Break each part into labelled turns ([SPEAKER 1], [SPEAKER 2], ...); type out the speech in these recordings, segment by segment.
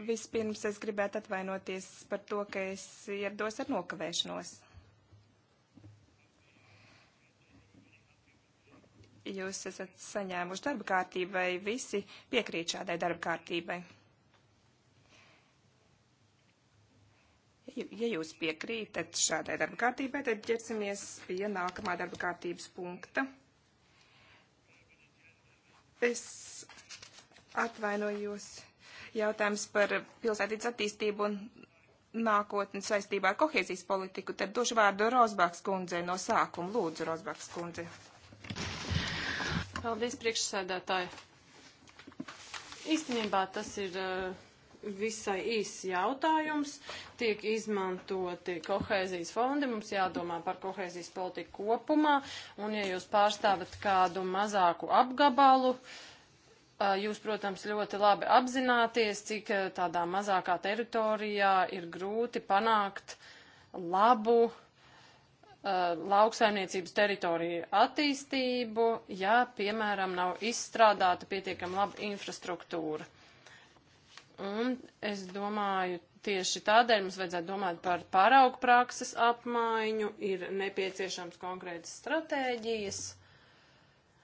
[SPEAKER 1] Vispirms es gribētu atvainoties par to, ka es ierados ar nokavēšanos. Jūs esat saņēmuši darba kārtību, vai visi piekrīt šādai darba kārtībai? Ja jūs piekrītat šādai darba kārtībai, tad ķersimies pie nākamā darba kārtības punkta. Es atvainojos jautājums par pilsētītas attīstību un nākotni saistībā ar kohēzijas politiku, tad došu vārdu Rozbaks kundzei no sākuma. Lūdzu, Rozbaks kundze.
[SPEAKER 2] Paldies, priekšsēdētāji. Īstenībā tas ir. Uh visai īss jautājums. Tiek izmantoti kohēzijas fondi, mums jādomā par kohēzijas politiku kopumā, un ja jūs pārstāvat kādu mazāku apgabalu, uh, Jūs, protams, ļoti labi apzināties, cik tādā mazākā teritorijā ir grūti panākt labu lauksaimniecības teritoriju attīstību, ja, piemēram, nav izstrādāta pietiekam laba infrastruktūra. Un es domāju, tieši tādēļ mums vajadzētu domāt par paraugu prakses apmaiņu, ir nepieciešams konkrētas stratēģijas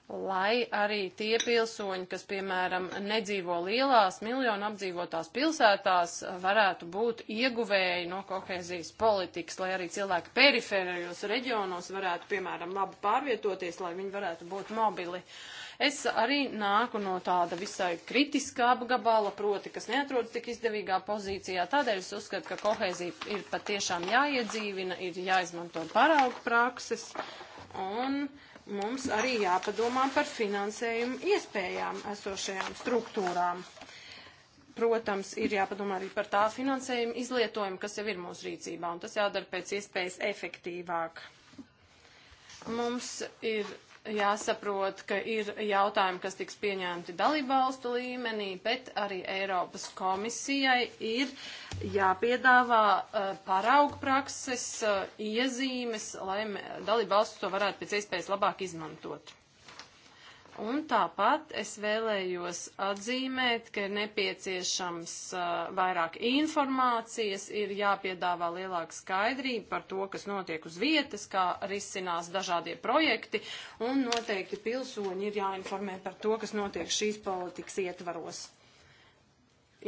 [SPEAKER 2] lai arī tie pilsoņi, kas, piemēram, nedzīvo lielās, miljonu apdzīvotās pilsētās, varētu būt ieguvēji no kohēzijas politikas, lai arī cilvēki periferijos reģionos varētu, piemēram, labi pārvietoties, lai viņi varētu būt mobili. Es arī nāku no tāda visai kritiskā apgabala, proti, kas neatrodas tik izdevīgā pozīcijā. Tādēļ es uzskatu, ka kohēzija ir patiešām jāiedzīvina, ir jāizmanto paraugu prakses un uh, mums arī jāpadomā par finansējumu iespējām esošajām struktūrām. Protams, ir jāpadomā arī par tā finansējumu izlietojumu, kas jau ir mūsu rīcībā, un tas jādara pēc iespējas efektīvāk. Mums ir jāsaprot, ka ir jautājumi, kas tiks pieņemti dalībvalstu līmenī, bet arī Eiropas komisijai ir jāpiedāvā uh, paraugu prakses uh, iezīmes, lai dalībvalstu to varētu pēc iespējas labāk izmantot. Un tāpat es vēlējos atzīmēt, ka ir nepieciešams uh, vairāk informācijas, ir jāpiedāvā lielāka skaidrība par to, kas notiek uz vietas, kā risinās dažādie projekti, un noteikti pilsoņi ir jāinformē par to, kas notiek šīs politikas ietvaros.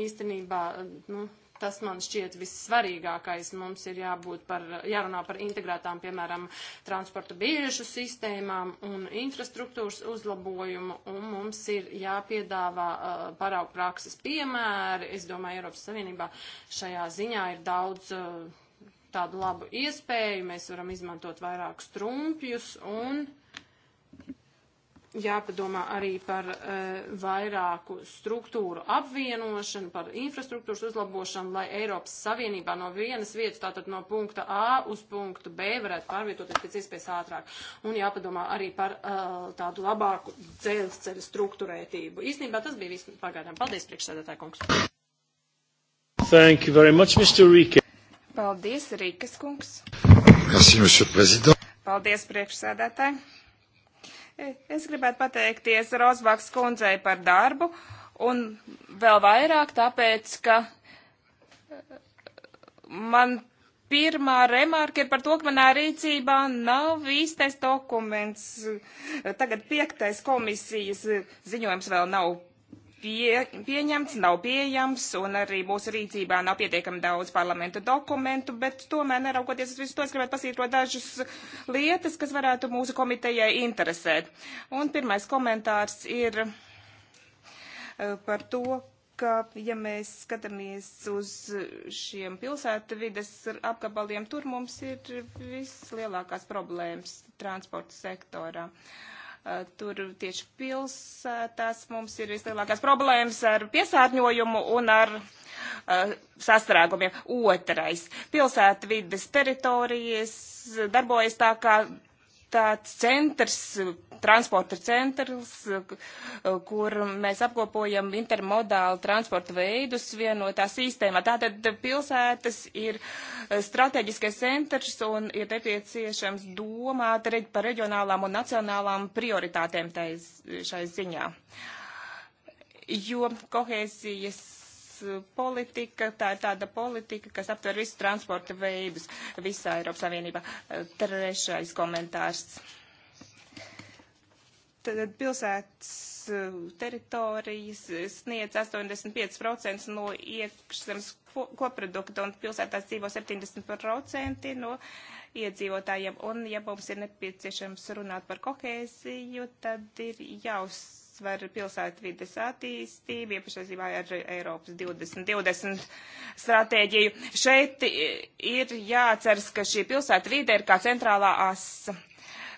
[SPEAKER 2] Īstenībā, nu, Tas man šķiet vissvarīgākais. Mums ir jābūt par, jārunā par integrētām, piemēram, transporta biežu sistēmām un infrastruktūras uzlabojumu, un mums ir jāpiedāvā uh, paraugu prakses piemēri. Es domāju, Eiropas Savienībā šajā ziņā ir daudz. Uh, tādu labu iespēju, mēs varam izmantot vairākus trumpjus un jāpadomā arī par e, vairāku struktūru apvienošanu, par infrastruktūras uzlabošanu, lai Eiropas Savienībā no vienas vietas, tātad no punkta A uz punktu B, varētu pārvietoties pēc iespējas ātrāk. Un jāpadomā arī par e, tādu labāku dzelzceļa struktūrētību. Īstenībā tas bija viss pagaidām. Paldies, priekšsēdētāj kungs.
[SPEAKER 3] Thank you very much, Mr. Rike.
[SPEAKER 2] Paldies, Rīkas kungs.
[SPEAKER 3] Merci,
[SPEAKER 1] Paldies, priekšsēdētāji. Es gribētu pateikties Rozbaks kundzei par darbu un vēl vairāk tāpēc, ka eh, man pirmā remarka ir par to, ka manā rīcībā nav īstais dokuments. Tagad piektais komisijas ziņojums vēl nav pie, pieņemts, nav pieejams, un arī mūsu rīcībā nav pietiekami daudz parlamentu dokumentu, bet tomēr, neraugoties uz visu to, es gribētu pasītrot dažas lietas, kas varētu mūsu komitejai interesēt. Un pirmais komentārs ir eh, par to, ka, ja mēs skatāmies uz šiem pilsētu vides apgabaliem, tur mums ir vislielākās problēmas transporta sektorā. Uh, Eh, tur tieši pilsētās mums ir vislielākās problēmas ar piesārņojumu un ar uh, sastrēgumiem. Otrais. Pilsēta vides teritorijas darbojas tā kā tāds centrs, transporta centrs, kur mēs apkopojam intermodālu transporta veidus vienotā sistēmā. Tātad pilsētas ir eh, strateģiskais centrs un ir nepieciešams domāt par reģionālām un nacionālām prioritātēm tais, šai ziņā. Jo kohēzijas politika, tā ir tāda politika, kas aptver visus transporta veidus visā Eiropas Savienībā. Trešais komentārs. Tad pilsētas uh, teritorijas sniedz 85% no iekšzemes koprodukta un pilsētās dzīvo 70% no iedzīvotājiem. Un ja mums ir nepieciešams runāt par kohēziju, tad ir jāuz jāuzsver pilsētvides attīstība, iepašaisībā ar Eiropas 2020 stratēģiju. Šeit ir jāatceras, ka šī pilsētvide ir kā centrālā asa.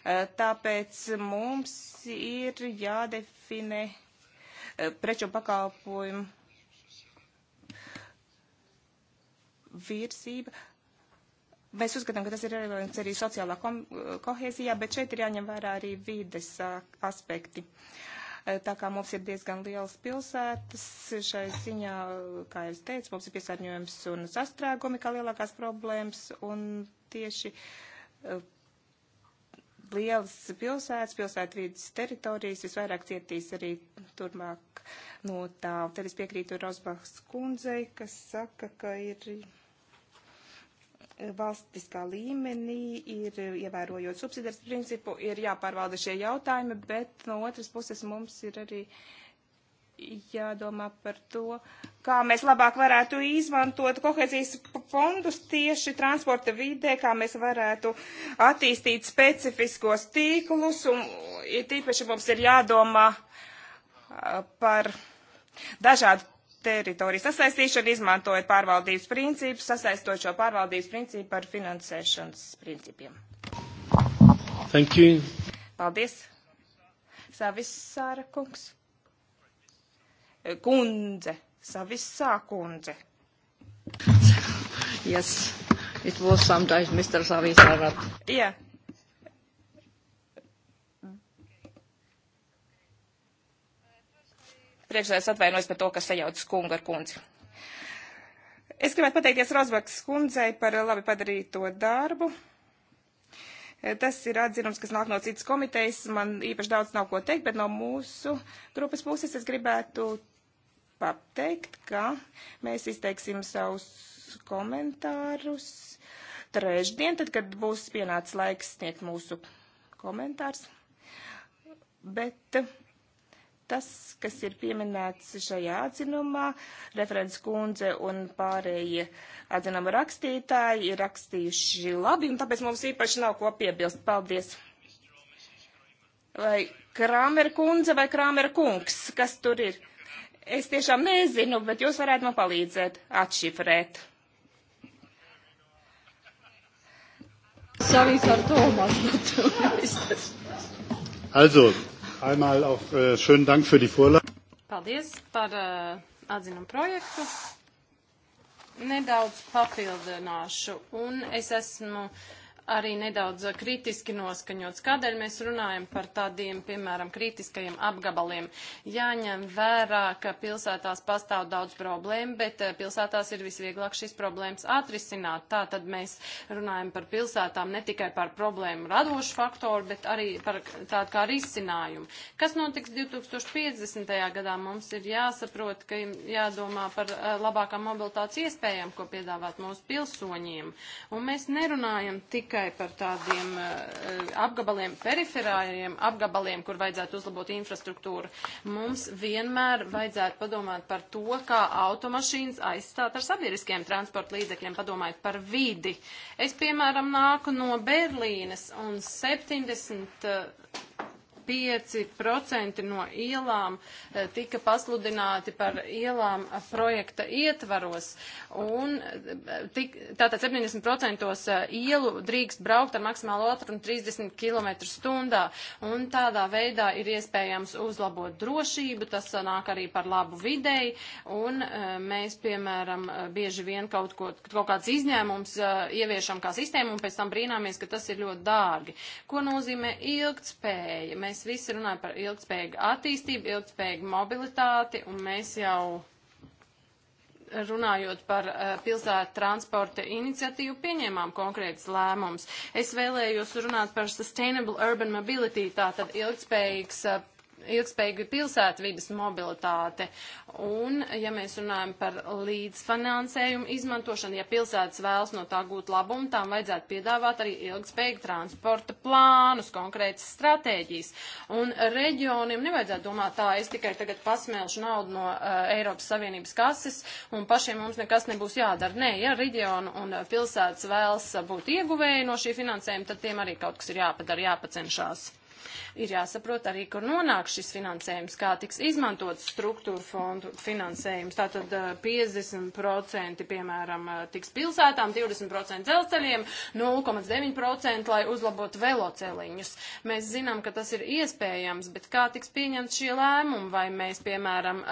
[SPEAKER 1] Eh, tāpēc mums ir jādefinē eh, preču pakalpojumu virsība. Mēs uzskatām, ka tas ir relevants arī sociālā eh, kohēzijā, bet šeit ir jāņem vērā arī vides aspekti. Uh, Eh, tā kā mums ir diezgan lielas pilsētas, šai ziņā, kā jau es teicu, mums ir piesārņojums un sastrēgumi kā lielākās problēmas, un tieši eh, lielas pilsētas, pilsētvidas teritorijas visvairāk cietīs arī turmāk no tā. Tad es piekrītu Rosbachs kundzei, kas saka, ka ir valstiskā līmenī ir, eh, ievērojot subsidijas principu, ir jāpārvalda šie jautājumi, bet no otras puses mums ir arī jādomā par to, kā mēs labāk varētu izmantot kohezijas fondus tieši transporta vidē, kā mēs varētu attīstīt specifiskos tīklus, un tīpaši mums ir jādomā eh, par dažādu teritoriju sasaistīšanu, izmantojot pārvaldības principus, sasaistot šo pārvaldības principu ar finansēšanas principiem. Thank you. Paldies. Savisāra kungs. Eh, kundze. Savisā kundze.
[SPEAKER 4] Yes, it was sometimes Mr. Savisāra.
[SPEAKER 1] Yeah. Priekšsēdētājs atvainojas par to, ka sajauc kungu ar kundzi. Es gribētu pateikties Rozbakas kundzei par labi padarīto darbu. Tas ir atzinums, kas nāk no citas komitejas. Man īpaši daudz nav ko teikt, bet no mūsu grupas puses es gribētu pateikt, ka mēs izteiksim savus komentārus trešdien, tad, kad būs pienācis laiks sniegt mūsu komentārs. Bet tas, kas ir pieminēts šajā atzinumā, referents kundze un pārējie atzinuma rakstītāji ir rakstījuši labi, un tāpēc mums īpaši nav ko piebilst. Paldies! Vai Krāmer kundze vai Krāmer kungs, kas tur ir? Es tiešām nezinu, bet jūs varētu man palīdzēt atšifrēt.
[SPEAKER 2] Sorry, Sir Thomas.
[SPEAKER 3] also, Einmal auf äh, schönen Dank für die Vorlage.
[SPEAKER 2] Paldies par uh, atzinumu projektu. Nedaudz papildināšu. Un es esmu uh, arī nedaudz kritiski noskaņots. Kādēļ mēs runājam par tādiem, piemēram, kritiskajiem apgabaliem? Jāņem vērā, ka pilsētās pastāv daudz problēmu, bet eh, pilsētās ir visvieglāk šīs problēmas atrisināt. Tā tad mēs runājam par pilsētām ne tikai par problēmu radošu faktoru, bet arī par tādu kā risinājumu. Kas notiks 2050. gadā? Mums ir jāsaprot, ka jādomā par eh, labākām mobilitātes iespējām, ko piedāvāt mūsu pilsoņiem. Un mēs nerunājam tikai tikai par tādiem eh, apgabaliem, periferāriem apgabaliem, kur vajadzētu uzlabot infrastruktūru. Mums vienmēr vajadzētu padomāt par to, kā automašīnas aizstāt ar sabiedriskiem transporta līdzekļiem, padomājot par vidi. Es, piemēram, nāku no Berlīnes un 70 25% no ielām eh, tika pasludināti par ielām eh, projekta ietvaros. Un eh, tik, tātad 70% ielu drīkst braukt ar maksimālo ātrumu 30 km stundā. Un tādā veidā ir iespējams uzlabot drošību, tas nāk arī par labu videi. Un mēs, piemēram, bieži vien kaut, ko, kaut kāds izņēmums ieviešam kā sistēmu un pēc tam brīnāmies, ka tas ir ļoti dārgi. Ko nozīmē ilgtspēja? Mēs mēs visi runājam par ilgspējīgu attīstību, ilgspējīgu mobilitāti, un mēs jau runājot par uh, pilsētu transporta iniciatīvu, pieņēmām konkrētas lēmumus. Es vēlējos runāt par Sustainable Urban Mobility, tātad ilgspējīgs uh, ilgspējīga pilsētvidas mobilitāte. Un, ja mēs runājam par līdzfinansējumu izmantošanu, ja pilsētas vēlas no tā gūt labumu, tām vajadzētu piedāvāt arī ilgspējīgu transporta plānus, konkrētas stratēģijas. Un reģioniem nevajadzētu domāt tā, es tikai tagad pasmēlšu naudu no uh, Eiropas Savienības kases un pašiem mums nekas nebūs jādara. Nē, ja reģionu un eh, pilsētas vēlas būt ieguvēji no šī finansējuma, tad tiem arī kaut kas ir jāpadara, jāpacenšās. Ir jāsaprot arī, kur nonāk šis finansējums, kā tiks izmantot struktūra fondu finansējums. Tātad 50% piemēram tiks pilsētām, 20% dzelzceļiem, 0,9% lai uzlabotu veloceliņus. Mēs zinām, ka tas ir iespējams, bet kā tiks pieņemts šie lēmumi, vai mēs piemēram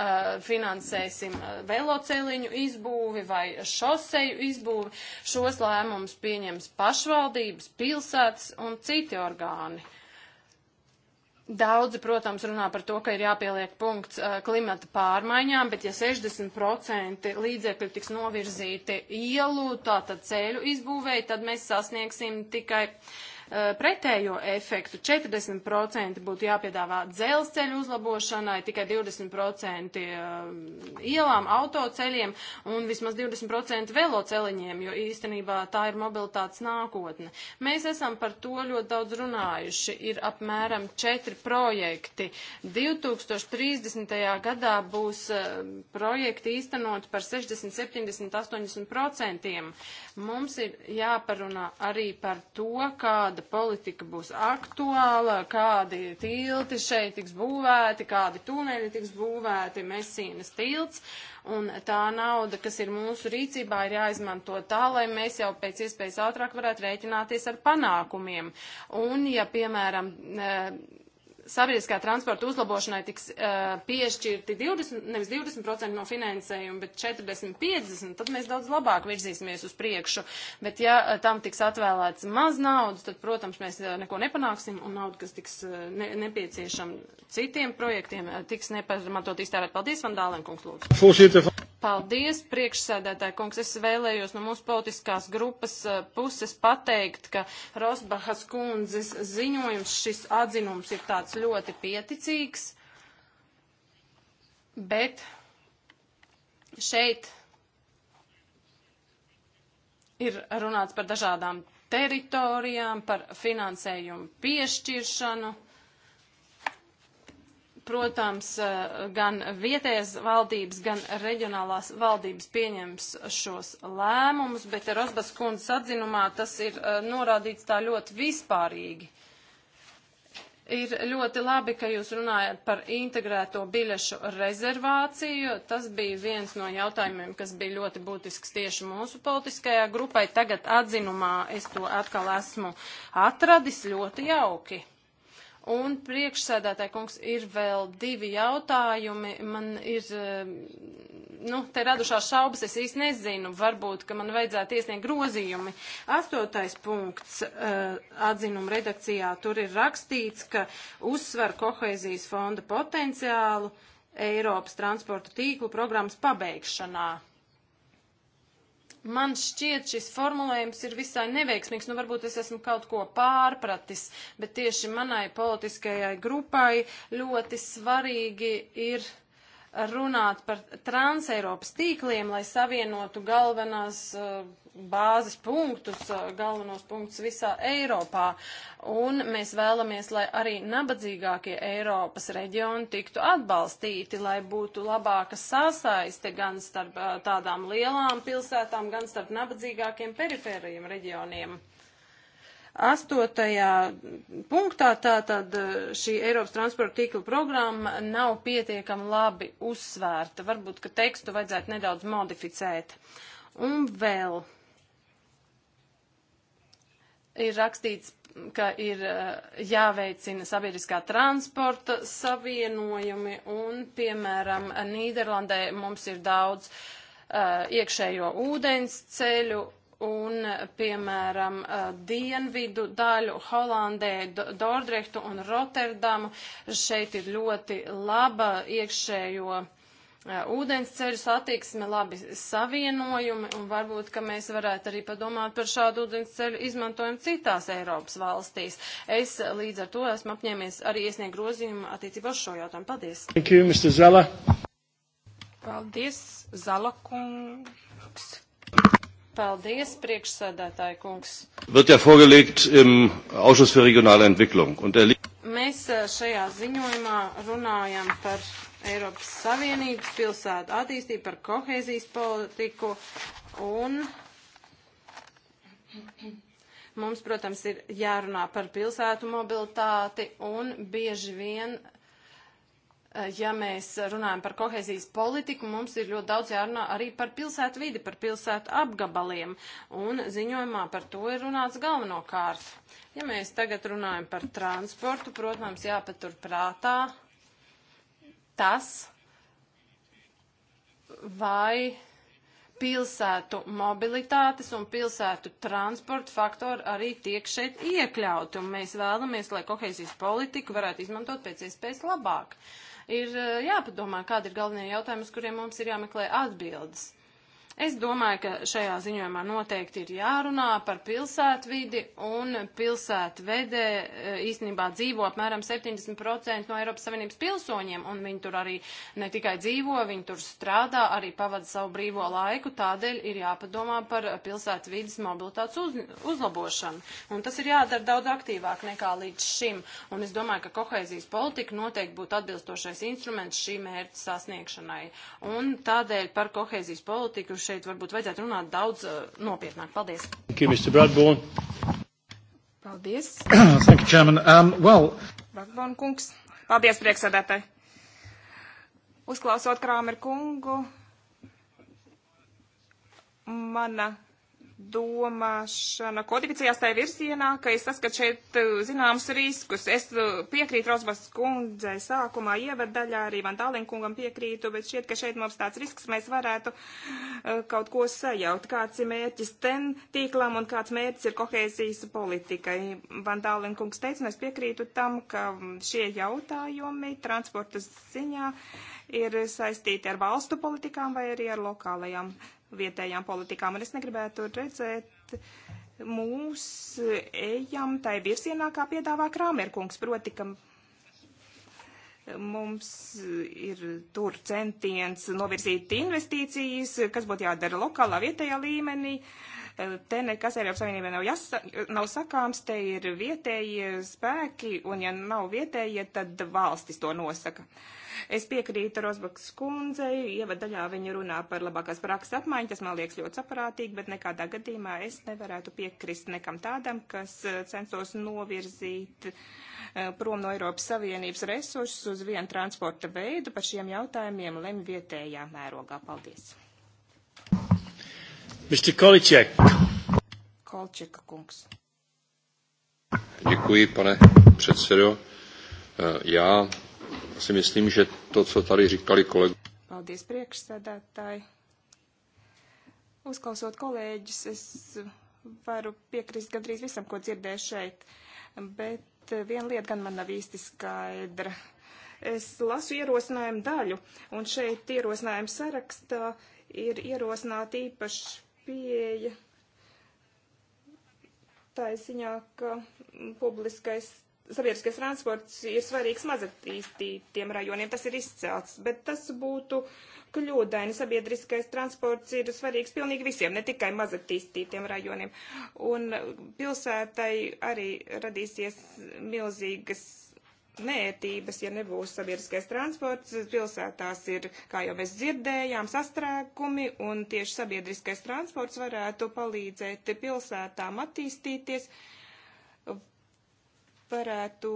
[SPEAKER 2] finansēsim veloceliņu izbūvi vai šoseju izbūvi, šos lēmumus pieņems pašvaldības, pilsētas un citi orgāni. Daudzi, protams, runā par to, ka ir jāpieliek punkts uh, klimata pārmaiņām, bet ja 60% līdzekļu tiks novirzīti ielu, tātad ceļu izbūvēja, tad mēs sasniegsim tikai uh, Eh, pretējo efektu. 40% būtu jāpiedāvā dzelzceļu uzlabošanai, tikai 20% eh, ielām, autoceļiem un vismaz 20% veloceliņiem, jo īstenībā tā ir mobilitātes nākotne. Mēs esam par to ļoti daudz runājuši. Ir apmēram četri projekti. 2030. gadā būs eh, projekti īstenot par 60, 70, 80 procentiem. Mums ir jāparunā arī par to, kāda kāda politika būs aktuāla, kādi tilti šeit tiks būvēti, kādi tuneļi tiks būvēti, mesīnas tilts. Un tā nauda, kas ir mūsu rīcībā, ir jāizmanto tā, lai mēs jau pēc iespējas ātrāk varētu rēķināties ar panākumiem. Un, ja, piemēram, sabiedriskā transporta uzlabošanai tiks uh, piešķirti 20, nevis 20% no finansējuma, bet 40-50, tad mēs daudz labāk virzīsimies uz priekšu. Bet ja uh, tam tiks atvēlēts maz naudas, tad, protams, mēs uh, neko nepanāksim un nauda, kas tiks uh, ne, nepieciešama citiem projektiem, uh, tiks nepamatot iztērēt. Paldies, Vandālēn, kungs,
[SPEAKER 3] lūdzu.
[SPEAKER 2] Paldies, priekšsēdētāji kungs. Es vēlējos no mūsu politiskās grupas eh, puses pateikt, ka Rosbahas kundzes ziņojums, šis atzinums ir tāds ļoti pieticīgs, bet šeit ir runāts par dažādām teritorijām, par finansējumu piešķiršanu protams, eh, gan vietējās valdības, gan reģionālās valdības pieņems šos lēmumus, bet Rosbas kundzes atzinumā tas ir eh, norādīts tā ļoti vispārīgi. Ir ļoti labi, ka jūs runājat par integrēto biļešu rezervāciju. Tas bija viens no jautājumiem, kas bija ļoti būtisks tieši mūsu politiskajā grupai. Tagad atzinumā es to atkal esmu atradis ļoti jauki. Un priekšsēdētāji kungs ir vēl divi jautājumi. Man ir, eh, nu, te radušās šaubas, es īsti nezinu, varbūt, ka man vajadzētu iesniegt grozījumi. Astotais punkts eh, atzinuma redakcijā tur ir rakstīts, ka uzsver kohēzijas fonda potenciālu Eiropas transporta tīklu programmas pabeigšanā. Man šķiet, šis formulējums ir visai neveiksmīgs, nu varbūt es esmu kaut ko pārpratis, bet tieši manai politiskajai grupai ļoti svarīgi ir runāt par transeiropas tīkliem, lai savienotu galvenās uh, bāzes punktus, uh, galvenos punktus visā Eiropā. Un mēs vēlamies, lai arī nabadzīgākie Eiropas reģioni tiktu atbalstīti, lai būtu labāka sasaiste gan starp uh, tādām lielām pilsētām, gan starp nabadzīgākiem perifēriem reģioniem. Astotajā punktā tātad eh, šī Eiropas transporta tīkla programma nav pietiekami labi uzsvērta. Varbūt, ka tekstu vajadzētu nedaudz modificēt. Un vēl ir rakstīts ka ir eh, jāveicina sabiedriskā transporta savienojumi un, piemēram, Nīderlandē mums ir daudz uh, iekšējo ūdens ceļu un, piemēram, dienvidu daļu Holandē, Dordrehtu un Rotterdamu. Šeit ir ļoti laba iekšējo ūdensceļu satiksme, labi savienojumi, un varbūt, ka mēs varētu arī padomāt par šādu ūdensceļu izmantojumu citās Eiropas valstīs. Es līdz ar to esmu apņēmies arī iesniegt grozījumu attiecībā uz šo jautājumu. Paldies!
[SPEAKER 3] Thank you, Mr. Zala!
[SPEAKER 2] Paldies, Zala kungs! Paldies, priekšsēdētāji kungs.
[SPEAKER 3] Wird ja vorgelegt im Ausschuss für regionale Entwicklung. Und der
[SPEAKER 2] Mēs eh, šajā ziņojumā runājam par Eiropas Savienības pilsētu attīstību, par kohēzijas politiku un mums, protams, ir jārunā par pilsētu mobilitāti un bieži vien uh, Eh, ja mēs runājam par kohēzijas politiku, mums ir ļoti daudz jārunā arī par pilsētu vidi, par pilsētu apgabaliem, un ziņojumā par to ir runāts galvenokārt. Ja mēs tagad runājam par transportu, protams, jāpatur prātā tas, vai pilsētu mobilitātes un pilsētu transporta faktori arī tiek šeit iekļauti, un mēs vēlamies, lai kohēzijas politiku varētu izmantot pēc iespējas labāk. Uh, ir eh, jāpadomā, kādi ir galvenie jautājumi, uz kuriem mums ir jāmeklē atbildes. Es domāju, ka šajā ziņojumā noteikti ir jārunā par pilsētvidi, un pilsētvedē e, īstenībā dzīvo apmēram 70% no Eiropas Savienības pilsoņiem, un viņi tur arī ne tikai dzīvo, viņi tur strādā, arī pavada savu brīvo laiku, tādēļ ir jāpadomā par pilsētvidas mobilitātes uz, uzlabošanu. Un tas ir jādara daudz aktīvāk nekā līdz šim, un es domāju, ka kohēzijas politika noteikti būtu atbilstošais instruments šī mērķa sasniegšanai. Un tādēļ par kohēzijas politiku šeit varbūt vajadzētu runāt daudz uh, nopietnāk. Paldies.
[SPEAKER 3] Thank you, Mr. Bradbourne. Paldies. Thank you, Chairman. Um, well...
[SPEAKER 2] Bradbourne kungs. Paldies, priekšsēdētāji.
[SPEAKER 1] Uzklausot Krāmer kungu, mana domāšana kodificējās tajā virzienā, ka es saskatu šeit eh, zināmus riskus. Es eh, piekrītu Rosbas kundzei sākumā ievadaļā, arī Van Dalinkungam piekrītu, bet šķiet, ka šeit mums tāds risks mēs varētu uh, kaut ko sajaukt. Kāds ir mērķis ten tīklam un kāds mērķis ir kohēzijas politikai. Van Dalinkungs teica, un es piekrītu tam, ka mm, šie jautājumi transporta ziņā ir saistīti ar valstu politikām vai arī ar lokālajām vietējām politikām. Un es negribētu redzēt mūs ejam tai virsienā, kā piedāvā Krāmerkungs, proti, ka mums ir tur centiens novirzīt investīcijas, kas būtu jādara lokālā, vietējā līmenī. Uh, Te nekas Eiropas Savienībā nav, jas, nav sakāms, te ir vietējie spēki, un ja nav vietējie, tad valstis to nosaka. Es piekrītu Rosbaks kundzei, ievadaļā viņa runā par labākās prakses apmaiņu, tas man liekas ļoti saprātīgi, bet nekādā gadījumā es nevarētu piekrist nekam tādam, kas eh, censos novirzīt eh, prom no Eiropas Savienības resursus uz vienu transporta veidu. Par šiem jautājumiem lem vietējā mērogā. Paldies!
[SPEAKER 3] Mr. Količek.
[SPEAKER 1] Kolček kungs.
[SPEAKER 4] Děkuji, pane předsedo. E, já
[SPEAKER 3] si myslím, že to, co tady říkali kolegové.
[SPEAKER 1] Paldies, priekšsēdētāji. Uzklausot kolēģis, es varu piekrist gandrīz visam, ko dzirdēju šeit, bet viena lieta gan man nav īsti skaidra. Es lasu ierosinājumu daļu, un šeit ierosinājumu sarakstā ir ierosināta īpaši pieeja tā ziņā, ka publiskais sabiedriskais transports ir svarīgs mazattīstītiem rajoniem, tas ir izcelts, bet tas būtu kļūdaini. Sabiedriskais transports ir svarīgs pilnīgi visiem, ne tikai mazattīstītiem rajoniem. Un pilsētai arī radīsies milzīgas nētības, ja nebūs sabiedriskais transports. Pilsētās ir, kā jau mēs dzirdējām, sastrēgumi, un tieši sabiedriskais transports varētu palīdzēt pilsētām attīstīties, varētu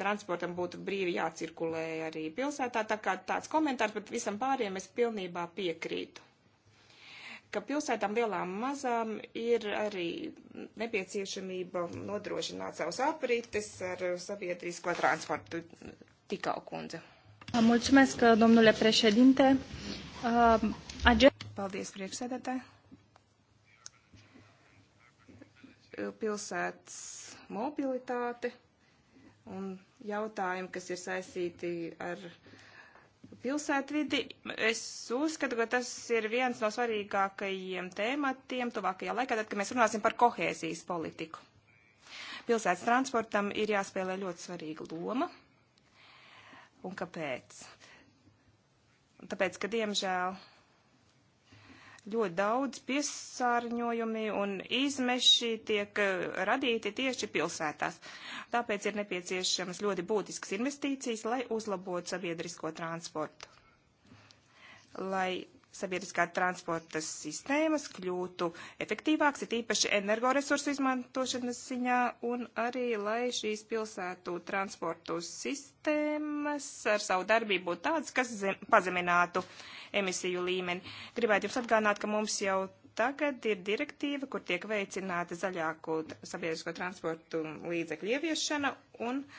[SPEAKER 1] transportam būtu brīvi jācirkulē arī pilsētā, tā kā tāds komentārs, bet visam pāriem es pilnībā piekrītu ka pilsētām lielām mazām ir arī nepieciešamība nodrošināt savus aprites ar sabiedrisko transportu. Tikau kundze.
[SPEAKER 2] Mulțumesc, domnule președinte.
[SPEAKER 1] Paldies, priekšsēdētāji. Pilsētas mobilitāte un jautājumi, kas ir saistīti ar uh, pilsētvidi. Es uzskatu, ka tas ir viens no svarīgākajiem tēmatiem tuvākajā laikā, tad, kad mēs runāsim par kohēzijas politiku. Pilsētas transportam ir jāspēlē ļoti svarīga loma. Un kāpēc? Tāpēc, ka diemžēl ļoti daudz piesārņojumi un izmeši tiek eh, radīti tieši pilsētās. Tāpēc ir nepieciešamas ļoti būtiskas investīcijas, lai uzlabotu sabiedrisko transportu. Lai sabiedriskā transporta sistēmas kļūtu efektīvāks, ir īpaši energoresursu izmantošanas ziņā, un arī, lai šīs pilsētu transportu sistēmas ar savu darbību būtu tādas, kas zem, pazeminātu emisiju līmeni. Gribētu jums atgādināt, ka mums jau tagad ir direktīva, kur tiek veicināta zaļāku sabiedrisko transportu līdzekļu ieviešana, un uh,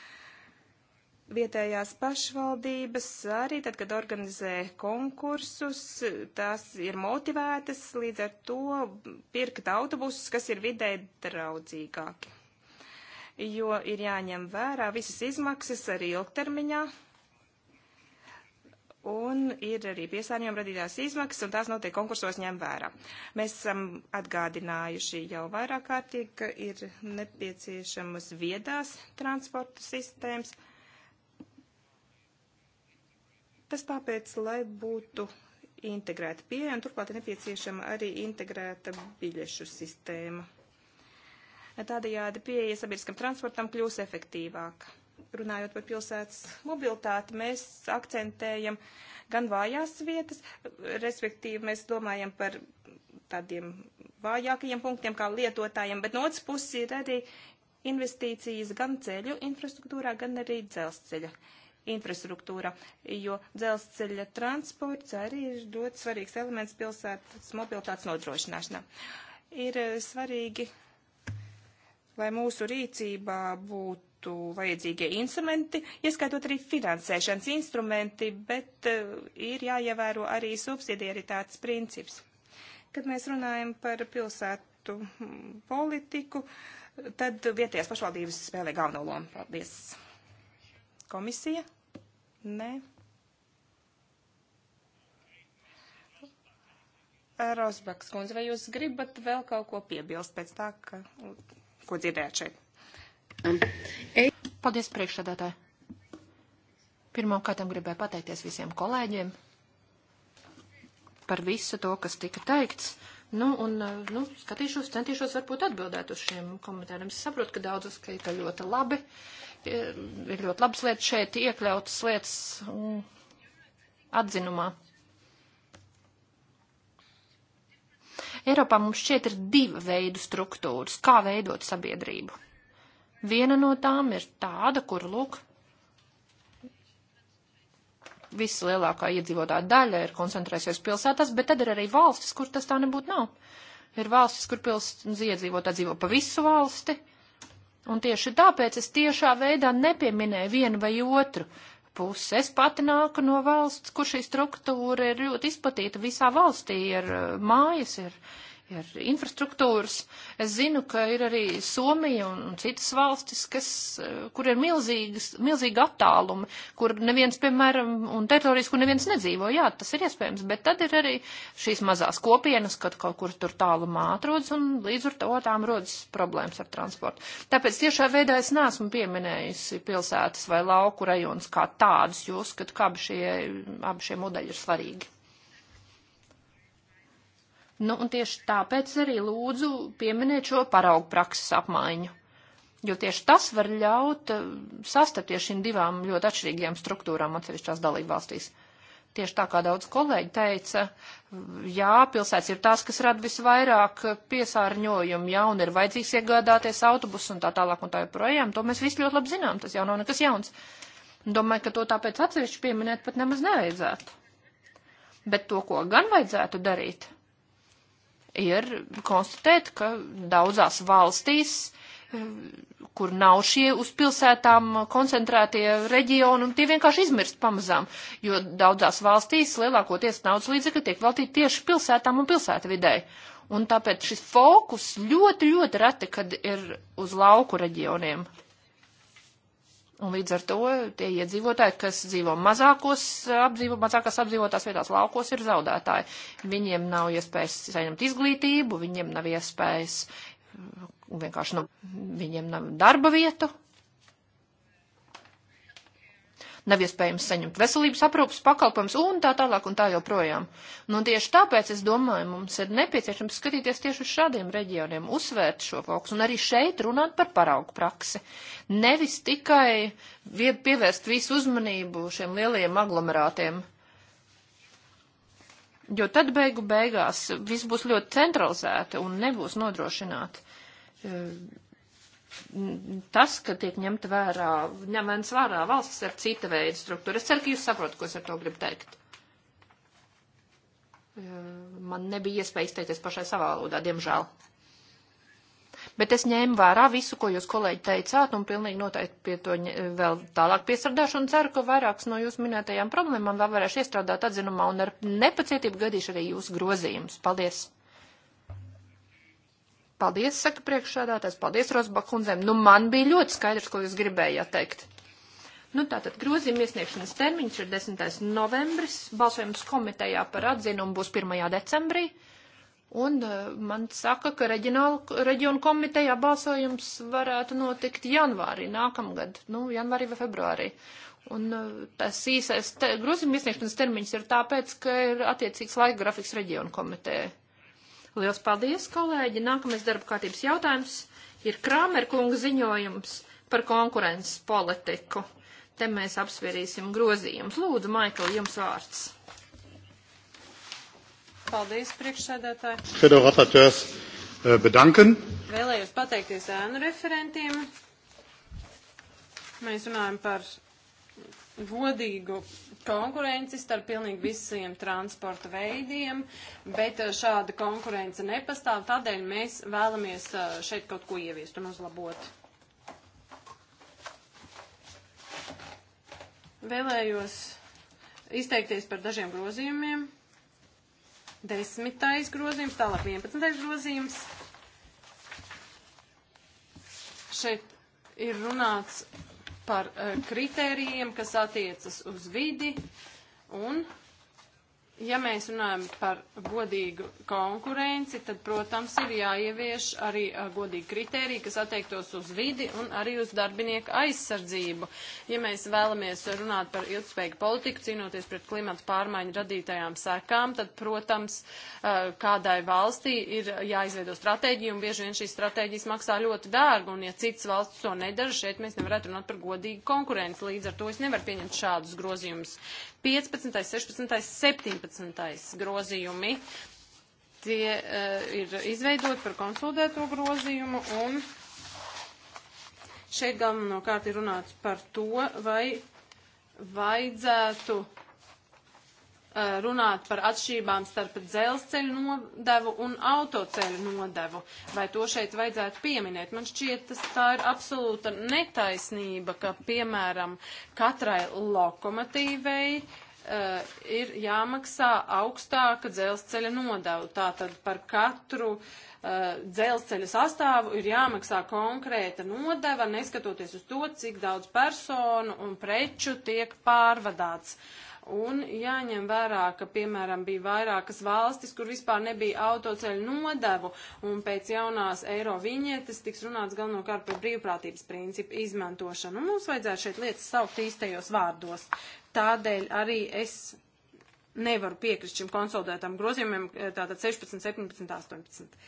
[SPEAKER 1] vietējās pašvaldības arī tad, kad organizē konkursus, tās ir motivētas līdz ar to pirkt autobusus, kas ir vidē draudzīgāki. Jo ir jāņem vērā visas izmaksas arī ilgtermiņā. Un ir arī piesārņojuma radītās izmaksas, un tās notiek konkursos ņem vērā. Mēs esam atgādinājuši jau vairāk kārtīgi, ka ir nepieciešamas viedās transporta sistēmas. Uh, Tas tāpēc, lai būtu integrēta pieeja, un turklāt ir nepieciešama arī integrēta biļešu sistēma. Tādējādi pieeja sabiedriskam transportam kļūs efektīvāka. Runājot par pilsētas mobilitāti, mēs akcentējam gan vājās vietas, respektīvi mēs domājam par tādiem vājākajiem punktiem kā lietotājiem, bet no otras puses ir arī investīcijas gan ceļu infrastruktūrā, gan arī dzelzceļa infrastruktūra, jo dzelzceļa transports arī ir ļoti svarīgs elements pilsētas mobilitātes nodrošināšanā. Ir eh, svarīgi, lai mūsu rīcībā būtu vajadzīgie instrumenti, ieskaitot arī finansēšanas instrumenti, bet eh, ir jāievēro arī subsidiaritātes princips. Kad mēs runājam par pilsētu politiku, tad vietējās pašvaldības spēlē galveno lomu. Paldies! Komisija? Nē. Rosbaks kundze, vai jūs gribat vēl kaut ko piebilst pēc tā, ka, ko dzirdējāt šeit?
[SPEAKER 4] Um, e- Paldies, priekšsādātāji. Pirmkārt, gribēju pateikties visiem kolēģiem par visu to, kas tika teikts. Nu, un, nu, skatīšos, centīšos varbūt atbildēt uz šiem komentāriem. Es saprotu, ka daudzus, ka, ka ļoti labi. Uh, ir ļoti labas lietas šeit iekļautas lietas atzinumā. Eiropā mums šķiet ir divi veidi struktūras, kā veidot sabiedrību. Viena no tām ir tāda, kur, lūk, visa lielākā iedzīvotāja daļa ir koncentrējusies pilsētās, bet tad ir arī valstis, kur tas tā nebūtu nav. Ir valstis, kur pilsētas iedzīvotāji dzīvo pa visu valsti, Un tieši tāpēc es tiešā veidā nepieminēju vienu vai otru pusi. Es pati nāku no valsts, kur šī struktūra ir ļoti izplatīta visā valstī, ir eh, mājas, ir ir infrastruktūras. Es zinu, ka ir arī Somija un, un citas valstis, kas, eh, kur ir milzīgas, milzīgi attālumi, kur neviens, piemēram, un teritorijas, kur neviens nedzīvo. Jā, tas ir iespējams, bet tad ir arī šīs mazās kopienas, kad kaut kur tur tālumā atrodas un līdz ar to tām rodas problēmas ar transportu. Tāpēc tiešā veidā es neesmu pieminējusi pilsētas vai lauku rajonus kā tādus, jo uzskatu, ka abi šie, abi šie modeļi ir svarīgi. Nu, un tieši tāpēc arī lūdzu pieminēt šo paraugu prakses apmaiņu. Jo tieši tas var ļaut eh, sastapties šīm divām ļoti atšķirīgajām struktūrām atsevišķās dalībvalstīs. Tieši tā kā daudz kolēģi teica, jā, pilsētas ir tās, kas rada visvairāk eh, piesārņojumu, jā, un ir vajadzīgs iegādāties autobusu un tā tālāk un tā joprojām. To mēs visi ļoti labi zinām, tas jau nav nekas jauns. Domāju, ka to tāpēc atsevišķi pieminēt pat nemaz nevajadzētu. Bet to, ko gan vajadzētu darīt, ir konstatēt, ka daudzās valstīs, eh, kur nav šie uz pilsētām koncentrētie reģioni, un tie vienkārši izmirst pamazām, jo daudzās valstīs lielākoties naudas līdzekļi tiek veltīti tieši pilsētām un pilsēta videi. Un tāpēc šis fokus ļoti, ļoti reti, kad ir uz lauku reģioniem. Un līdz ar to tie iedzīvotāji, kas dzīvo mazākos eh, apdzīvo, mazākās apdzīvotās vietās laukos, ir zaudētāji. Viņiem nav iespējas saņemt izglītību, viņiem nav iespējas eh, vienkārši, nu, viņiem nav darba vietu, nav iespējams saņemt veselības aprūpas pakalpojums un tā tālāk un tā joprojām. Nu, tieši tāpēc es domāju, mums ir nepieciešams skatīties tieši uz šādiem reģioniem, uzsvērt šo fokusu un arī šeit runāt par paraugu praksi. Nevis tikai pievērst visu uzmanību šiem lielajiem aglomerātiem. Jo tad beigu beigās viss būs ļoti centralizēti un nebūs nodrošināti eh, tas, ka tiek ņemta vērā, ņemens vērā valsts ar cita veida struktūru. Es ceru, ka jūs saprotat, ko es ar to gribu teikt. Man nebija iespēja izteikties pašai savā valodā, diemžēl. Bet es ņēmu vērā visu, ko jūs kolēģi teicāt, un pilnīgi noteikti pie to vēl tālāk piesardāšu un ceru, ka vairākas no jūsu minētajām problēmām vēl varēšu iestrādāt atzinumā un ar nepacietību gadīšu arī jūsu grozījumus. Paldies! Paldies, saka priekšsādātājs, paldies Rosbakundzēm. Nu, man bija ļoti skaidrs, ko jūs gribējāt teikt. Nu, tātad grozījuma iesniegšanas termiņš ir 10. novembris, balsojums komitejā par atzinumu būs 1. decembrī, un uh, man saka, ka reģionu komitejā balsojums varētu notikt janvārī, nākamgad, nu, janvārī vai februārī. Un uh, tas īsais te, grozījuma iesniegšanas termiņš ir tāpēc, ka ir attiecīgs laika grafiks reģionu komitejai. Liels paldies, kolēģi! Nākamais darba kārtības jautājums ir Krāmerkunga ziņojums par konkurences politiku. Te mēs apsvērīsim grozījumus. Lūdzu, Maikl, jums vārds.
[SPEAKER 2] Paldies, priekšsēdētāji.
[SPEAKER 1] Shadow Rapporteurs eh, bedanken.
[SPEAKER 2] Vēlējos pateikties ēnu referentiem. Mēs runājam par godīgu konkurenci starp pilnīgi visiem transporta veidiem, bet eh, šāda konkurence nepastāv, tādēļ mēs vēlamies eh, šeit kaut ko ieviest un uzlabot. Vēlējos izteikties par dažiem grozījumiem. Desmitais grozījums, tālāk vienpadsmitais grozījums. Šeit ir runāts par eh, kritērijiem, kas attiecas uz vidi un Ja mēs runājam par godīgu konkurenci, tad, protams, ir jāievieš arī eh, godīgi kriteriji, kas attiektos uz vidi un arī uz darbinieku aizsardzību. Ja mēs vēlamies runāt par ilgspējīgu politiku, cīnoties pret klimatu pārmaiņu radītajām sekām, tad, protams, eh, kādai valstī ir jāizveido stratēģija, un bieži vien šīs stratēģijas maksā ļoti dārgi, un ja citas valsts to nedara, šeit mēs nevarētu runāt par godīgu konkurenci. Līdz ar to es nevaru pieņemt šādus grozījumus. 15, 16, 17 grozījumi. Tie uh, ir izveidoti par konsultēto grozījumu un šeit galvenokārt ir runāts par to, vai vajadzētu uh, Uh, runāt par atšķībām starp dzelzceļu nodevu un autoceļu nodevu. Vai to šeit vajadzētu pieminēt? Man šķiet, tas tā ir absolūta netaisnība, ka, piemēram, katrai lokomotīvei uh, ir jāmaksā augstāka dzelzceļa nodeva. Tātad par katru uh, dzelzceļa sastāvu ir jāmaksā konkrēta nodeva, neskatoties uz to, cik daudz personu un preču tiek pārvadāts. Uh, Un jāņem vērā, ka, piemēram, bija vairākas valstis, kur vispār nebija autoceļu nodevu, un pēc jaunās eiro viņietes tiks runāts galvenokārt par brīvprātības principu izmantošanu. Un mums vajadzētu šeit lietas saukt īstajos vārdos. Tādēļ arī es nevaru piekrist šim konsolidētam grozījumam, tātad 16, 17, 18.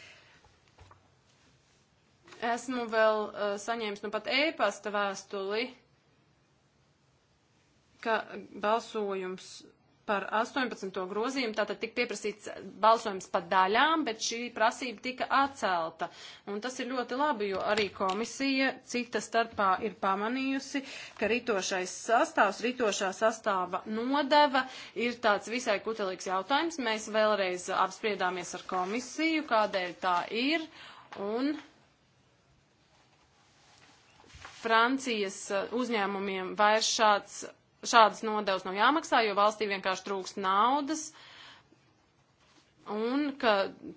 [SPEAKER 2] Esmu vēl uh, saņēmis nu pat ēpasta vēstuli ka balsojums par 18. grozījumu, tātad tika pieprasīts balsojums pa daļām, bet šī prasība tika atcelta. Un tas ir ļoti labi, jo arī komisija cita starpā ir pamanījusi, ka rītošais sastāvs, rītošā sastāva nodeva ir tāds visai kutelīgs jautājums. Mēs vēlreiz apspriedāmies ar komisiju, kādēļ tā ir. Un Francijas uzņēmumiem vairs šāds šādas nodevas nav jāmaksā, jo valstī vienkārši trūks naudas. Un ka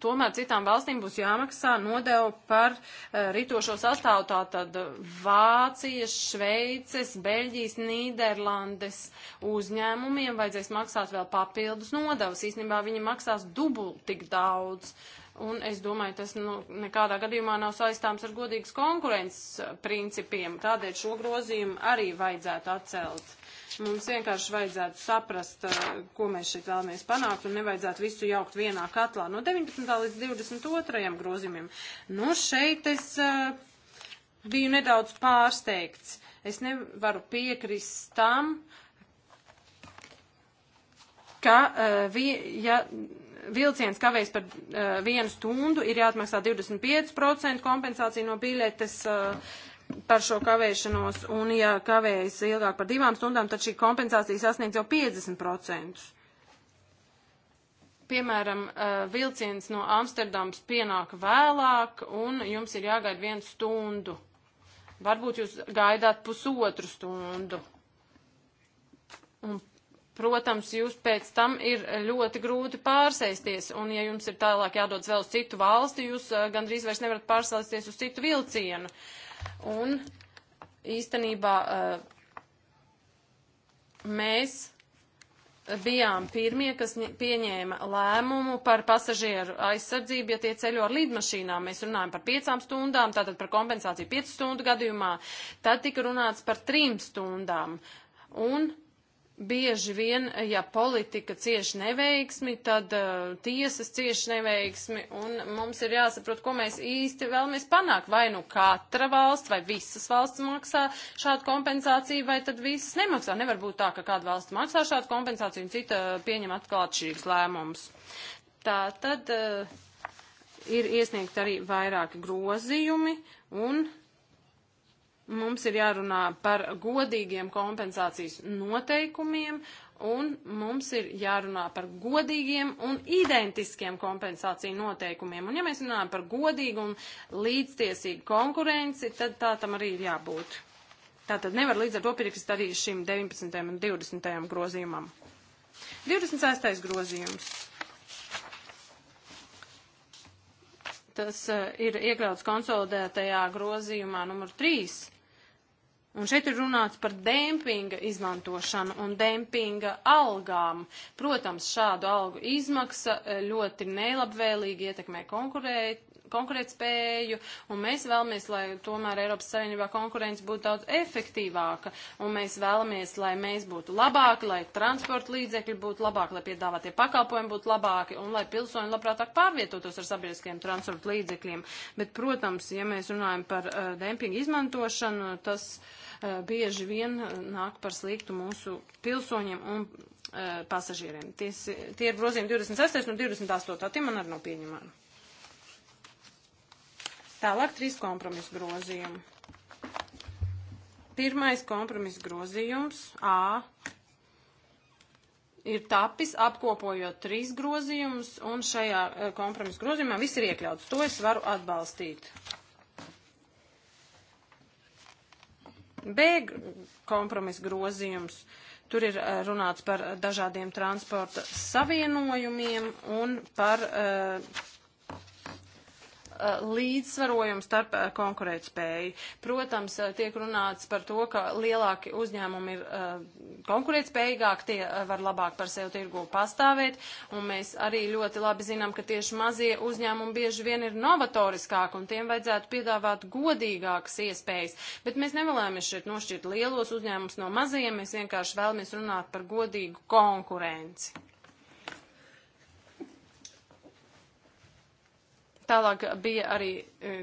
[SPEAKER 2] tomēr citām valstīm būs jāmaksā nodevu par uh, eh, ritošo sastāvu tātad Vācijas, Šveices, Beļģijas, Nīderlandes uzņēmumiem vajadzēs maksāt vēl papildus nodevas. Īstenībā viņi maksās dubult tik daudz. Un es domāju, tas nu, nekādā gadījumā nav saistāms ar godīgas konkurences eh, principiem. Tādēļ šo grozījumu arī vajadzētu atcelt. Mums vienkārši vajadzētu saprast, eh, ko mēs šeit vēlamies panākt, un nevajadzētu visu jaukt vienā katlā no 19. līdz 22. grozījumiem. Nu, šeit es eh, biju nedaudz pārsteigts. Es nevaru piekrist tam, ka, eh, ja vilciens kavējas par vienu stundu, ir jāatmaksā 25% kompensācija no biļetes. Uh, par šo kavēšanos, un ja kavējas ilgāk par divām stundām, tad šī kompensācija sasniedz jau 50%. Piemēram, eh, vilciens no Amsterdams pienāk vēlāk, un jums ir jāgaida vienu stundu. Varbūt jūs gaidāt pusotru stundu. Un, protams, jūs pēc tam ir ļoti grūti pārsēsties, un ja jums ir tālāk jādodas vēl uz citu valsti, jūs eh, gandrīz vairs nevarat pārsēsties uz citu vilcienu. Uh, Un īstenībā eh, mēs bijām pirmie, kas pieņēma lēmumu par pasažieru aizsardzību, ja tie ceļo ar līdmašīnām. Mēs runājam par piecām stundām, tātad par kompensāciju piecu stundu gadījumā. Tad tika runāts par trim stundām. Un Bieži vien, ja politika cieši neveiksmi, tad uh, tiesas cieši neveiksmi, un mums ir jāsaprot, ko mēs īsti vēlamies panākt. Vai nu katra valsts, vai visas valsts maksā šādu kompensāciju, vai tad visas nemaksā. Nevar būt tā, ka kāda valsts maksā šādu kompensāciju, un cita eh, pieņem atkal atšķirīgs lēmums. Tā tad uh, ir iesniegt arī vairāki grozījumi, un Mums ir jārunā par godīgiem kompensācijas noteikumiem un mums ir jārunā par godīgiem un identiskiem kompensāciju noteikumiem. Un ja mēs runājam par godīgu un līdztiesīgu konkurenci, tad tā tam arī ir jābūt. Tātad nevar līdz ar to pirkst arī šim 19. un 20. grozījumam. 26. grozījums. Tas eh, ir iekļauts konsolidētajā grozījumā numur 3 Un šeit ir runāts par dempinga izmantošanu un dempinga algām. Protams, šādu algu izmaksa eh, ļoti nelabvēlīgi ietekmē konkurēt, konkurētspēju, un mēs vēlamies, lai tomēr Eiropas Savienībā konkurence būtu daudz efektīvāka, un mēs vēlamies, lai mēs būtu labāki, lai transporta līdzekļi būtu labāki, lai piedāvātie pakalpojumi būtu labāki, un lai pilsoņi labprātāk pārvietotos ar sabiedriskiem transporta līdzekļiem. Bet, protams, ja mēs runājam par uh, dempingu izmantošanu, tas uh, bieži vien uh, nāk par sliktu mūsu pilsoņiem un uh, pasažieriem. Ties, tie ir grozījumi 26. un 28. tie man arī nav pieņemami. Tālāk trīs kompromisu grozījumi. Pirmais kompromisu grozījums A ir tapis apkopojot trīs grozījumus, un šajā eh, kompromisa grozījumā viss ir iekļauts. To es varu atbalstīt. B kompromisa grozījums. Tur ir eh, runāts par dažādiem transporta savienojumiem un par uh, Uh, līdzsvarojumu starp uh, konkurētspēju. Protams, uh, tiek runāts par to, ka lielāki uzņēmumi ir konkurētspējīgāki, tie var labāk par sevi tirgu pastāvēt, un mēs arī ļoti labi zinām, ka tieši mazie uzņēmumi bieži vien ir novatoriskāki, un tiem vajadzētu piedāvāt godīgākas iespējas. Bet mēs nevēlamies šeit nošķirt lielos uzņēmumus no mazajiem, mēs vienkārši vēlamies runāt par godīgu konkurenci. Tālāk bija arī e,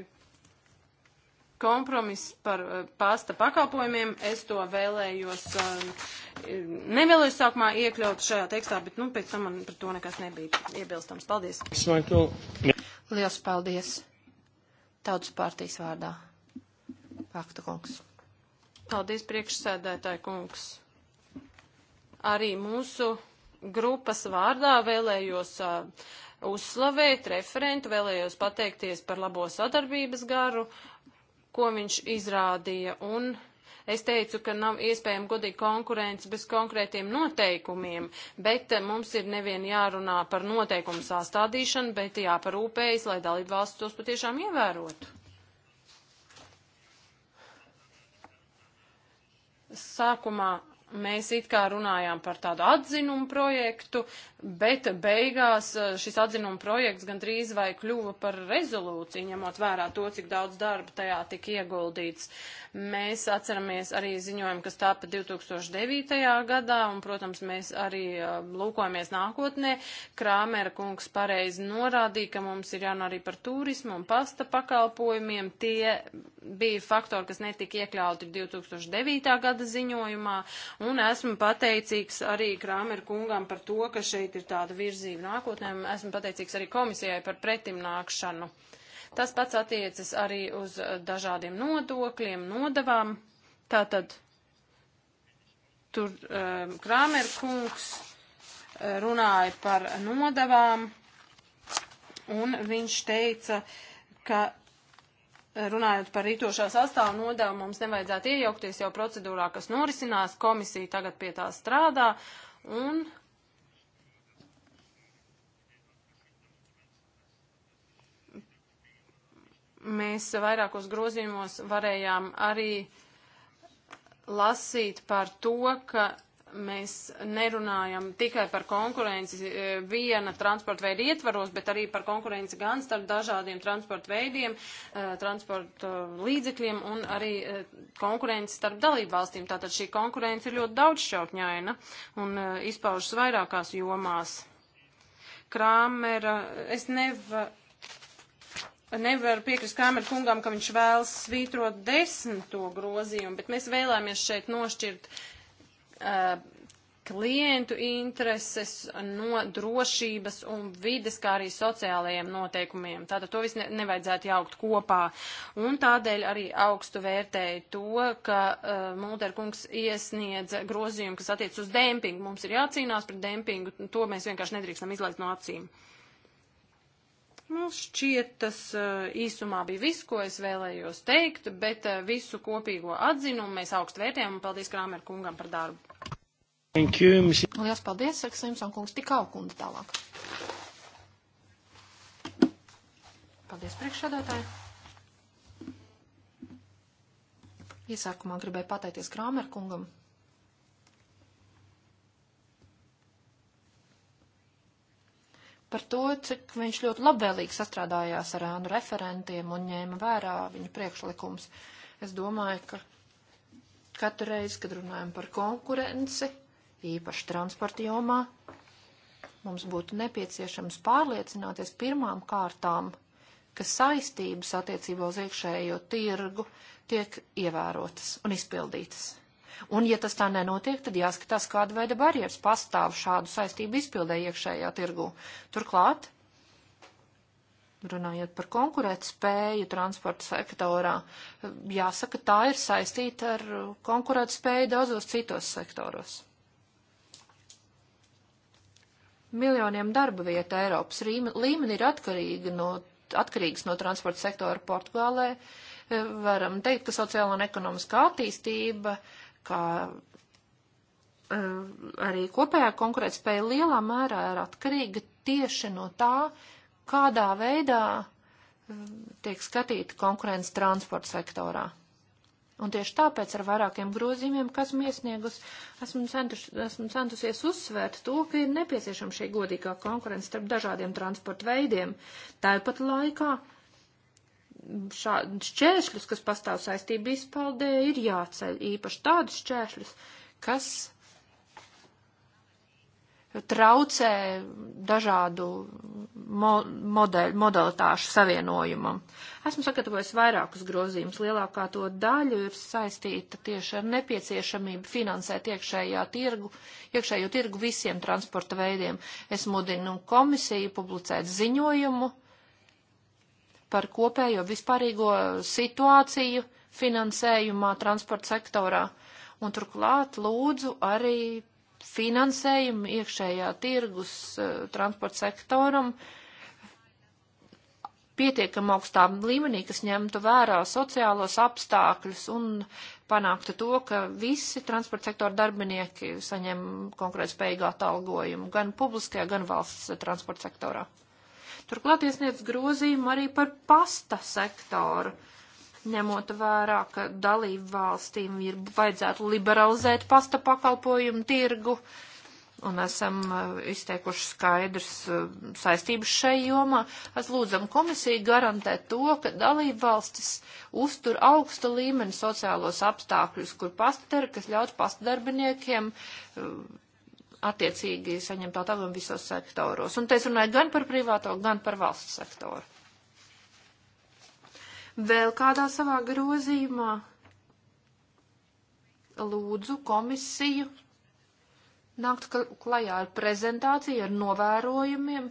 [SPEAKER 2] kompromiss par e, pasta pakalpojumiem. Es to vēlējos, e, nevēlējos sākumā iekļaut šajā tekstā, bet nu, pēc tam man par to nekas nebija iebilstams. Paldies!
[SPEAKER 4] Lielas paldies! Tautas partijas vārdā. Pakta kungs.
[SPEAKER 2] Paldies, priekšsēdētāji kungs. Arī mūsu grupas vārdā vēlējos uh, uzslavēt referentu, vēlējos pateikties par labo sadarbības garu, ko viņš izrādīja, un es teicu, ka nav iespējama godīga konkurence bez konkrētiem noteikumiem, bet eh, mums ir nevien jārunā par noteikumu sastādīšanu, bet jāparūpējas, lai dalību valsts tos patiešām ievērotu. Sākumā mēs it kā runājām par tādu atzinumu projektu, bet beigās eh, šis atzinumu projekts gandrīz vai kļuva par rezolūciju, ņemot vērā to, cik daudz darba tajā tika ieguldīts. Mēs atceramies arī ziņojumu, kas tāpa 2009. gadā, un, protams, mēs arī eh, lūkojamies nākotnē. Krāmera kungs pareizi norādīja, ka mums ir jāna arī par turismu un pasta pakalpojumiem. Tie bija faktori, kas netika iekļauti 2009. gada ziņojumā Un esmu pateicīgs arī Krāmer kungam par to, ka šeit ir tāda virzība nākotnē. Esmu pateicīgs arī komisijai par pretimnākšanu. Tas pats attiecas arī uz dažādiem nodokļiem, nodavām. Tātad tur um, Krāmer kungs uh, runāja par nodavām, un viņš teica, ka runājot par rītošā sastāvu nodevu, mums nevajadzētu iejaukties jau procedūrā, kas norisinās, komisija tagad pie tā strādā, un mēs vairākos grozījumos varējām arī lasīt par to, ka mēs nerunājam tikai par konkurenci e, viena transporta veida ietvaros, bet arī par konkurenci gan starp dažādiem transporta veidiem, e, transporta līdzekļiem un arī e, konkurenci starp dalību valstīm. Tātad šī konkurence ir ļoti daudzšķautņaina un izpaužas vairākās jomās. Krāmera, es nevaru nevaru piekrist Kāmera kungam, ka viņš vēlas svītrot desmito grozījumu, bet mēs vēlāmies šeit nošķirt uh, klientu intereses no drošības un vides, kā arī sociālajiem noteikumiem. Tātad to viss ne, nevajadzētu jaukt kopā. Un tādēļ arī augstu vērtēju to, ka uh, Mulderkungs iesniedz grozījumu, kas attiec uz dempingu. Mums ir jācīnās pret dempingu, to mēs vienkārši nedrīkstam izlaist no acīm. Uh, Nu, šķiet, tas eh, īsumā bija viss, ko es vēlējos teikt, bet eh, visu kopīgo atzinumu mēs augstu vērtējam un paldies Krāmer kungam par darbu.
[SPEAKER 3] Thank you, Mr.
[SPEAKER 2] Lielas paldies, saka Simpson kungs, tik augunda tālāk.
[SPEAKER 4] Paldies priekšsādātāji. Iesākumā gribēju pateikties Krāmer kungam par to, cik viņš ļoti labvēlīgi sastrādājās ar ēnu referentiem un ņēma vērā viņu priekšlikums. Es domāju, ka katru reizi, kad runājam par konkurenci, īpaši transporta jomā, mums būtu nepieciešams pārliecināties pirmām kārtām, ka saistības attiecībā uz iekšējo tirgu tiek ievērotas un izpildītas. Un, ja tas tā nenotiek, tad jāskatās, kāda veida barjeras pastāv šādu saistību izpildē iekšējā tirgu. Turklāt, runājot par konkurēt spēju transporta sektorā, jāsaka, tā ir saistīta ar konkurēt spēju daudzos citos sektoros. Miljoniem darba vieta Eiropas līmeni ir atkarīga no, atkarīgs no transporta sektora Portugālē. Varam teikt, ka sociāla un ekonomiskā attīstība uh, ka eh, arī kopējā konkurētspēja lielā mērā ir atkarīga tieši no tā, kādā veidā eh, tiek skatīta konkurence transporta sektorā. Un tieši tāpēc ar vairākiem grozījumiem, kas miesniegus, esmu, centuš, esmu centusies uzsvērt to, ka ir nepieciešama šī godīgā konkurence starp dažādiem transporta veidiem. Tāpat laikā šādi šķēršļus, kas pastāv saistību izpaldē, ir jāceļ īpaši tādus šķēršļus, kas traucē dažādu mo modeļu, modalitāšu savienojumam. Esmu sagatavojis vairākus grozījumus. Lielākā to daļu ir saistīta tieši ar nepieciešamību finansēt iekšējā tirgu, iekšējo tirgu visiem transporta veidiem. Es mudinu komisiju publicēt ziņojumu par kopējo vispārīgo situāciju finansējumā transporta sektorā. Un turklāt lūdzu arī finansējumu iekšējā tirgus uh, transporta sektoram pietiekam augstā līmenī, kas ņemtu vērā sociālos apstākļus un panāktu to, ka visi transporta sektora darbinieki saņem konkrētspējīgu atalgojumu gan publiskajā, gan valsts transporta sektorā. Turklāt iesniedz grozījumu arī par pasta sektoru, ņemot vērā, ka dalību valstīm ir vajadzētu liberalizēt pasta pakalpojumu tirgu, un esam uh, izteikuši skaidrs uh, saistības šai jomā. Es lūdzam komisiju garantēt to, ka dalību valstis uztur augsta līmeni sociālos apstākļus, kur pasteri, kas ļaut pastadarbiniekiem uh, attiecīgi saņemt atalgojumu visos sektoros. Un te es runāju gan par privāto, gan par valsts sektoru. Vēl kādā savā grozījumā lūdzu komisiju nākt klajā ar prezentāciju, ar novērojumiem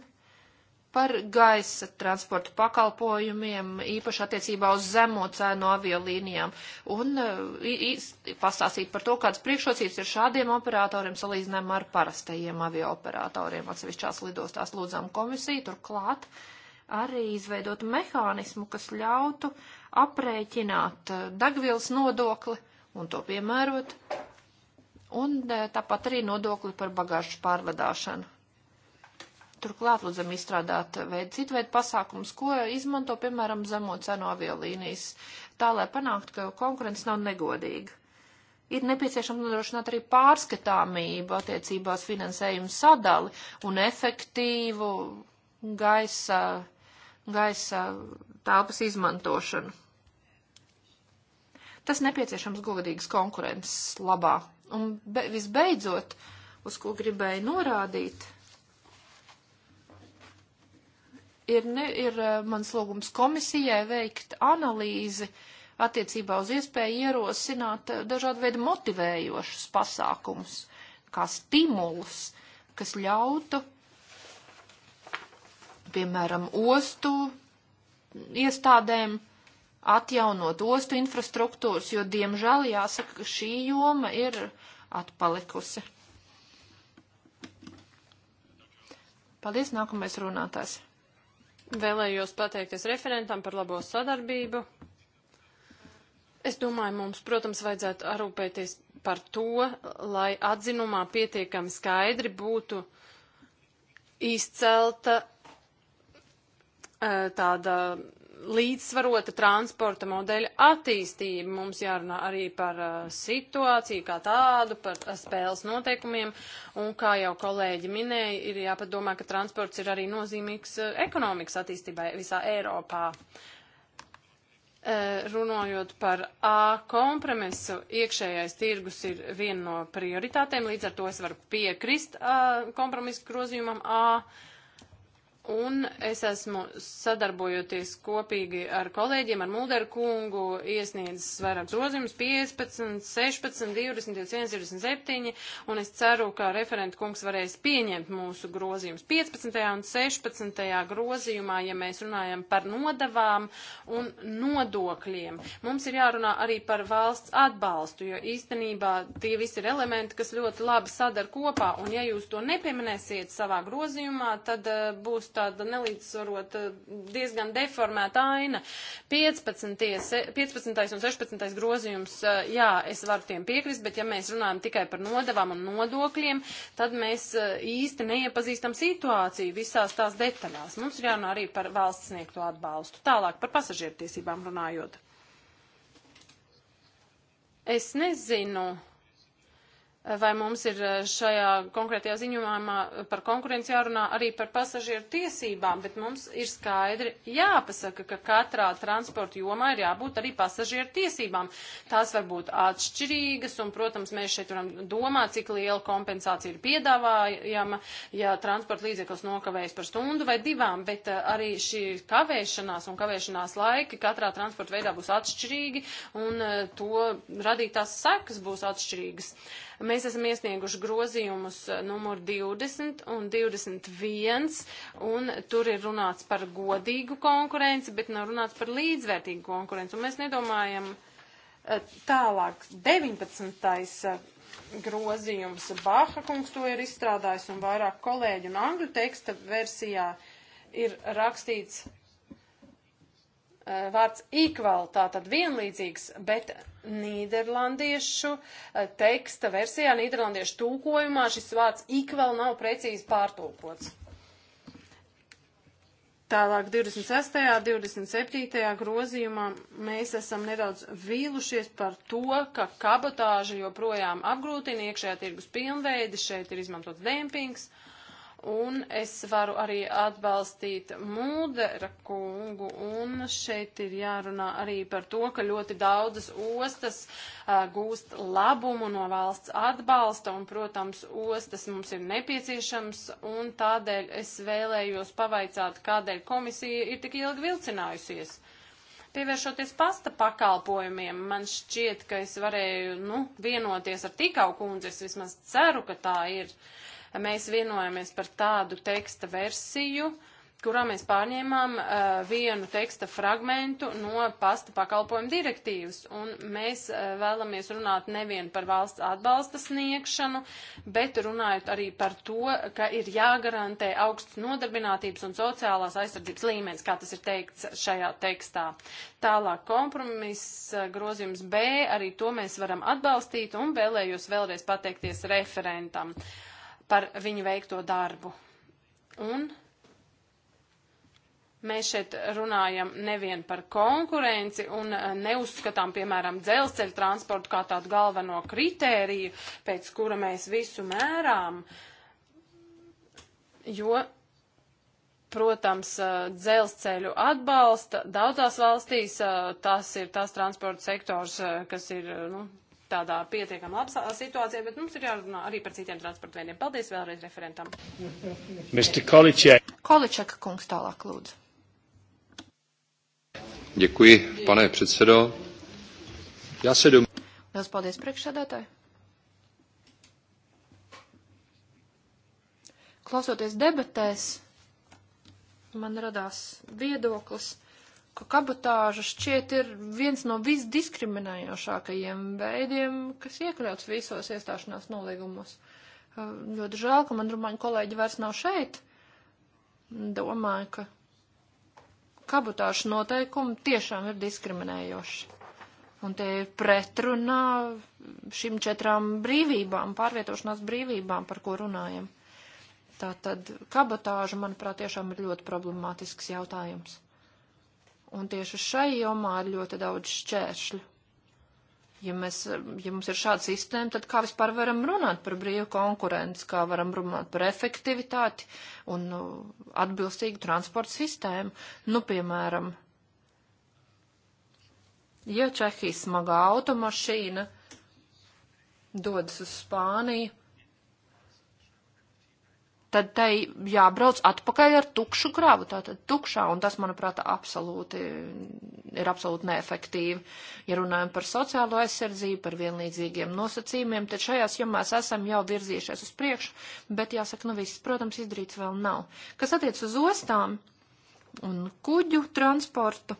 [SPEAKER 4] par gaisa transportu pakalpojumiem, īpaši attiecībā uz zemo cēnu aviolīnijām, un uh, pastāstīt par to, kādas priekšrocības ir šādiem operatoriem salīdzinājumā ar parastajiem aviooperatoriem atsevišķās lidostās. Lūdzām komisiju turklāt arī izveidot mehānismu, kas ļautu aprēķināt uh, degvielas nodokli un to piemērot, un uh, tāpat arī nodokli par bagāžu pārvadāšanu. Turklāt lūdzam izstrādāt veidu citu veidu pasākums, ko izmanto, piemēram, zemo cenu aviolīnijas, tā lai panāktu, ka konkurence nav negodīga. Ir nepieciešams nodrošināt arī pārskatāmību attiecībās finansējumu sadali un efektīvu gaisa, gaisa telpas izmantošanu. Tas nepieciešams godīgas konkurences labā. Un be, visbeidzot, uz ko gribēju norādīt, ir, ne, ir eh, mans lūgums komisijai veikt analīzi attiecībā uz iespēju ierosināt eh, dažādu veidu motivējošus pasākumus, kā stimulus, kas ļautu, piemēram, ostu iestādēm atjaunot ostu infrastruktūras, jo, diemžēl, jāsaka, ka šī joma ir atpalikusi. Paldies, nākamais runātājs.
[SPEAKER 2] Vēlējos pateikties referentam par labo sadarbību. Es domāju, mums, protams, vajadzētu arūpēties par to, lai atzinumā pietiekami skaidri būtu izcelta eh, tāda līdzsvarota transporta modeļa attīstība. Mums jārunā arī par uh, situāciju kā tādu, par uh, spēles noteikumiem, un kā jau kolēģi minēja, ir jāpadomā, ka transports ir arī nozīmīgs uh, ekonomikas attīstībai visā Eiropā. Uh, runājot par A kompromisu, iekšējais tirgus ir viena no prioritātēm, līdz ar to es varu piekrist uh, kompromisu grozījumam A. Uh, Un es esmu sadarbojoties kopīgi ar kolēģiem, ar Mulderu kungu, iesniedzis vairākus grozījumus 15, 16, 20, 21, 27, un es ceru, ka referenta kungs varēs pieņemt mūsu grozījumus 15. un 16. grozījumā, ja mēs runājam par nodavām un nodokļiem. Mums ir jārunā arī par valsts atbalstu, jo īstenībā tie visi ir elementi, kas ļoti labi sadar kopā, un ja jūs to nepieminēsiet savā grozījumā, tad uh, būs būs tāda nelīdzsvarota, diezgan deformēta aina. 15, 15 un 16 grozījums, jā, es varu tiem piekrist, bet ja mēs runājam tikai par nodevām un nodokļiem, tad mēs īsti neiepazīstam situāciju visās tās detaļās. Mums ir jārunā arī par valsts sniegto atbalstu. Tālāk par pasažiertiesībām runājot. Es nezinu, vai mums ir eh, šajā konkrētajā ziņojumā par konkurenci jārunā arī par pasažieru tiesībām, bet mums ir skaidri jāpasaka, ka katrā transporta jomā ir jābūt arī pasažieru tiesībām. Tās var būt atšķirīgas, un, protams, mēs šeit varam domāt, cik liela kompensācija ir piedāvājama, ja transporta līdzeklis nokavējas par stundu vai divām, bet eh, arī šī kavēšanās un kavēšanās laiki katrā transporta veidā būs atšķirīgi, un eh, to radītās sekas būs atšķirīgas. Uh, Mēs esam iesnieguši grozījumus eh, numur 20 un 21, un tur ir runāts par godīgu konkurenci, bet nav runāts par līdzvērtīgu konkurenci. Un mēs nedomājam eh, tālāk 19. Eh, grozījums. Baha kungs to ir izstrādājis un vairāk kolēģi un angļu teksta versijā ir rakstīts Eh, vārds equal, tātad vienlīdzīgs, bet nīderlandiešu eh, teksta versijā, nīderlandiešu tūkojumā šis vārds equal nav precīzi pārtūkots. Tālāk 26. 27. grozījumā mēs esam nedaudz vīlušies par to, ka kabotāža joprojām apgrūtina iekšējā tirgus pilnveidi, šeit ir izmantots dempings. Uh, Un es varu arī atbalstīt Mūdera kungu, un šeit ir jārunā arī par to, ka ļoti daudzas ostas uh, gūst labumu no valsts atbalsta, un, protams, ostas mums ir nepieciešams, un tādēļ es vēlējos pavaicāt, kādēļ komisija ir tik ilgi vilcinājusies. Pievēršoties pasta pakalpojumiem, man šķiet, ka es varēju, nu, vienoties ar tikau kundzes, vismaz ceru, ka tā ir. Uh, mēs vienojamies par tādu teksta versiju, kurā mēs pārņēmām uh, vienu teksta fragmentu no pasta pakalpojumu direktīvas. Un mēs uh, vēlamies runāt nevien par valsts atbalsta sniegšanu, bet runājot arī par to, ka ir jāgarantē augsts nodarbinātības un sociālās aizsardzības līmenis, kā tas ir teikts šajā tekstā. Tālāk kompromiss uh, grozījums B, arī to mēs varam atbalstīt un vēlējos vēlreiz pateikties referentam. Uh, par viņu veikto darbu. Un mēs šeit runājam nevien par konkurenci un eh, neuzskatām, piemēram, dzelzceļa transportu kā tādu galveno kritēriju, pēc kura mēs visu mērām, jo, protams, eh, dzelzceļu atbalsta daudzās valstīs, eh, tas ir tas transporta sektors, kas ir, nu, tādā pietiekam labā situācijā, bet mums ir jārunā arī par citiem transporta veidiem. Paldies vēlreiz referentam.
[SPEAKER 4] Količak kungs tālāk lūdzu.
[SPEAKER 1] Děkuji, pane předsedo. Já se domnívám.
[SPEAKER 4] Liels paldies priekšsēdētāji. Klausoties debatēs, man radās viedoklis, ka kabatāža šķiet ir viens no visdiskriminējošākajiem veidiem, kas iekļauts visos iestāšanās nolīgumos. Uh, ļoti žēl, ka man rumāņu kolēģi vairs nav šeit. Domāju, ka kabatāža noteikumi tiešām ir diskriminējoši. Un tie ir pretrunā šīm četrām brīvībām, pārvietošanās brīvībām, par ko runājam. Tātad kabatāža, manuprāt, tiešām ir ļoti problemātisks jautājums. Un tieši šai jomā ir ļoti daudz šķēršļu. Ja, mēs, ja mums ir šāda sistēma, tad kā vispār varam runāt par brīvu konkurenci, kā varam runāt par efektivitāti un nu, atbilstīgu transporta sistēmu? Nu, piemēram, ja Čehijas smagā automašīna dodas uz Spāniju, tad tai jābrauc atpakaļ ar tukšu kravu, tātad tukšā, un tas, manuprāt, absolūti ir absolūti neefektīvi. Ja runājam par sociālo aizsardzību, par vienlīdzīgiem nosacījumiem, tad šajās jomās esam jau virzījušies uz priekšu, bet jāsaka, nu viss, protams, izdarīts vēl nav. Kas attiec uz ostām un kuģu transportu?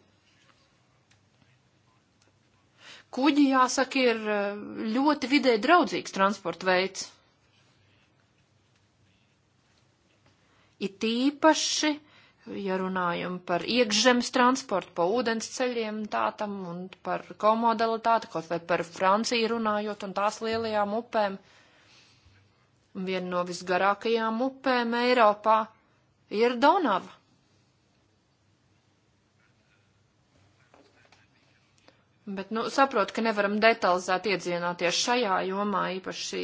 [SPEAKER 4] Kuģi, jāsaka, ir eh, ļoti vidē draudzīgs transporta veids. It īpaši, ja runājam par iekšzemes transportu, pa ūdens ceļiem tātam un par komodalitāti, kaut vai par Franciju runājot un tās lielajām upēm. Viena no visgarākajām upēm Eiropā ir Donava. Bet, nu, saprotu, ka nevaram detalizēt iedzienāties šajā jomā, īpaši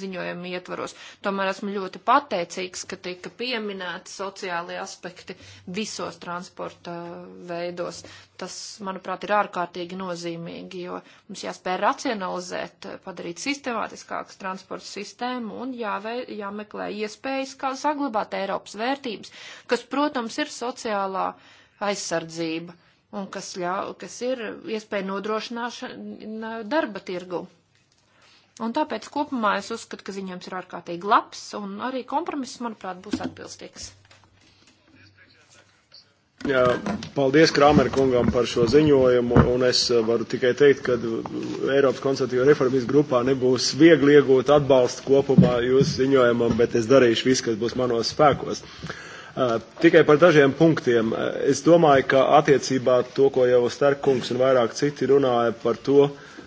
[SPEAKER 4] ziņojuma ietvaros. Tomēr esmu ļoti pateicīgs, ka tika pieminēti sociālie aspekti visos transporta veidos. Tas, manuprāt, ir ārkārtīgi nozīmīgi, jo mums jāspēj racionalizēt, padarīt sistemātiskākas transporta sistēmu un jāvei, jāmeklē iespējas, kā saglabāt Eiropas vērtības, kas, protams, ir sociālā aizsardzība un kas, ļau, kas ir iespēja nodrošināšana darba tirgu. Un tāpēc kopumā es uzskatu, ka ziņojums ir ārkārtīgi labs, un arī kompromiss, manuprāt, būs atbilstīgs.
[SPEAKER 3] Jā, paldies Krāmer kungam par šo ziņojumu, un es eh, varu tikai teikt, ka Eiropas konservatīva reformistu grupā nebūs viegli iegūt atbalstu kopumā jūsu ziņojumam, bet es darīšu visu, kas būs manos spēkos. Uh, Tikai par dažiem punktiem. Es domāju, ka attiecībā to, ko jau Starkungs un vairāk citi runāja par to,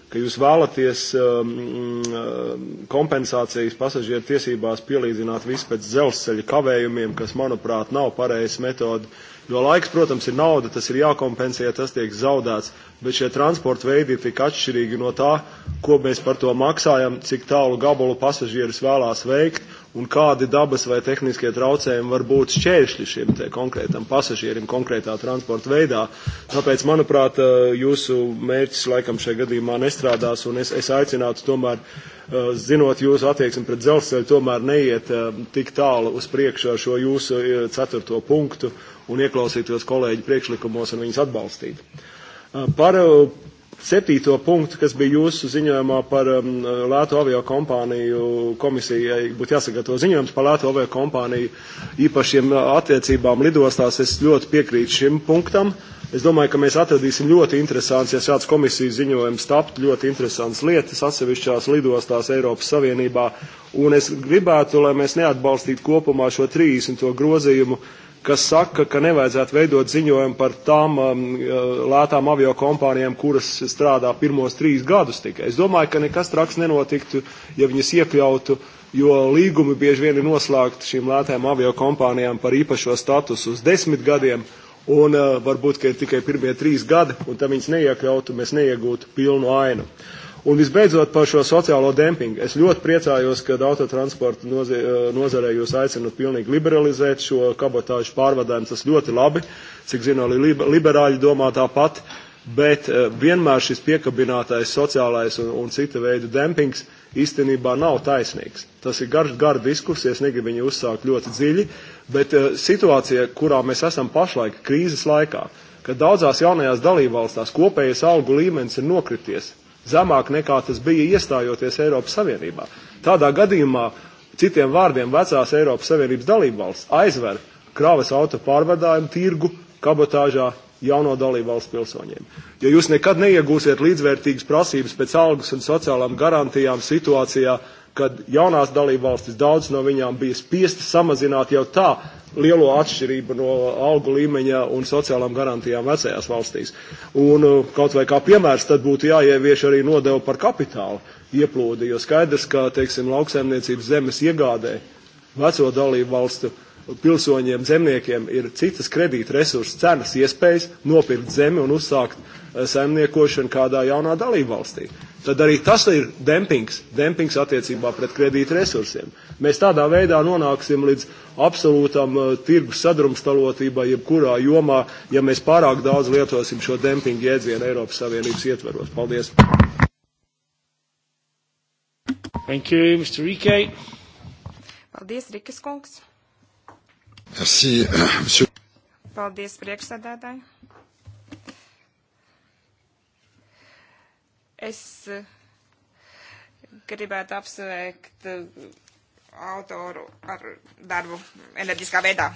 [SPEAKER 3] ka jūs vēlaties um, kompensācijas pasažieru tiesībās pielīdzināt visu pēc dzelzceļa kavējumiem, kas, manuprāt, nav pareizs metodi. Jo laiks, protams, ir nauda, tas ir jākompensē, ja tas tiek zaudēts, bet šie transporta veidi ir tik atšķirīgi no tā, ko mēs par to maksājam, cik tālu gabalu pasažieris vēlās veikt un kādi dabas vai tehniskie traucējumi var būt šķēršļi šim te konkrētam pasažierim konkrētā transporta veidā. Tāpēc, manuprāt, eh, jūsu mērķis laikam šajā gadījumā nestrādās, un es, es aicinātu tomēr, eh, zinot jūsu attieksmi pret dzelzceļu, tomēr neiet eh, tik tālu uz priekšu ar šo jūsu ceturto punktu un ieklausīties kolēģi priekšlikumos un viņus atbalstīt. Par septīto punktu, kas bija jūsu ziņojumā par um, lētu avio kompāniju komisijai, būtu jāsagatavo ziņojums par lētu avio kompāniju īpašiem uh, attiecībām lidostās. Es ļoti piekrītu šim punktam. Es domāju, ka mēs atradīsim ļoti interesants, ja šāds komisijas ziņojums taptu, ļoti interesants lietas atsevišķās lidostās Eiropas Savienībā. Un es gribētu, lai mēs neatbalstītu kopumā šo 30. grozījumu, uh, kas saka, ka nevajadzētu veidot ziņojumu par tām um, uh, lētām avio kompānijām, kuras strādā pirmos trīs gadus tikai. Es domāju, ka nekas traks nenotiktu, ja viņas iekļautu, jo līgumi bieži vien ir noslēgti šīm lētām avio kompānijām par īpašo statusu uz desmit gadiem, un uh, varbūt, ka ir tikai pirmie trīs gadi, un tam viņas neiekļautu, mēs neiegūtu pilnu ainu. Uh, Un visbeidzot par šo sociālo dempingu. Es ļoti priecājos, ka autotransporta eh, nozarē jūs aicinat pilnīgi liberalizēt šo kabotāžu pārvadājumu. Tas ļoti labi. Cik zinu, arī liberāļi domā tāpat. Bet eh, vienmēr šis piekabinātais sociālais un, un cita veida dempings īstenībā nav taisnīgs. Tas ir garš, gara diskusija, es negribu viņu uzsākt ļoti dziļi, bet eh, situācija, kurā mēs esam pašlaik krīzes laikā, kad daudzās jaunajās dalībvalstās kopējais algu līmenis ir nokrities, zemāk nekā tas bija iestājoties Eiropas Savienībā. Tādā gadījumā, citiem vārdiem, vecās Eiropas Savienības dalībvalsts aizver kravas auto pārvadājumu tirgu kabotāžā jauno dalībvalstu pilsoņiem. Jo jūs nekad neiegūsiet līdzvērtīgas prasības pēc algas un sociālām garantijām situācijā, kad jaunās dalībvalstis daudz no viņām bija spiestas samazināt jau tā lielo atšķirību no algu līmeņa un sociālām garantijām vecajās valstīs. Un uh, kaut vai kā piemērs, tad būtu jāievieš arī nodeva par kapitālu ieplūdi, jo skaidrs, ka, teiksim, lauksaimniecības zemes iegādē veco dalību valstu uh, pilsoņiem, zemniekiem ir citas kredīta resursu cenas iespējas nopirkt zemi un uzsākt eh, saimniekošanu kādā jaunā dalībvalstī. Tad arī tas ir dempings, dempings attiecībā pret kredīta resursiem. Mēs tādā veidā nonāksim līdz absolūtam uh, eh, tirgus sadrumstalotībai jebkurā jomā, ja mēs pārāk daudz lietosim šo dempingu jēdzienu Eiropas Savienības ietveros. Paldies! Thank you, Mr. Rike.
[SPEAKER 1] Paldies, Rikas kungs.
[SPEAKER 3] Merci, monsieur.
[SPEAKER 1] Paldies priekšsēdētāji. Es eh, gribētu apsveikt eh, autoru ar darbu enerģiskā veidā.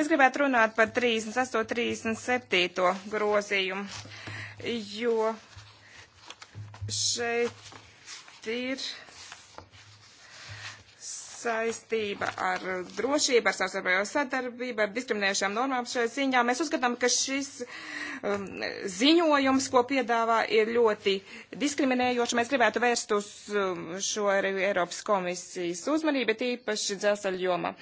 [SPEAKER 1] Es gribētu runāt par 38, 37 grozījumu, jo šeit ir saistība ar drošību, ar savstarpējo sadarbību, ar diskriminējušām normām šajā ziņā. Mēs uzskatām, ka šis um, ziņojums, ko piedāvā, ir ļoti diskriminējošs. Mēs gribētu vērst uz um, šo arī Eiropas komisijas uzmanību, bet īpaši dzelzceļa jomā.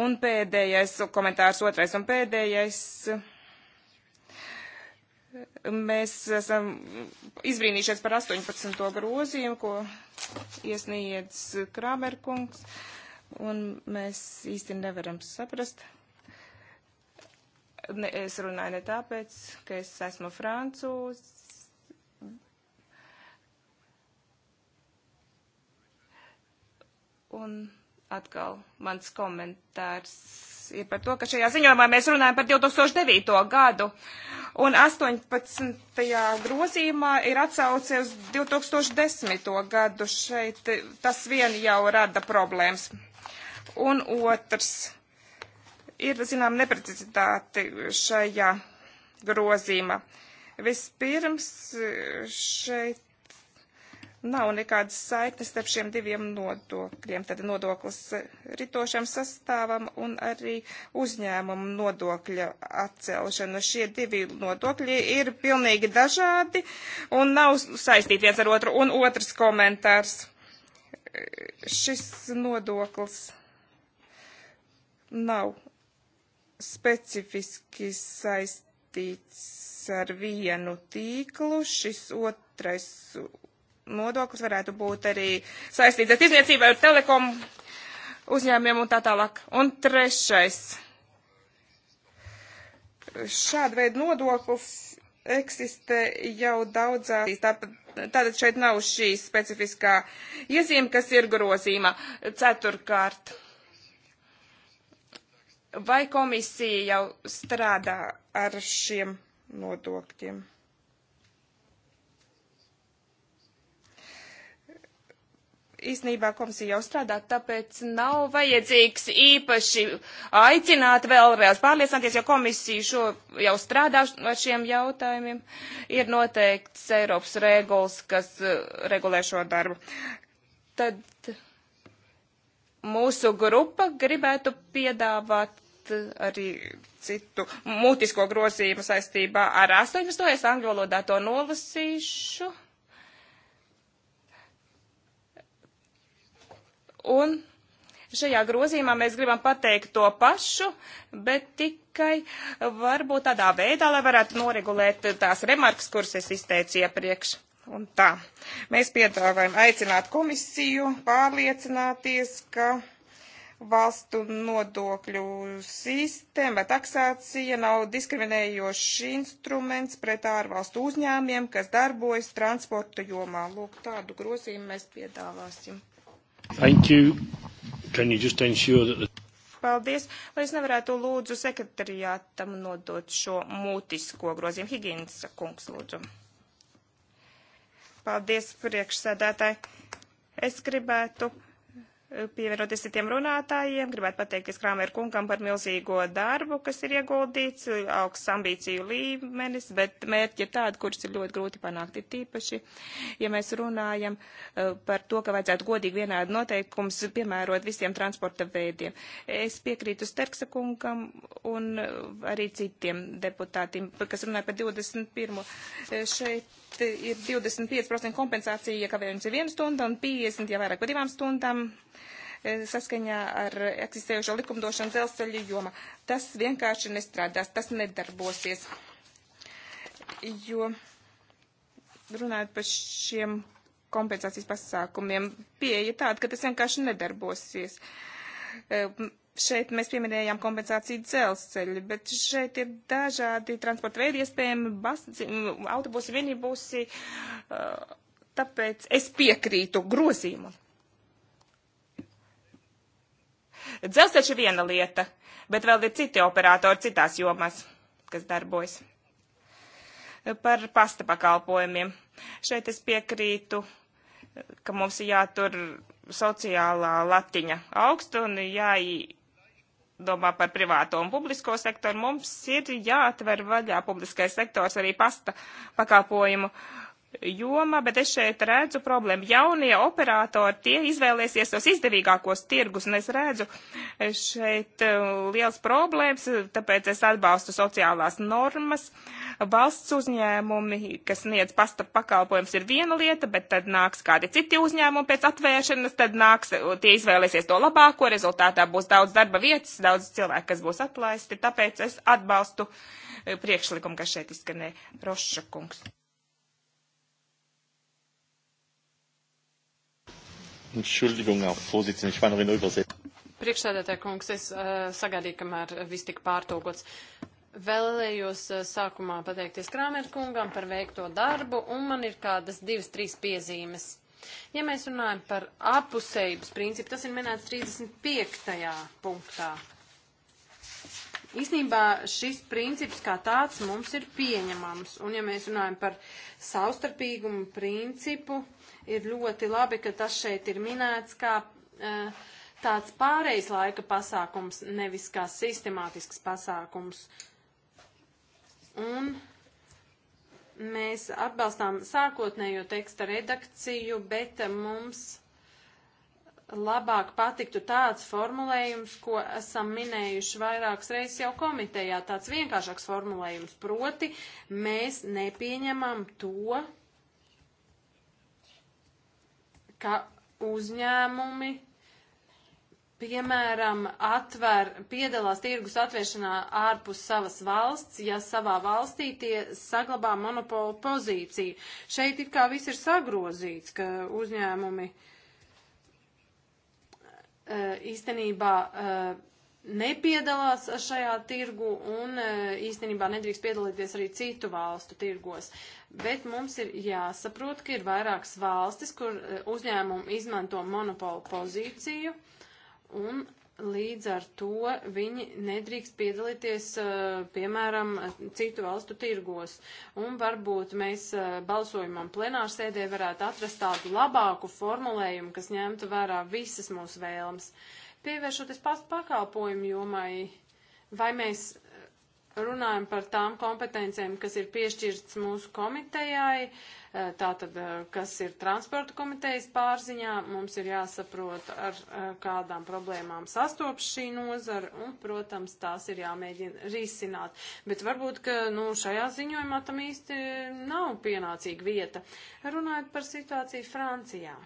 [SPEAKER 1] Un pēdējais komentārs, otrais un pēdējais. Uh, Mēs esam izbrīnījušies par 18. grozījumu, ko iesniedz Kramerkungs, un mēs īsti nevaram saprast. Ne, es runāju ne tāpēc, ka es esmu francūzs. Un atkal mans komentārs ir par to, ka šajā ziņojumā mēs runājam par 2009. gadu, un 18. grozījumā ir atsauce uz 2010. gadu. Šeit tas vien jau rada problēmas. Un otrs ir, zinām, neprecizitāti šajā grozījumā. Vispirms šeit nav nekādas saiknes starp šiem diviem nodokļiem, tad nodoklis ritošam sastāvam un arī uzņēmumu nodokļa atcelšanu. Šie divi nodokļi ir pilnīgi dažādi un nav saistīti viens ar otru. Un otrs komentārs. Šis nodoklis nav specifiski saistīts ar vienu tīklu, šis otrais nodoklis varētu būt arī saistīts ar tirzniecību, ar telekomu uzņēmumiem un tā tālāk. Un trešais. Šāda veida nodoklis eksistē jau daudzās. Tātad šeit nav šī specifiskā iezīme, kas ir grozīma. Ceturkārt. Vai komisija jau strādā ar šiem nodokļiem? īstenībā komisija jau strādā, tāpēc nav vajadzīgs īpaši aicināt vēlreiz pārliecināties, jo komisija šo jau strādā ar šiem jautājumiem. Ir noteikts Eiropas regulas, kas eh, regulē šo darbu. Tad mūsu grupa gribētu piedāvāt arī citu mutisko grozījumu saistībā ar 18. angļu valodā to nolasīšu. Un šajā grozījumā mēs gribam pateikt to pašu, bet tikai varbūt tādā veidā, lai varētu noregulēt tās remarkas, kuras es izteicu iepriekš. Un tā. Mēs piedāvājam aicināt komisiju pārliecināties, ka valstu nodokļu sistēma vai taksācija nav diskriminējošs instruments pret ārvalstu uzņēmiem, kas darbojas transporta jomā. Lūk, tādu grozījumu mēs piedāvāsim.
[SPEAKER 3] Thank you. Can you just ensure that the...
[SPEAKER 1] Paldies. Vai es nevarētu lūdzu sekretariātam nodot šo mutisko grozījumu? Higīnas kungs, lūdzu. Paldies, priekšsēdētāji. Es gribētu pievienoties citiem runātājiem, gribētu pateikties Krāmer kungam par milzīgo darbu, kas ir ieguldīts, augsts ambīciju līmenis, bet mērķi ir tādi, kurus ir ļoti grūti panākt. Ir tīpaši, ja mēs runājam eh, par to, ka vajadzētu godīgi vienādu noteikumus piemērot visiem transporta veidiem. Es piekrītu Sterksa kungam un arī citiem deputātiem, kas runāja par 21. Eh, šeit ir 25% kompensācija, ja kavējums ir viena stunda, un 50, ja vairāk par divām stundām e, saskaņā ar eksistējošo likumdošanu dzelzceļu joma. Tas vienkārši nestrādās, tas nedarbosies. Jo runājot par šiem kompensācijas pasākumiem, pieeja tāda, ka tas vienkārši nedarbosies e, Šeit mēs pieminējām kompensāciju dzelzceļu, bet šeit ir dažādi transporta veidi, iespējami bas, autobusi, minibusi, uh, tāpēc es piekrītu grozījumam. Dzelzceļš ir viena lieta, bet vēl ir citi operatori citās jomās, kas darbojas. Par pasta pakalpojumiem. Šeit es piekrītu ka mums ir jātur sociālā latiņa augstu un jāi domā par privāto un publisko sektoru, mums ir jāatver vaļā publiskais sektors arī pasta pakalpojumu jomā, bet es šeit redzu problēmu. Jaunie operatori, tie izvēlēsies tos izdevīgākos tirgus, un es redzu šeit uh, liels problēmas, tāpēc es atbalstu sociālās normas. Uh, valsts uzņēmumi, kas sniedz pasta pakalpojums, ir viena lieta, bet tad nāks kādi citi uzņēmumi pēc atvēršanas, tad nāks, tie izvēlēsies to labāko, rezultātā būs daudz darba vietas, daudz cilvēku, kas būs atlaisti, tāpēc es atbalstu eh, priekšlikumu, kas šeit izskanē Roša kungs.
[SPEAKER 3] Entschuldigung, Herr Vorsitzender, ich war noch in der Übersetzung.
[SPEAKER 2] Priekšsēdētāja kungs, es uh, sagaidīju, kamēr viss tika pārtūkots. Vēlējos eh, sākumā pateikties Krāmerkungam par veikto darbu, un man ir kādas divas, trīs piezīmes. Ja mēs runājam par apusējības principu, tas ir minēts 35. punktā. Īsnībā šis princips kā tāds mums ir pieņemams, un ja mēs runājam par savstarpīgumu principu, ir ļoti labi, ka tas šeit ir minēts kā. Uh, tāds pārejas laika pasākums, nevis kā sistemātisks pasākums. Uh, Un mēs atbalstām sākotnējo teksta redakciju, bet mums labāk patiktu tāds formulējums, ko esam minējuši vairākas reizes jau komitejā, tāds vienkāršāks formulējums. Proti, mēs nepieņemam to, ka uzņēmumi piemēram, atver, piedalās tirgus atvēršanā ārpus savas valsts, ja savā valstī tie saglabā monopolu pozīciju. Šeit it kā viss ir sagrozīts, ka uzņēmumi e, īstenībā e, nepiedalās šajā tirgu un e, īstenībā nedrīkst piedalīties arī citu valstu tirgos. Bet mums ir jāsaprot, ka ir vairākas valstis, kur uzņēmumi izmanto monopolu pozīciju. Uh, un līdz ar to viņi nedrīkst piedalīties, eh, piemēram, citu valstu tirgos. Un varbūt mēs eh, balsojumam plenārsēdē varētu atrast tādu labāku formulējumu, kas ņemtu vērā visas mūsu vēlmes. Pievēršoties pastu pakalpojumu jomai, vai mēs eh, runājam par tām kompetencijām, kas ir piešķirts mūsu komitejai, uh, tātad, eh, kas ir transporta komitejas pārziņā, mums ir jāsaprot, ar eh, kādām problēmām sastopas šī nozara, un, protams, tās ir jāmēģina risināt. Bet varbūt, ka, nu, šajā ziņojumā tam īsti nav pienācīga vieta. Runājot par situāciju Francijā.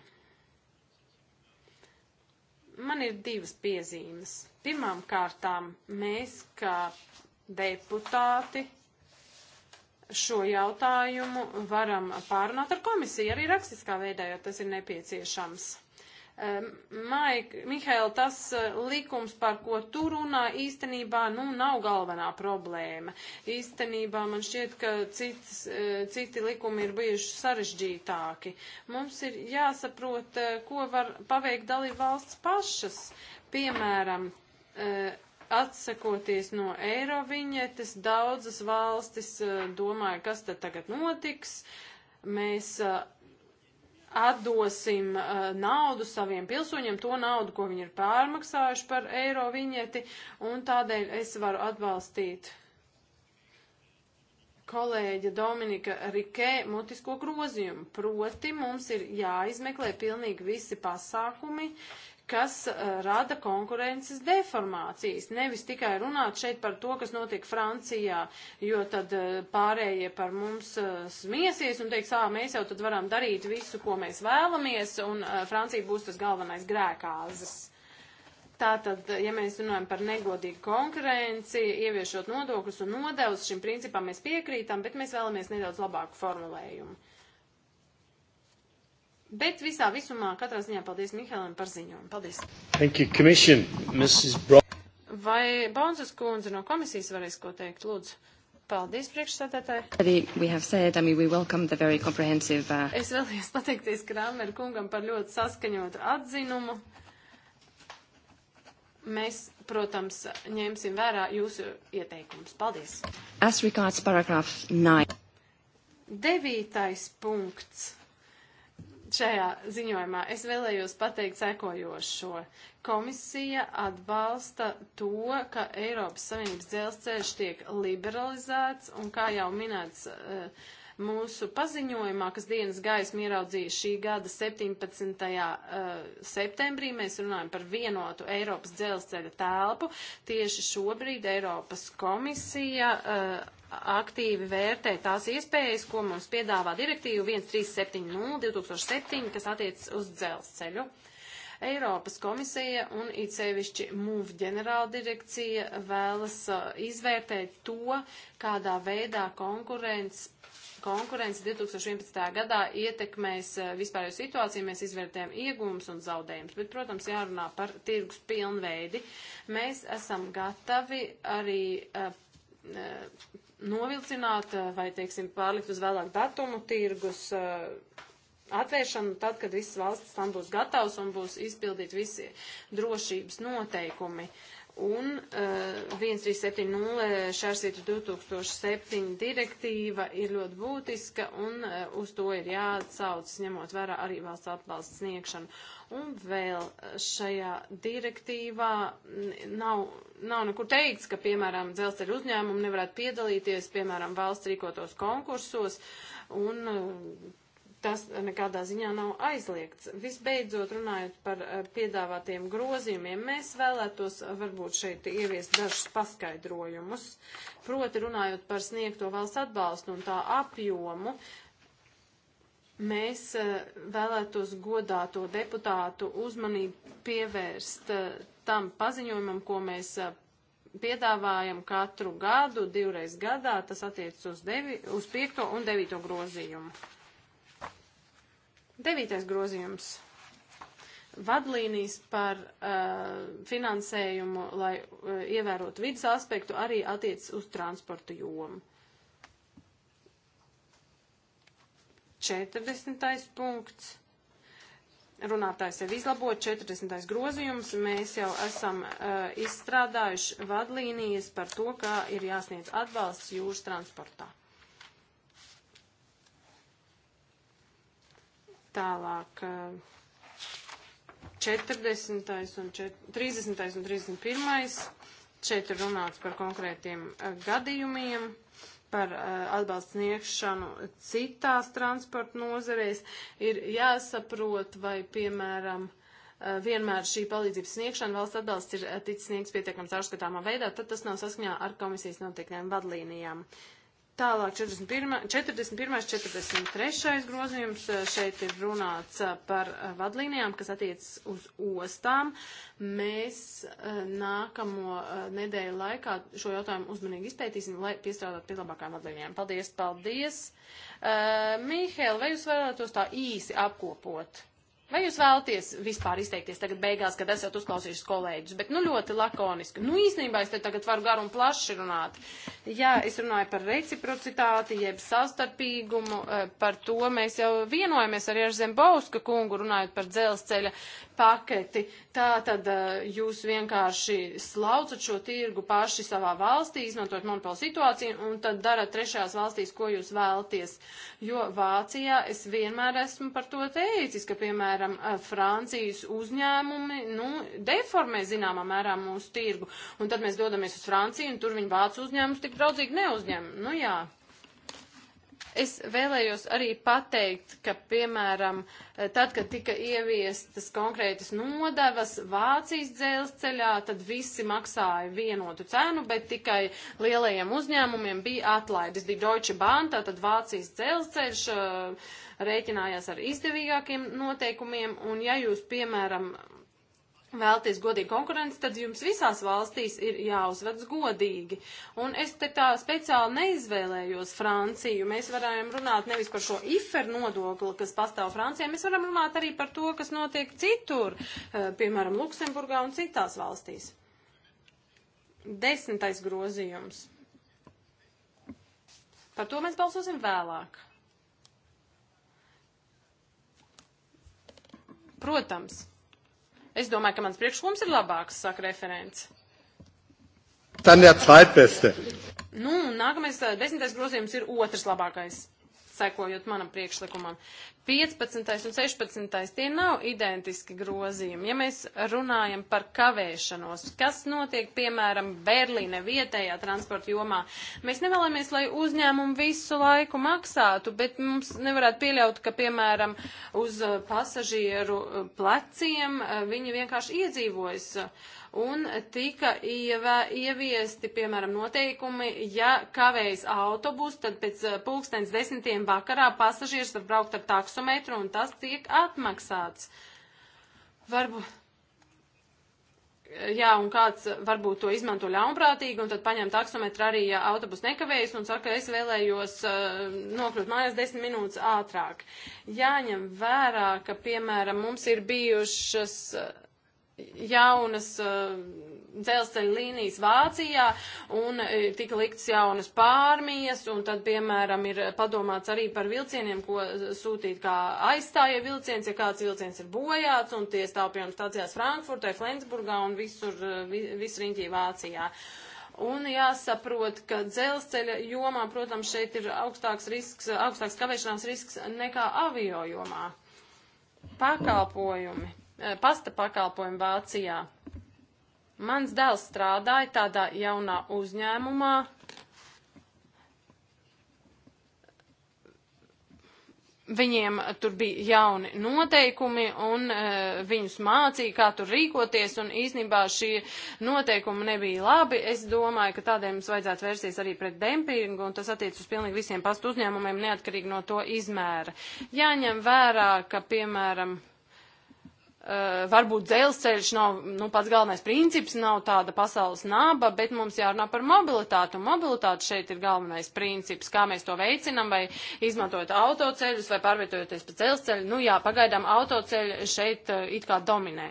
[SPEAKER 2] Man ir divas piezīmes. Pirmām kārtām mēs, kā deputāti, šo jautājumu varam pārunāt ar komisiju arī rakstiskā veidā, jo tas ir nepieciešams. Maik, Mihail, tas eh, likums, par ko tu runā, īstenībā nu, nav galvenā problēma. Īstenībā man šķiet, ka cits, eh, citi likumi ir bijuši sarežģītāki. Mums ir jāsaprot, eh, ko var paveikt dalību valsts pašas. Piemēram, atsakoties no eiroviņetes, daudzas valstis eh, domāja, kas tad tagad notiks. Mēs eh, atdosim uh, naudu saviem pilsoņiem, to naudu, ko viņi ir pārmaksājuši par eiro viņieti, un tādēļ es varu atbalstīt kolēģa Dominika Rikē mutisko grozījumu. Proti mums ir jāizmeklē pilnīgi visi pasākumi, kas uh, rada konkurences deformācijas. Nevis tikai runāt šeit par to, kas notiek Francijā, jo tad uh, pārējie par mums uh, smiesies un teiks, ā, mēs jau tad varam darīt visu, ko mēs vēlamies, un Francija būs tas galvenais grēkāzes. Tātad, ja mēs runājam par negodīgu konkurenci, ieviešot nodokļus un nodevus, šim principam mēs piekrītam, bet mēs vēlamies nedaudz labāku formulējumu. Bet visā visumā, katrā ziņā, paldies Mihēlam par ziņojumu. Paldies.
[SPEAKER 3] Thank you, Commission, Mrs. Bro
[SPEAKER 2] Vai Baunsas kundze no komisijas varēs ko teikt, lūdzu? Paldies, priekšsēdētāji. Said, I mean, uh... Es vēlējos pateikties Kramer kungam par ļoti saskaņotu atzinumu. Mēs, protams, ņemsim vērā jūsu ieteikumus. Paldies.
[SPEAKER 4] As regards paragraph 9.
[SPEAKER 2] Devītais punkts šajā ziņojumā. Es vēlējos pateikt sekojošo. Komisija atbalsta to, ka Eiropas Savienības dzelzceļš tiek liberalizēts un, kā jau minēts, eh, mūsu paziņojumā, kas dienas gaismu ieraudzīja šī gada 17. Eh, septembrī, mēs runājam par vienotu Eiropas dzelzceļa telpu. Tieši šobrīd Eiropas komisija eh, aktīvi vērtē tās iespējas, ko mums piedāvā direktīva 1370-2007, kas attiec uz dzelzceļu. Eiropas komisija un it sevišķi MUV ģenerāldirekcija vēlas uh, izvērtēt to, kādā veidā konkurence konkurence 2011. gadā ietekmēs uh, vispārējo situāciju, mēs izvērtējam iegūmus un zaudējumus, bet, protams, jārunā par tirgus pilnveidi. Mēs esam gatavi arī uh, novilcināt vai, teiksim, pārlikt uz vēlāk datumu tirgus atvēršanu tad, kad visas valsts tam būs gatavs un būs izpildīt visi drošības noteikumi. Uh, Un uh, 1370 šārsītu 2007 direktīva ir ļoti būtiska un uh, uz to ir jāatsauc, ņemot vērā arī valsts atbalsts sniegšanu. Un vēl eh, šajā direktīvā nav, nav nekur teikts, ka, piemēram, dzelzceļa uzņēmumi nevarētu piedalīties, piemēram, valsts rīkotos konkursos un uh, tas nekādā ziņā nav aizliegts. Visbeidzot, runājot par eh, piedāvātiem grozījumiem, mēs vēlētos varbūt šeit ieviest dažus paskaidrojumus, proti runājot par sniegto valsts atbalstu un tā apjomu. Mēs eh, vēlētos godāto deputātu uzmanību pievērst eh, tam paziņojumam, ko mēs piedāvājam katru gadu, divreiz gadā, tas attiec uz, devi, uz piekto un devīto grozījumu. Devītais grozījums. Vadlīnijas par uh, finansējumu, lai uh, ievērotu vidas aspektu, arī attiec uz transporta jomu. 40. punkts runātājs sev izlabo, 40. grozījums, mēs jau esam uh, izstrādājuši vadlīnijas par to, kā ir jāsniedz atbalsts jūras transportā. Tālāk 40. un 30. un 31. Šeit ir runāts par konkrētiem eh, gadījumiem, par eh, atbalstu sniegšanu citās transporta nozarēs. Ir jāsaprot, vai, piemēram, eh, vienmēr šī palīdzības sniegšana valsts atbalsts ir ticis sniegts pietiekams ārskatāmā veidā, tad tas nav saskaņā ar komisijas noteiktiem vadlīnijām. Uh, Tālāk 41, 41, 43 grozījums. Eh, šeit ir runāts eh, par eh, vadlīnijām, kas attiecas uz ostām. Mēs nākamo nedēļu laikā šo jautājumu uzmanīgi izpētīsim, lai piestrādātu pie labākām vadlīnijām. Paldies, paldies. Uh, Mihēl, vai jūs vēlētos tā īsi apkopot? Vai jūs vēlaties vispār izteikties tagad beigās, kad esat uzklausījuši kolēģus, bet nu ļoti lakoniski? Nu īstenībā es te tagad varu garu un plaši runāt. Jā, es runāju par reciprocitāti, jeb savstarpīgumu, eh, par to mēs jau vienojamies ar Ierzem Bauska kungu runājot par dzelzceļa paketi. Tā tad eh, jūs vienkārši slaucat šo tirgu paši savā valstī, izmantojot monopolu situāciju, un tad darat trešās valstīs, ko jūs vēlties. Jo Vācijā es vienmēr esmu par to teicis, ka, piemēram, eh, Francijas uzņēmumi, nu, deformē zināmā mērā mūsu tirgu, un tad mēs dodamies uz Franciju, un tur viņi vācu uzņēmumus tik draudzīgi neuzņem. Nu jā. Es vēlējos arī pateikt, ka, piemēram, tad, kad tika ieviestas konkrētas nodevas Vācijas dzelzceļā, tad visi maksāja vienotu cenu, bet tikai lielajiem uzņēmumiem bija atlaides. Die Deutsche Bahn, tātad Vācijas dzelzceļš, rēķinājās ar izdevīgākiem noteikumiem, un ja jūs, piemēram, vēlties godīgu konkurenci, tad jums visās valstīs ir jāuzvedas godīgi. Un es te tā speciāli neizvēlējos Franciju. Mēs varējām runāt nevis par šo IFER nodokli, kas pastāv Francijā, mēs varam runāt arī par to, kas notiek citur, eh, piemēram, Luksemburgā un citās valstīs. Desmitais grozījums. Par to mēs balsosim vēlāk. Protams, Es domāju, ka mans priekšlikums ir labāks, saka referents.
[SPEAKER 3] Tad ir zweitbeste.
[SPEAKER 2] Nu, nākamais desmitais grozījums ir otrs labākais sekojot manam priekšlikumam. 15. un 16. tie nav identiski grozījumi. Ja mēs runājam par kavēšanos, kas notiek, piemēram, Berlīne vietējā transporta jomā, mēs nevēlamies, lai uzņēmumi visu laiku maksātu, bet mums nevarētu pieļaut, ka, piemēram, uz pasažieru pleciem eh, viņi vienkārši iedzīvojas un tika ievē, ieviesti, piemēram, noteikumi, ja kavējas autobus, tad pēc eh, pulkstens desmitiem vakarā pasažieris var braukt ar taksometru un tas tiek atmaksāts. Varbūt. Eh, jā, un kāds eh, varbūt to izmanto ļaunprātīgi, un tad paņem taksometru arī, ja autobus nekavējas, un saka, es vēlējos uh, nokļūt mājās desmit minūtes ātrāk. Jāņem vērā, ka, piemēram, mums ir bijušas. Uh, jaunas uh, dzelzceļa līnijas Vācijā un uh, tika liktas jaunas pārmijas, un tad, piemēram, ir padomāts arī par vilcieniem, ko sūtīt kā aizstāja vilciens, ja kāds vilciens ir bojāts, un tie stāv, piemēram, stācijās Frankfurtē, Flensburgā un visur, eh, vi, visriņķī Vācijā. Un jāsaprot, ka dzelzceļa jomā, protams, šeit ir augstāks risks, augstāks kavēšanās risks nekā avio jomā. Pakalpojumi Eh, pasta pakalpojumu Vācijā. Mans dēls strādāja tādā jaunā uzņēmumā. Viņiem tur bija jauni noteikumi un e, viņus mācīja, kā tur rīkoties, un īsnībā šie noteikumi nebija labi. Es domāju, ka tādēļ mums vajadzētu vērsties arī pret dempingu, un tas attiec uz pilnīgi visiem pastu uzņēmumiem, neatkarīgi no to izmēra. Jāņem vērā, ka, piemēram, Eh, varbūt dzelzceļš nav nu, pats galvenais princips, nav tāda pasaules naba, bet mums jārunā par mobilitāti. Un mobilitāte šeit ir galvenais princips, kā mēs to veicinam, vai izmantojot autoceļus, vai pārvietojoties pa dzelzceļu. Nu jā, pagaidām autoceļi šeit eh, it kā dominē.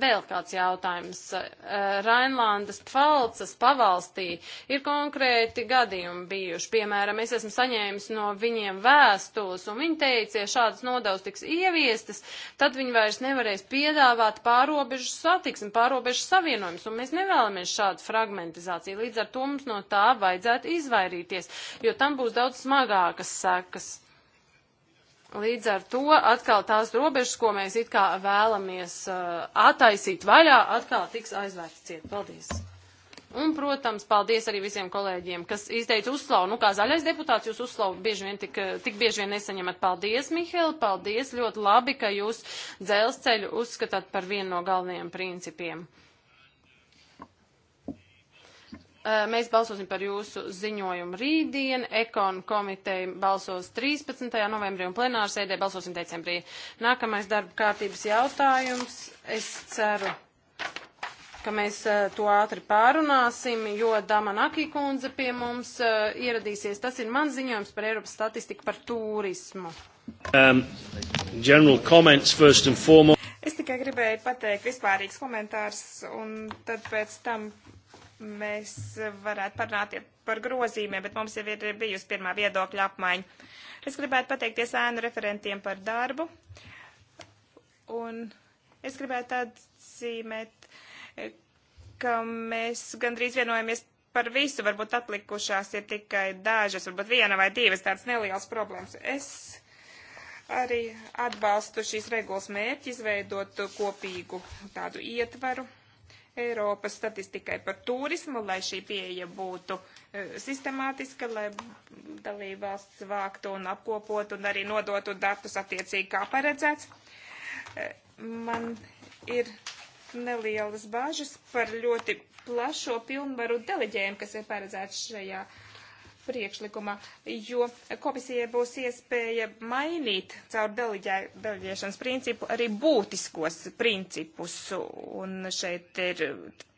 [SPEAKER 2] Vēl kāds jautājums. Eh, Rainlandas palcas pavalstī ir konkrēti gadījumi bijuši. Piemēram, es esmu saņēmis no viņiem vēstules, un viņi teica, ja šādas nodevs tiks ieviestas, tad viņi vairs nevarēs piedāvāt pārobežu satiksmi, pārobežu savienojumus, un mēs nevēlamies šādu fragmentizāciju. Līdz ar to mums no tā vajadzētu izvairīties, jo tam būs daudz smagākas sekas. Līdz ar to atkal tās robežas, ko mēs it kā vēlamies uh, attaisīt vaļā, atkal tiks aizvērts ciet. Paldies! Un, protams, paldies arī visiem kolēģiem, kas izteica uzslavu. Nu, kā zaļais deputāts, jūs uzslavu bieži vien tik, uh, tik bieži vien nesaņemat. Paldies, Mihēl, paldies, ļoti labi, ka jūs dzelzceļu uzskatāt par vienu no galvenajiem principiem. Mēs balsosim par jūsu ziņojumu rītdien, ekonu komiteja balsos 13. novembrī un plenāru sēdē balsosim decembrī. Nākamais darba kārtības jautājums. Es ceru, ka mēs to ātri pārunāsim, jo Damanaki kundze pie mums ieradīsies. Tas ir mans ziņojums par Eiropas statistiku par turismu.
[SPEAKER 3] Um, general comments first and foremost.
[SPEAKER 2] Es tikai gribēju pateikt vispārīgs komentārs,
[SPEAKER 1] un tad pēc tam mēs varētu parunāt par grozīmiem, bet mums jau ir bijusi pirmā viedokļa apmaiņa. Es gribētu pateikties ēnu referentiem par darbu, un es gribētu atzīmēt, ka mēs gandrīz vienojamies par visu, varbūt atlikušās ir tikai dažas, varbūt viena vai divas tādas nelielas problēmas. Es arī atbalstu šīs regulas mērķi, izveidot kopīgu tādu ietvaru Eiropas statistikai par turismu, lai šī pieeja būtu e, sistemātiska, lai dalībvalsts vāktu un apkopotu un arī nodotu datus attiecīgi kā paredzēts. E, man ir nelielas bāžas par ļoti plašo pilnvaru deleģējumu, kas ir paredzēts šajā uh, priekšlikumā, jo komisijai būs iespēja mainīt caur deleģēšanas principu arī būtiskos principus. Un šeit ir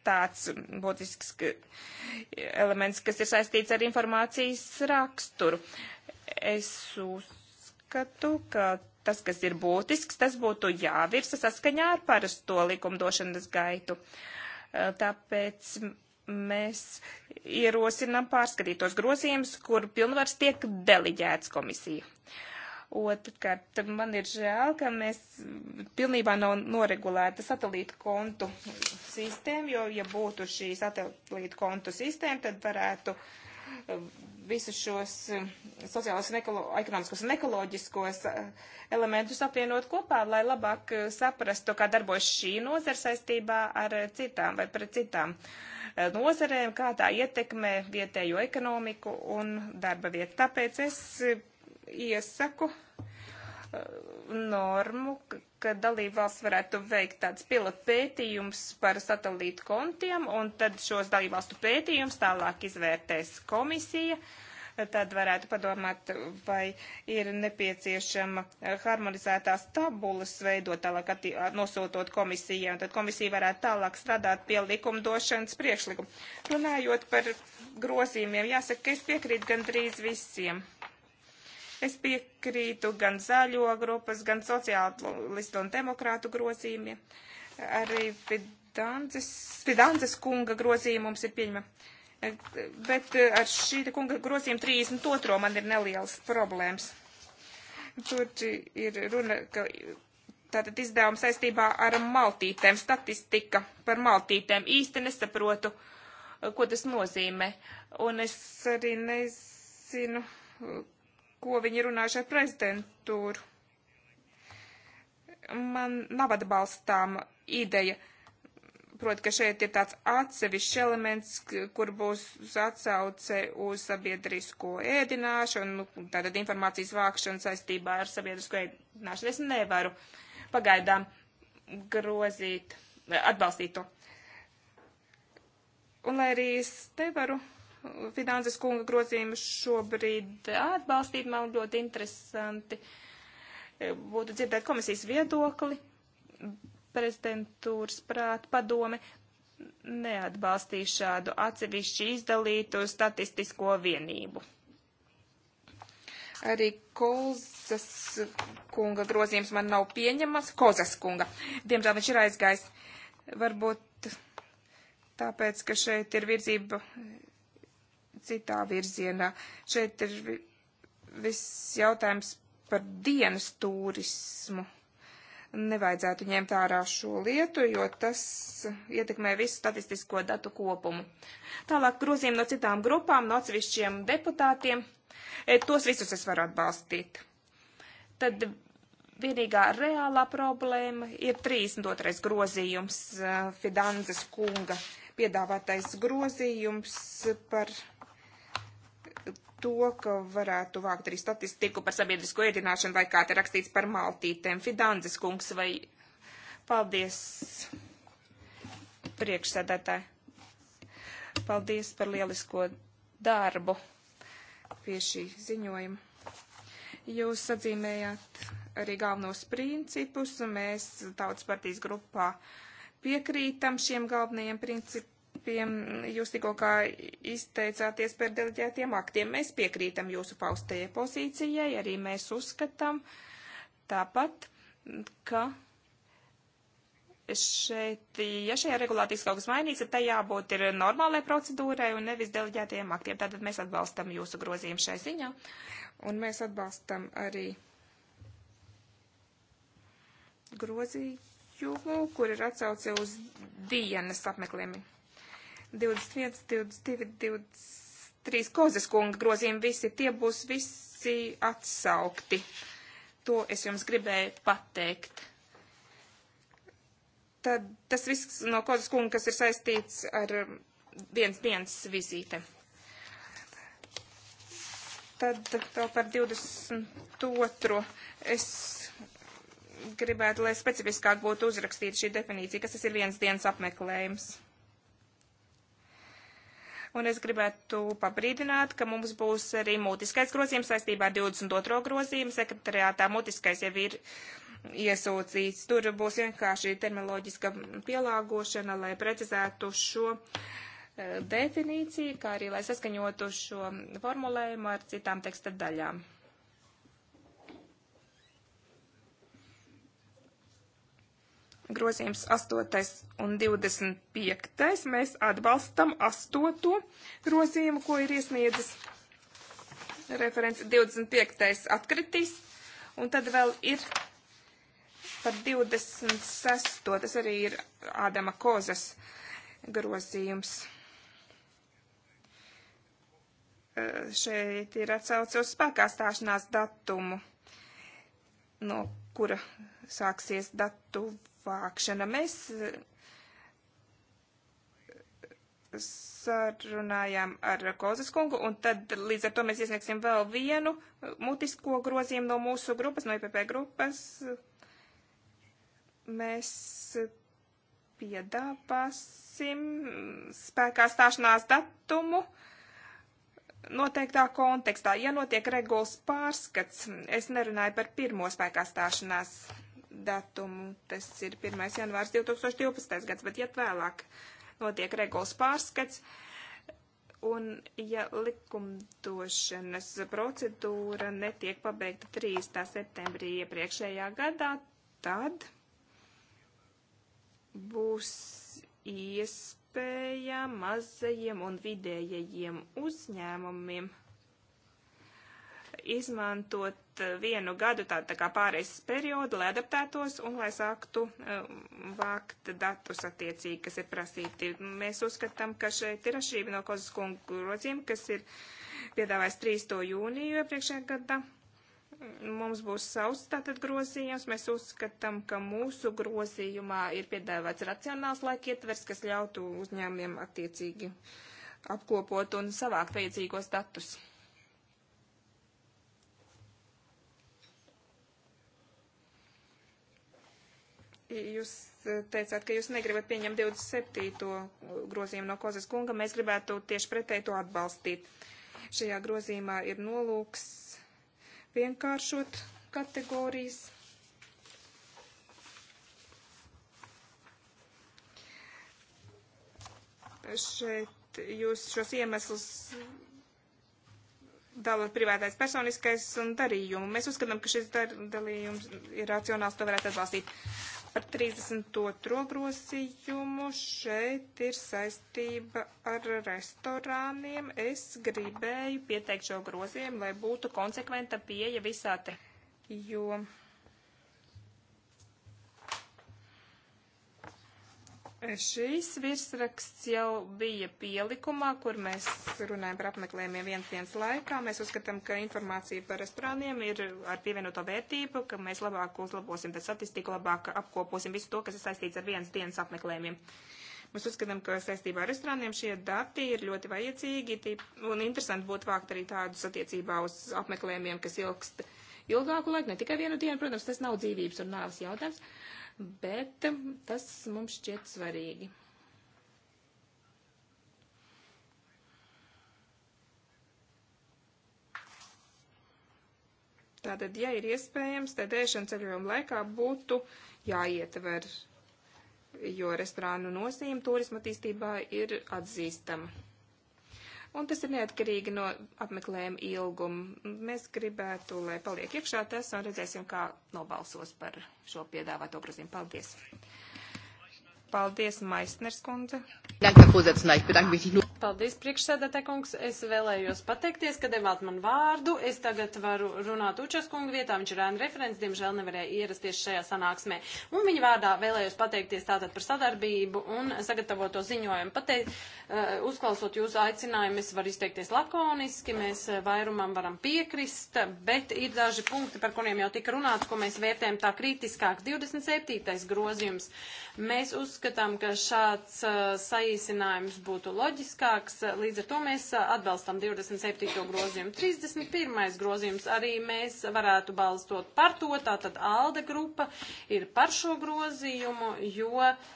[SPEAKER 1] tāds būtisks elements, kas ir saistīts ar informācijas raksturu. Es uzskatu, ka tas, kas ir būtisks, tas būtu jāvirsa saskaņā ar parasto likumdošanas gaitu. Tāpēc mēs ierosinām pārskatīt tos grozījumus, kur pilnvars tiek deliģēts komisija. Otrkārt, man ir žēl, ka mēs pilnībā nav noregulēta satelītu kontu sistēma, jo, ja būtu šī satelītu kontu sistēma, tad varētu uh, visus šos uh, sociālos un ekolo, ekonomiskos un ekoloģiskos uh, elementus apvienot kopā, lai labāk saprastu, kā darbojas šī nozara saistībā ar citām vai pret citām. Uh, nozarēm, kā tā ietekmē vietējo ekonomiku un darba vietu. Tāpēc es eh, iesaku eh, normu, ka dalība valsts varētu veikt tāds pilotu pētījums par satelītu kontiem, un tad šos dalību valstu pētījums tālāk izvērtēs komisija. Uh, tad varētu padomāt, vai ir nepieciešama harmonizētās tabulas veidot tālāk attī, nosūtot komisijai, un tad komisija varētu tālāk strādāt pie likumdošanas priekšlikumu. Runājot par grozījumiem, jāsaka, ka es piekrītu gandrīz visiem. Es piekrītu gan zaļo grupas, gan sociālistu un demokrātu grozījumiem. Arī Fidanzes, Fidanzes kunga grozījumi mums ir pieņemami. Bet eh, ar šī kunga grozījumu 32. man ir nelielas problēmas. Tur ir runa, ka tātad izdevums saistībā ar maltītēm, statistika par maltītēm. Īsti nesaprotu, eh, ko tas nozīmē. Un es arī nezinu, ko viņi runājuši ar prezidentūru. Man nav atbalstām ideja Proti, ka šeit ir tāds atsevišķs elements, kur būs atsauce uz sabiedrisko ēdināšanu, nu, tātad informācijas vākšanu saistībā ar sabiedrisko ēdināšanu. Es nevaru pagaidām grozīt, atbalstīt to. Un lai arī es nevaru finanses kunga grozījumus šobrīd atbalstīt, man ļoti interesanti e, būtu dzirdēt komisijas viedokli prezidentūras prāt padome neatbalstīs šādu atsevišķi izdalītu statistisko vienību. Arī Kozas kunga grozījums man nav pieņemams. Kozas kunga. Diemžēl viņš ir aizgājis. Varbūt tāpēc, ka šeit ir virzība citā virzienā. Šeit ir viss jautājums par dienas turismu nevajadzētu ņemt ārā šo lietu, jo tas ietekmē visu statistisko datu kopumu. Tālāk grozījumi no citām grupām, no atsevišķiem deputātiem. E, tos visus es varu atbalstīt. Tad vienīgā reālā problēma ir 32. grozījums e, Fidanzas kunga piedāvātais grozījums par to, ka varētu vākt arī statistiku par sabiedrisko iedināšanu vai kā te rakstīts par maltītēm. Fidanzes kungs vai paldies priekšsēdētāji. Paldies par lielisko darbu pie šī ziņojuma. Jūs atzīmējāt arī galvenos principus, un mēs tautas partijas grupā piekrītam šiem galvenajiem principiem Piemēram, jūs tikko kā izteicāties par deleģētiem aktiem. Mēs piekrītam jūsu paustajai pozīcijai, arī mēs uzskatām tāpat, ka šeit, ja šajā regulā tiks kaut kas mainīts, tad tai jābūt ir normālai procedūrai un nevis deleģētajiem aktiem. Tātad mēs atbalstam jūsu grozījumu šai ziņā un mēs atbalstam arī grozījumu, kur ir atsauce uz dienas apmeklējumiem. 21, 22, 23 kozes kunga grozījumi visi, tie būs visi atsaukti. To es jums gribēju pateikt. Tad tas viss no kozes kunga, kas ir saistīts ar um, viens dienas vizīte. Tad vēl par 22. Es gribētu, lai specifiskāk būtu uzrakstīta šī definīcija, kas tas ir viens dienas apmeklējums. Un es gribētu pabrīdināt, ka mums būs arī mutiskais grozījums saistībā ar 22. grozījumu. Sekretariātā mutiskais jau ir iesūcīts. Tur būs vienkārši terminoloģiska pielāgošana, lai precizētu šo e, definīciju, kā arī lai saskaņotu šo formulējumu ar citām teksta daļām. grozījums 8. un 25. mēs atbalstam 8. grozījumu, ko ir iesniedzis referents 25. atkritīs, un tad vēl ir par 26. tas arī ir Ādama Kozas grozījums. Šeit ir atsauce uz spēkā stāšanās datumu, no kura sāksies datu vākšana. Mēs eh, sarunājām ar Kozes kungu, un tad līdz ar to mēs iesniegsim vēl vienu eh, mutisko grozījumu no mūsu grupas, no IPP e grupas. Mēs piedāvāsim spēkā stāšanās datumu noteiktā kontekstā. Ja notiek regulas pārskats, es nerunāju par pirmo spēkā stāšanās datumu. Tas ir 1. janvārs 2012. gads, bet iet vēlāk notiek regulas pārskats. Un ja likumdošanas procedūra netiek pabeigta 3. septembrī iepriekšējā gadā, tad būs iespēja mazajiem un vidējajiem uzņēmumiem izmantot eh, vienu gadu tādu tā kā pārejas periodu, lai adaptētos un lai sāktu eh, vākt datus attiecīgi, kas ir prasīti. Mēs uzskatām, ka šeit ir atšķirība no Kozas kungu rocīm, kas ir piedāvājis 3. jūniju iepriekšējā gadā. Mums būs savs tātad grozījums. Mēs uzskatām, ka mūsu grozījumā ir piedāvāts racionāls laika ietvers, kas ļautu uzņēmiem attiecīgi apkopot un savākt vajadzīgos datus. Jūs eh, teicāt, ka jūs negribat pieņemt 27. grozījumu no Kozes kunga. Mēs gribētu tieši pretēji to atbalstīt. Šajā grozījumā ir nolūks vienkāršot kategorijas. šeit jūs šos iemeslus dalot privātais personiskais un darījumu. Mēs uzskatām, ka šis dar, dalījums ir racionāls, to varētu atbalstīt. Ar 32. grozījumu šeit ir saistība ar restorāniem. Es gribēju pieteikt šo grozījumu, lai būtu konsekventa pieeja visā te, jo Šīs virsraksts jau bija pielikumā, kur mēs runājam par apmeklējumiem viens dienas laikā. Mēs uzskatām, ka informācija par restorāniem ir ar pievienoto vērtību, ka mēs labāk uzlabosim statistiku, labāk apkoposim visu to, kas ir saistīts ar vienas dienas apmeklējumiem. Mēs uzskatām, ka saistībā ar restorāniem šie dati ir ļoti vajadzīgi tīp, un interesanti būtu vākt arī tādus attiecībā uz apmeklējumiem, kas ilgst ilgāku laiku, ne tikai vienu dienu, protams, tas nav dzīvības un nāves jautājums. Uh, bet tas mums šķiet svarīgi. Tātad, ja ir iespējams, tad ēšana ceļojuma laikā būtu jāietver, jo restorānu nozīme turisma attīstībā ir atzīstama un tas ir neatkarīgi no apmeklējuma ilguma. Mēs gribētu, lai paliek iekšā tas, un redzēsim, kā nobalsos par šo piedāvāto grozījumu. Paldies! Paldies, Maisners kundze!
[SPEAKER 2] Danke, Vorsitzender. Ich bedanke mich nicht nur. Paldies, priekšsēdētāj kungs. Es vēlējos pateikties, ka devāt man vārdu. Es tagad varu runāt Učas kungu vietā. Viņš ir ēna referents, diemžēl nevarēja ierasties šajā sanāksmē. Un viņa vārdā vēlējos pateikties tātad par sadarbību un sagatavoto ziņojumu. Pateikt, eh, uzklausot jūsu aicinājumu, es varu izteikties lakoniski, mēs eh, vairumam varam piekrist, bet ir daži punkti, par kuriem jau tika runāts, ko mēs vērtējam tā kritiskāk. 27. grozījums. Mēs uzskatām, ka šāds eh, saīsinājums būtu loģiskāk vecāks. Līdz ar to mēs atbalstam 27. grozījumu. 31. grozījums arī mēs varētu balstot par to. Tātad ALDE grupa ir par šo grozījumu, jo uh,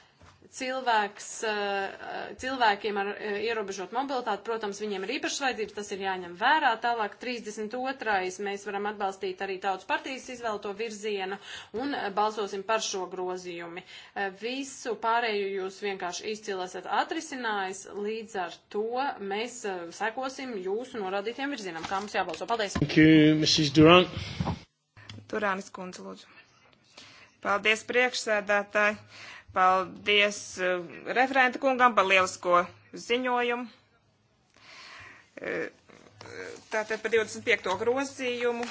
[SPEAKER 2] cilvēks, eh, cilvēkiem ar eh, ierobežot mobilitāti, protams, viņiem ir īpašas vajadzības, tas ir jāņem vērā. Tālāk 32. mēs varam atbalstīt arī tautas partijas izvēlto virzienu un eh, balsosim par šo grozījumi. Visu pārējo jūs vienkārši izcili esat atrisinājis, līdz ar to mēs sekosim jūsu norādītiem virzienam, kā mums jābalso. Paldies! Thank
[SPEAKER 3] you, Mrs. Durant.
[SPEAKER 2] Durānis kundze, lūdzu.
[SPEAKER 1] Paldies, priekšsēdētāji. Paldies eh, referenta kungam par lielisko ziņojumu. Eh, tātad par 25. grozījumu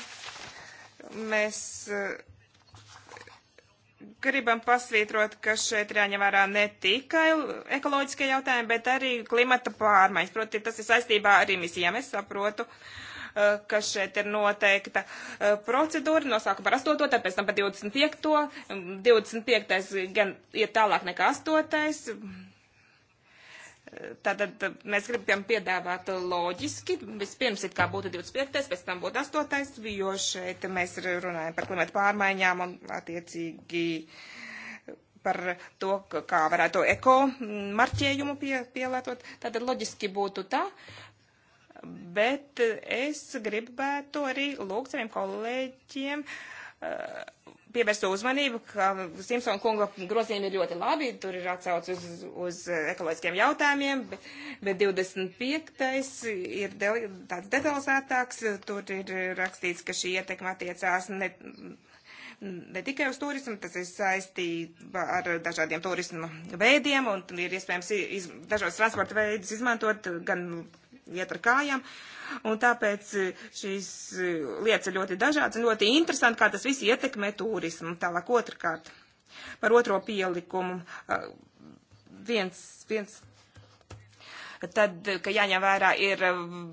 [SPEAKER 1] mēs eh, gribam pasvītrot, ka šeit ir jāņem vērā ne tikai ekoloģiskie jautājumi, bet arī klimata pārmaiņas. Proti, tas ir saistībā ar emisijām. Es saprotu, uh, Eh, ka šeit ir noteikta eh, procedūra, nosākuma par 8, tad pēc tam par 25. 25. Mm, gan iet tālāk nekā 8. Eh, tātad mēs gribam piedāvāt loģiski, vispirms it kā būtu 25. pēc tam būtu 8. jo šeit mēs runājam par klimatu pārmaiņām un attiecīgi par to, kā varētu eko mm, marķējumu pie, pielietot. Tātad loģiski būtu tā, bet es gribētu arī lūgt saviem kolēģiem eh, pievērst uzmanību, ka Simpsona kunga grozījumi ir ļoti labi, tur ir atsauc uz, uz ekoloģiskiem jautājumiem, bet, bet 25. ir deli, tāds detalizētāks, tur ir rakstīts, ka šī ietekme attiecās ne, ne tikai uz turismu, tas ir saistība ar dažādiem turismu veidiem un ir iespējams iz, dažos transporta veidus izmantot gan iet ar kājām. Un tāpēc e, šīs e, lietas ir ļoti dažādas un ļoti interesanti, kā tas viss ietekmē turismu. Tālāk otrkārt par otro pielikumu. E, viens, viens tad, ka jāņem vērā ir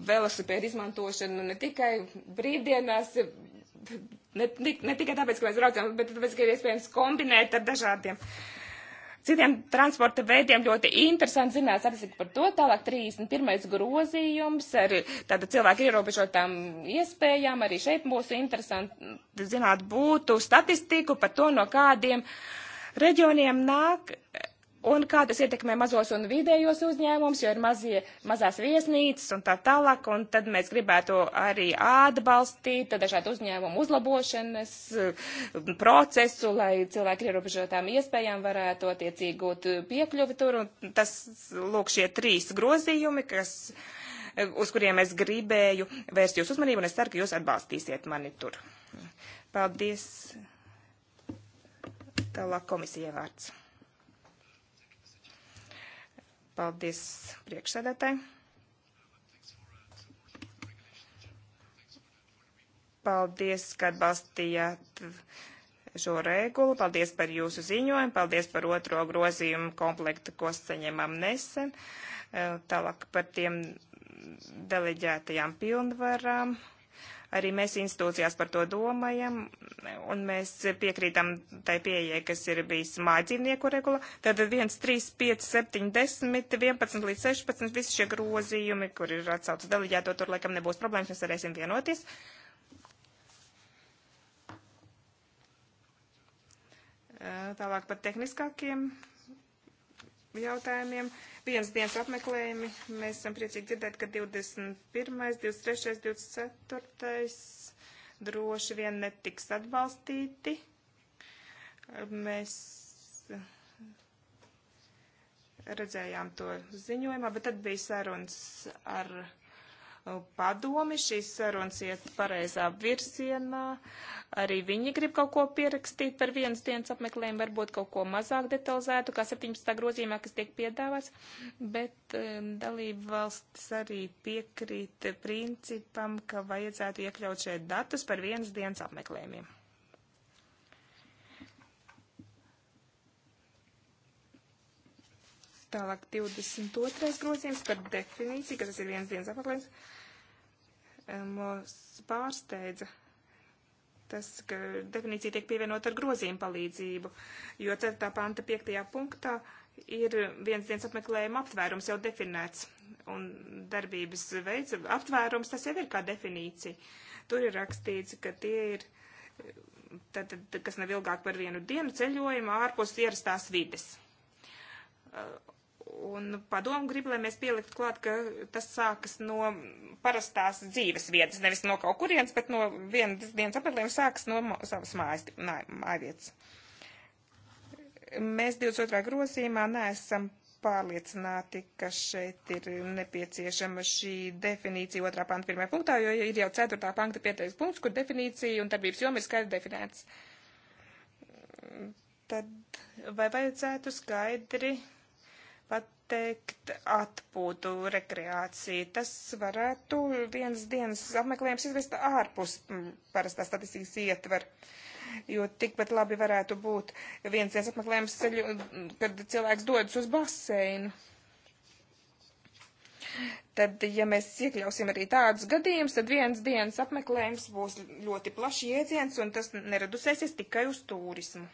[SPEAKER 1] velosipēdu izmantošana ne tikai brīvdienās, ne, ne, ne tikai tāpēc, ka mēs braucam, bet tāpēc, ka ir iespējams kombinēt ar dažādiem uh, citiem transporta veidiem ļoti interesanti zināt statistika par to. Tālāk 31. grozījums ar tāda cilvēku ierobežotām iespējām. Arī šeit būs interesanti zināt būtu statistiku par to, no kādiem reģioniem nāk Un kā tas ietekmē mazos un vidējos uzņēmumus, jo ir mazie, mazās viesnīcas un tā tālāk, un tad mēs gribētu arī atbalstīt dažādu uzņēmumu uzlabošanas eh, procesu, lai cilvēki ar ierobežotām iespējām varētu attiecīgi gūt piekļuvi tur, un tas, lūk, šie trīs grozījumi, kas, eh, uz kuriem es gribēju vērst jūs uzmanību, un es ceru, ka jūs atbalstīsiet mani tur. Paldies. Tālāk komisija vārds. Paldies priekšsēdētāji. Paldies, ka atbalstījāt šo regulu. Paldies par jūsu ziņojumu. Paldies par otro grozījumu komplektu, ko saņemam nesen. Tālāk par tiem deleģētajām pilnvarām. Arī mēs institūcijās par to domājam, un mēs piekrītam tai pieejai, kas ir bijis mājdzīvnieku regula. Tātad 1, 3, 5, 7, 10, 11 līdz 16, visi šie grozījumi, kur ir atsaucas deliģēto, tur laikam nebūs problēmas, mēs varēsim vienoties. Tālāk par tehniskākiem jautājumiem. Vienas dienas apmeklējumi. Mēs esam priecīgi dzirdēt, ka 21., 23., 24. droši vien netiks atbalstīti. Mēs redzējām to ziņojumā, bet tad bija sarunas ar padomi, šīs sarunas iet pareizā virsienā. Arī viņi grib kaut ko pierakstīt par vienas dienas apmeklējumu, varbūt kaut ko mazāk detalizētu, kā 17. grozījumā, kas tiek piedāvāts, bet um, dalība valstis arī piekrīt principam, ka vajadzētu iekļaut šeit datus par vienas dienas apmeklējumiem. Tālāk 22. grozījums par definīciju, kas tas ir viens dienas apaklējums. Mums ehm, pārsteidza tas, ka definīcija tiek pievienota ar grozījumu palīdzību, jo 4. panta 5. punktā ir viens dienas apmeklējuma aptvērums jau definēts, un darbības veids aptvērums tas jau ir kā definīcija. Tur ir rakstīts, ka tie ir, tad, kas nav ilgāk par vienu dienu ceļojumu ārpus ierastās vides. Ehm, Un padomu gribu, lai mēs pieliktu klāt, ka tas sākas no parastās dzīves vietas, nevis no kaut kurienes, bet no vienas dienas apmeklējuma sākas no savas mājas, mājvietas. Mēs 22. grozījumā neesam pārliecināti, ka šeit ir nepieciešama šī definīcija otrā panta pirmajā punktā, jo ir jau ceturtā panta pieteikts punkts, kur definīcija un darbības joma ir skaidri definēts. Tad vai vajadzētu skaidri pateikt atpūtu, rekreāciju. Tas varētu viens dienas apmeklējums izvest ārpus mm, parastā statistikas ietver. Jo tikpat labi varētu būt viens dienas apmeklējums ceļu, kad cilvēks dodas uz baseinu. Tad, ja mēs iekļausim arī tādus gadījumus, tad viens dienas apmeklējums būs ļoti plašs jēdziens, un tas nereducēsies tikai uz turismu.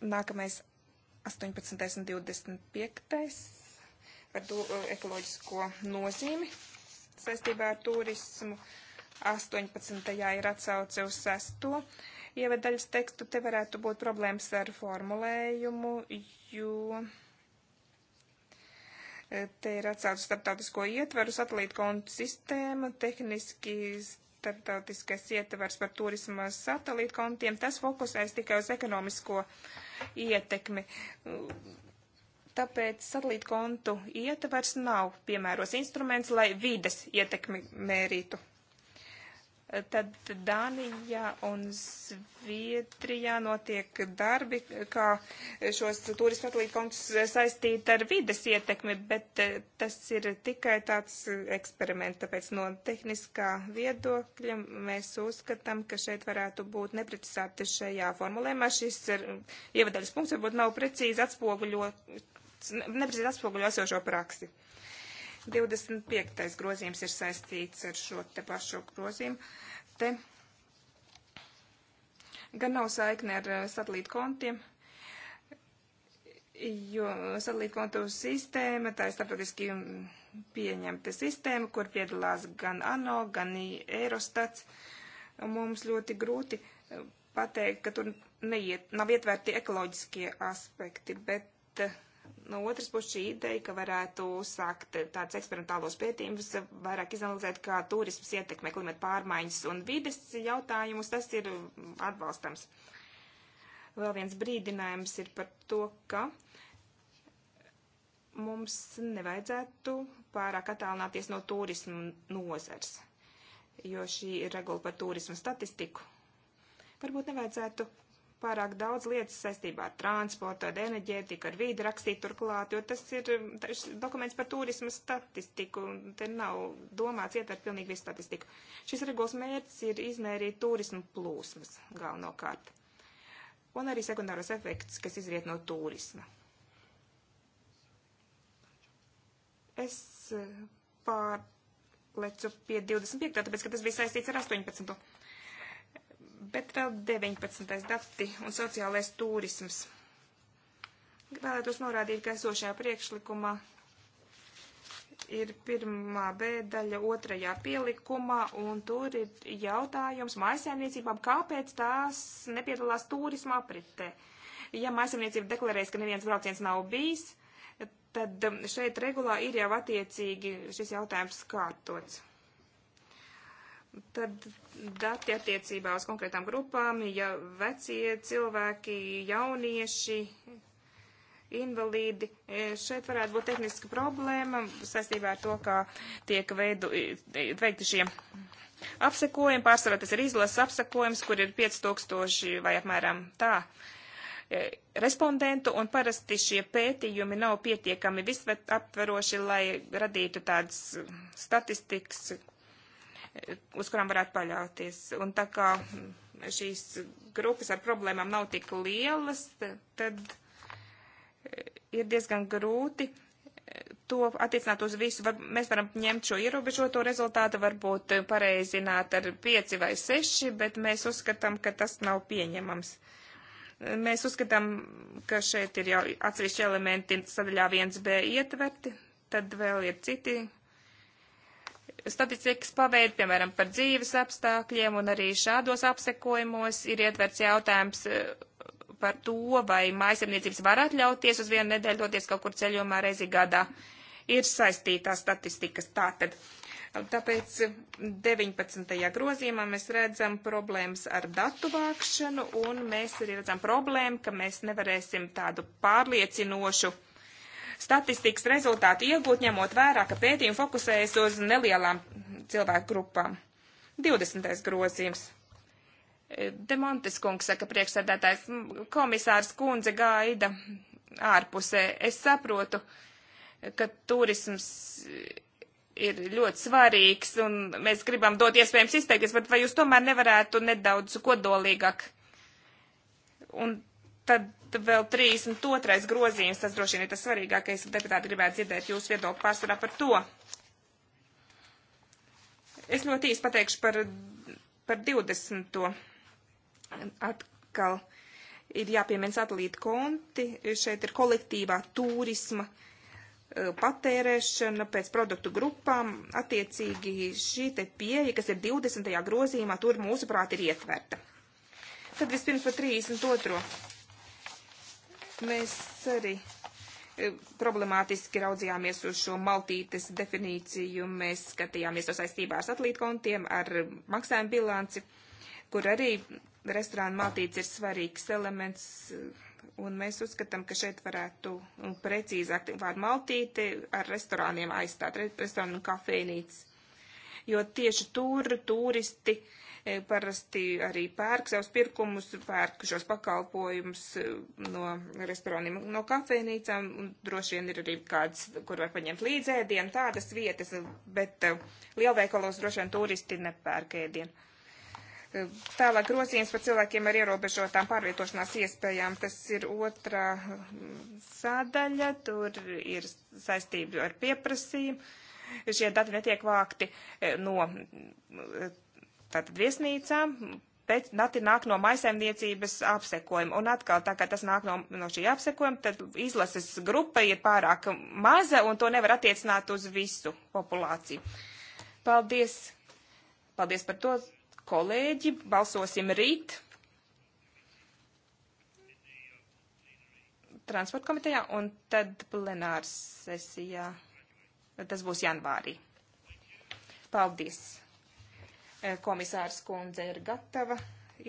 [SPEAKER 1] Nākamais 18. un 25. ar eh, ekoloģisko nozīmi saistībā ar turismu. 18. ir atsauce uz 6. ievedaļas tekstu. Te varētu būt problēmas ar formulējumu, jo eh, te ir atsauce starptautisko ietveru, satelītu kontu sistēmu, tehniski starptautiskais ietvers par turisma satelīta kontiem, tas fokusēs tikai uz ekonomisko ietekmi. Tāpēc satelīta kontu ietvers nav piemēros instruments, lai vides ietekmi mērītu. Tad Dānijā un Zviedrijā notiek darbi, kā šos turistu atlīdu punktus saistīt ar vides ietekmi, bet eh, tas ir tikai tāds eksperiments. Tāpēc no tehniskā viedokļa mēs uzskatām, ka šeit varētu būt neprecisāti šajā formulējumā. Šis ievadaļas punkts varbūt nav precīzi atspoguļo, neprecīzi atspoguļo esošo praksi. 25. grozījums ir saistīts ar šo te pašu grozījumu. Te gan nav saikne ar eh, satelītu kontiem, jo satelītu kontu sistēma, tā ir starptautiski mm, pieņemta sistēma, kur piedalās gan ANO, gan Eirostats. Mums ļoti grūti eh, pateikt, ka tur neiet, nav ietverti ekoloģiskie aspekti, bet uh, no otras puses šī ideja, ka varētu uzsākt tādus eksperimentālos pētījumus, vairāk izanalizēt, kā turisms ietekmē klimata pārmaiņas un vides jautājumus, tas ir atbalstams. Vēl viens brīdinājums ir par to, ka mums nevajadzētu pārāk attālināties no turismu nozars, jo šī ir regula par turismu statistiku. Varbūt nevajadzētu pārāk daudz lietas saistībā ar transportu, ar enerģētiku, ar vīdi rakstīt turklāt, jo tas ir tas dokuments par turismu statistiku, un te nav domāts ietvert pilnīgi visu statistiku. Šis regulas mērķis ir izmērīt turismu plūsmas galvenokārt, un arī sekundāros efektus, kas izriet no turisma. Es eh, pārlecu pie 25, tāpēc, ka tas bija saistīts ar 18. Bet vēl 19. dati un sociālais turisms. Vēlētos norādīt, ka esošajā priekšlikumā ir pirmā B daļa otrajā pielikumā, un tur ir jautājums mājasēmniecībām, kāpēc tās nepiedalās turisma apritē. Ja mājasēmniecība deklarēs, ka neviens brauciens nav bijis, tad šeit regulā ir jau attiecīgi šis jautājums kārtots. Tad dati attiecībā uz konkrētām grupām, ja vecie cilvēki, jaunieši, invalīdi, e, šeit varētu būt tehniska problēma saistībā ar to, kā tiek veidu, e, veikti šie apsekojumi. Pārsvarā tas ir izlases apsekojums, kur ir 5000 vai apmēram tā e, respondentu, un parasti šie pētījumi nav pietiekami visaptveroši, lai radītu tādas statistikas, uz kurām varētu paļauties. Un tā kā šīs grupas ar problēmām nav tik lielas, tad eh, ir diezgan grūti eh, to attiecināt uz visu. Var, mēs varam ņemt šo ierobežoto rezultātu, varbūt pareizināt ar pieci vai seši, bet mēs uzskatām, ka tas nav pieņemams. Mēs uzskatām, ka šeit ir jau atsevišķi elementi sadaļā 1b ietverti, tad vēl ir citi statistikas paveidu, piemēram, par dzīves apstākļiem, un arī šādos apsekojumos ir ietverts jautājums eh, par to, vai mājasemniecības var atļauties uz vienu nedēļu doties kaut kur ceļojumā reizi gadā. Ir saistītā statistikas tātad. Tāpēc 19. Eh, grozījumā mēs redzam problēmas ar datu vākšanu, un mēs arī redzam problēmu, ka mēs nevarēsim tādu pārliecinošu uh, statistikas rezultātu iegūt, ņemot vērā, ka pētījumi fokusējas uz nelielām cilvēku grupām. 20. grozījums. E, Demontes kungs saka, priekšsēdētājs komisārs kundze gaida ārpusē. Es saprotu, ka turisms ir ļoti svarīgs un mēs gribam dot iespējams izteikties, bet vai jūs tomēr nevarētu nedaudz kodolīgāk un Tad vēl 32. grozījums, tas droši vien ir tas svarīgākais, deputāti gribētu dzirdēt jūsu viedokli pārsvarā par to. Es ļoti īsti pateikšu par, par 20. atkal ir jāpiemien satelīta konti, šeit ir kolektīvā turisma e, patērēšana pēc produktu grupām, attiecīgi šī te pieeja, kas ir 20. grozījumā, tur mūsuprāt ir ietverta. Tad vispirms par 32. Mēs arī e, problemātiski raudzījāmies uz šo maltītes definīciju. Mēs skatījāmies to saistībā ar satelītkontiem, ar maksājumu bilanci, kur arī restorāna maltītes ir svarīgs elements. Un mēs uzskatām, ka šeit varētu precīzāk vārdu maltīti ar restorāniem aizstāt, restorānu un kafēnītes. Jo tieši tur turisti uh, E, parasti arī pērk savus pirkumus, pērk šos pakalpojumus e, no restorāniem, no kafejnīcām, un droši vien ir arī kāds, kur var paņemt līdz ēdienu, tādas vietas, bet e, lielveikalos droši vien turisti nepērk ēdienu. Tālāk grozījums par cilvēkiem ar ierobežotām pārvietošanās iespējām. Tas ir otrā mm, sadaļa, tur ir saistība ar pieprasījumu. Šie dati netiek vākti no mm, tātad viesnīcām, pēc dati nāk no maisaimniecības apsekojuma. Un atkal, tā kā tas nāk no, no šī apsekojuma, tad izlases grupa ir pārāk maza un to nevar attiecināt uz visu populāciju. Paldies! Paldies par to, kolēģi! Balsosim rīt! Transporta komitejā un tad plenārs sesijā. Tas būs janvārī. Paldies! Eh, komisārs kundze ir gatava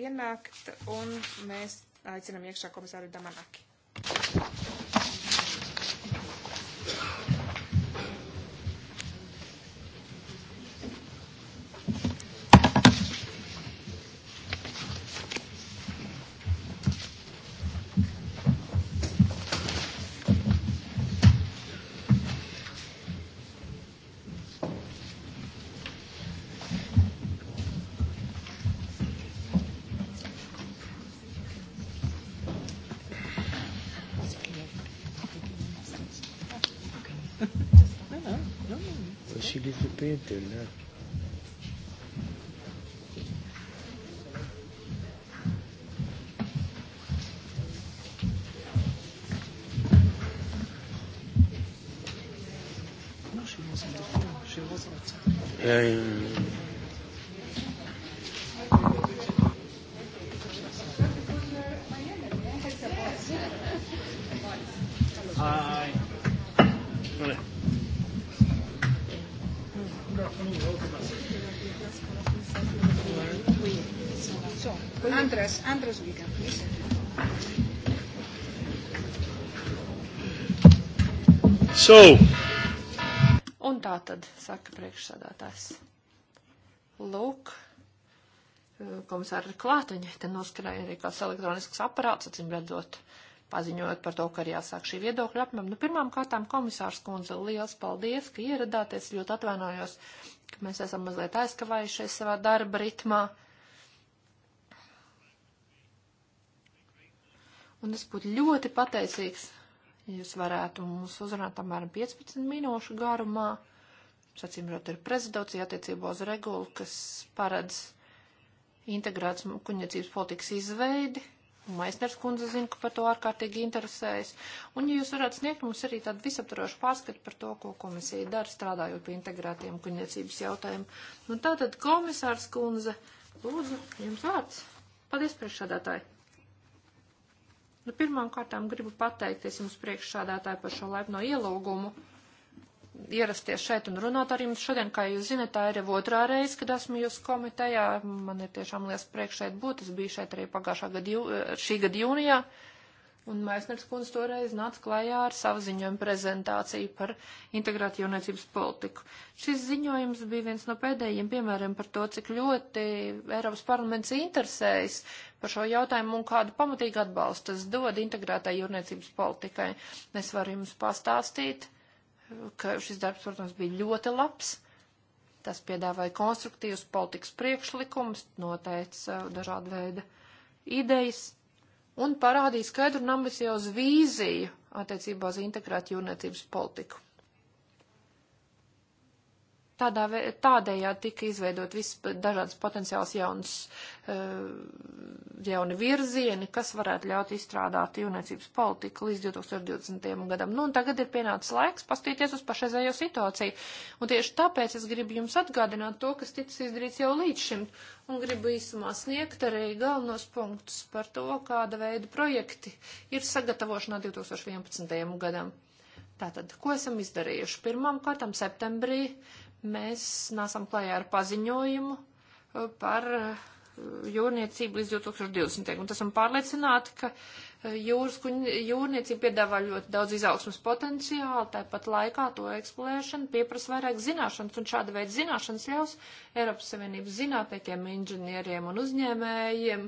[SPEAKER 1] ienākt, un mēs aicinam iekšā komisāru Damanaki.
[SPEAKER 2] Piedzīvot. Yeah, yeah.
[SPEAKER 3] So.
[SPEAKER 4] Un tā tad, saka priekšsādātājs. Lūk, komisāra ir klāt, viņa te noskarēja arī kāds elektronisks aparāts, acīm redzot, paziņojot par to, ka ir jāsāk šī viedokļa apmēram. Nu, pirmām kārtām, komisārs kundze, liels paldies, ka ieradāties, ļoti atvainojos, ka mēs esam mazliet aizkavējušies savā darba ritmā. Un es būtu ļoti pateicīgs, Jūs varētu mūs uzrunāt apmēram 15 minūšu garumā. Sacīmrot ir prezidentācija attiecībā uz regulu, kas paredz integrētas kuņniecības politikas izveidi. Maisners kundze zina, ka par to ārkārtīgi interesējas. Un, ja jūs varētu sniegt mums arī tādu visaptarošu pārskatu par to, ko komisija dara, strādājot pie integrētiem kuņniecības jautājumiem. Un nu, tātad komisārs kundze, lūdzu, jums vārds. Paldies, priekšsādātāji. Nu, pirmām kārtām gribu pateikties jums priekšsādātāji par šo laipno ielūgumu ierasties šeit un runāt ar jums šodien, kā jūs zinat, tā ir jau otrā reize, kad esmu jūs komitejā. Man ir tiešām liels prieks šeit būt. Es biju šeit arī pagājušā gada, jū, šī gada jūnijā. Uh, Un Maisners kundze toreiz nāca klajā ar savu ziņojumu prezentāciju par integrētu jauniecības politiku. Šis ziņojums bija viens no pēdējiem piemēriem par to, cik ļoti Eiropas parlaments interesējas par šo jautājumu un kādu pamatīgu atbalstu tas dod integrētai jauniecības politikai. Es varu jums pastāstīt, ka šis darbs, protams, bija ļoti labs. Tas piedāvāja konstruktīvus politikas priekšlikumus, noteica uh, dažādu veidu idejas un parādīja skaidru un ambiciozu vīziju attiecībā uz integrētu jūrniecības politiku. Tādā, tādējā tika izveidot viss dažādas potenciāls jaunas, e, jauni virzieni, kas varētu ļaut izstrādāt jūniecības politiku līdz 2020. gadam. Nu, un tagad ir pienācis laiks pastīties uz pašreizējo situāciju. Un tieši tāpēc es gribu jums atgādināt to, kas ticis izdarīts jau līdz šim. Un gribu īsumā sniegt arī galvenos punktus par to, kāda veida projekti ir sagatavošanā 2011. gadam. Tātad, ko esam izdarījuši? Pirmām kārtām septembrī mēs nāsam klajā ar paziņojumu uh, par uh, jūrniecību līdz 2020. Un esam pārliecināti, ka Jūras kuņi, jūrniecība piedāvā ļoti daudz izaugsmas potenciālu, tāpat laikā to eksplorēšana pieprasa vairāk zināšanas, un šāda veida zināšanas ļaus Eiropas Savienības zinātniekiem, inženieriem un uzņēmējiem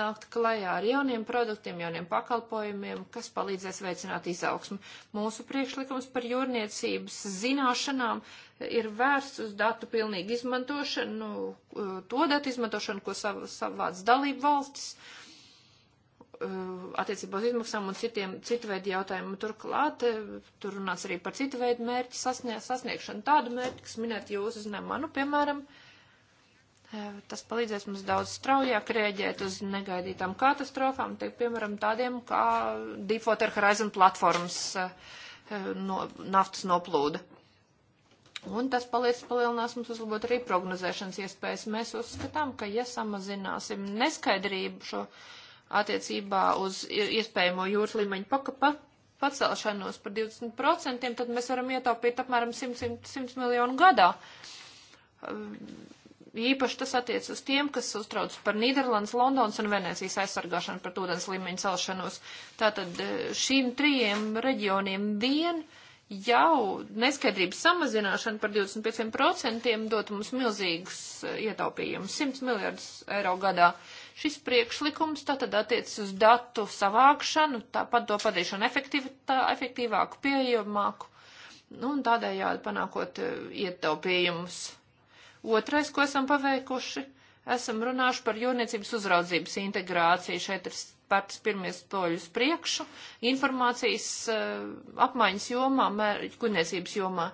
[SPEAKER 4] nākt klajā ar jauniem produktiem, jauniem pakalpojumiem, kas palīdzēs veicināt izaugsmu. Mūsu priekšlikums par jūrniecības zināšanām ir vērsts uz datu pilnīgu izmantošanu, nu, to datu izmantošanu, ko sav, savāc dalību valstis Eh, attiecībā uz izmaksām un citiem, citu veidu jautājumiem. Turklāt, eh, tur runāts arī par citu veidu mērķu sasnie, sasniegšanu, tādu mērķu, kas minēt jūsu uzņēmumu, manu, piemēram, eh, tas palīdzēs mums daudz straujāk rēģēt uz negaidītām katastrofām, tiek, piemēram, tādiem kā Deepwater Horizon platformas no, naftas noplūda. Un tas paliec, palielinās mums uzlabot arī prognozēšanas iespējas. Mēs uzskatām, ka ja samazināsim neskaidrību šo attiecībā uz iespējamo jūras līmeņu pakapa pacelšanos par 20%, tad mēs varam ietaupīt apmēram 100, 100, 100 miljonu gadā. Ehm, īpaši tas attiec uz tiem, kas uztrauc par Nīderlandes, Londonas un Venēcijas aizsargāšanu par ūdens līmeņu celšanos. Tātad ehm, šīm trijiem reģioniem vien jau neskaidrības samazināšana par 25% dot mums milzīgus ehm, ietaupījumus - 100 miljardus eiro gadā. Uh, Šis priekšlikums tātad attiecas uz datu savākšanu, tāpat to padarīšanu efektīvāku, pieejamāku, nu, un tādējādi panākot e, ietaupījumus. Otrais, ko esam paveikuši, esam runājuši par jūrniecības uzraudzības integrāciju. Šeit ir spērts pirmies toļus priekšu informācijas e, apmaiņas jomā, mērķi kuģniecības jomā.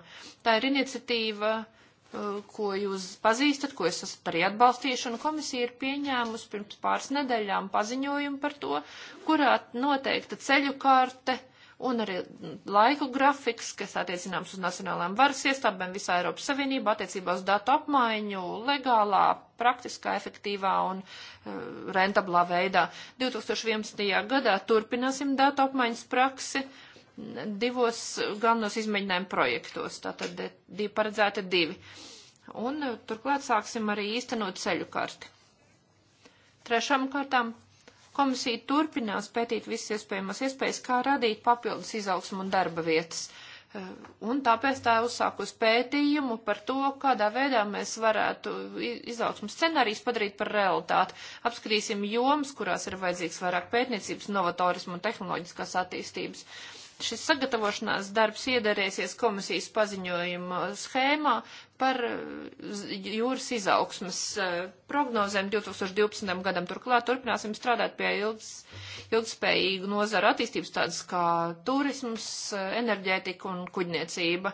[SPEAKER 4] Tā ir iniciatīva. Uh, Eh, ko jūs pazīstat, ko es esmu arī atbalstījuši, un komisija ir pieņēmusi pirms pāris nedēļām paziņojumu par to, kurā noteikta ceļu kārte un arī laiku grafiks, kas attiecināms uz nacionālām varas iestādēm visā Eiropas Savienībā attiecībā uz datu apmaiņu legālā, praktiskā, efektīvā un uh, rentablā veidā. 2011. gadā turpināsim datu apmaiņas praksi. Uh, divos galvenos izmēģinājumu projektos. Tātad eh, divi paredzēti divi. Un eh, turklāt sāksim arī īstenot ceļu karti. Trešām kārtām komisija turpinās pētīt visas iespējamās iespējas, kā radīt papildus izaugsmu un darba vietas. Eh, un tāpēc tā uzsākus pētījumu par to, kādā veidā mēs varētu izaugsmu scenārijus padarīt par realitāti. Apskatīsim jomas, kurās ir vajadzīgs vairāk pētniecības, novatorismu un tehnoloģiskās attīstības. Uh, Šis sagatavošanās darbs iedarēsies komisijas paziņojuma schēmā par eh, jūras izaugsmas eh, prognozēm 2012. gadam. Turklāt turpināsim strādāt pie ilgs, ilgspējīgu nozaru attīstības tādas kā turisms, eh, enerģētika un kuģniecība.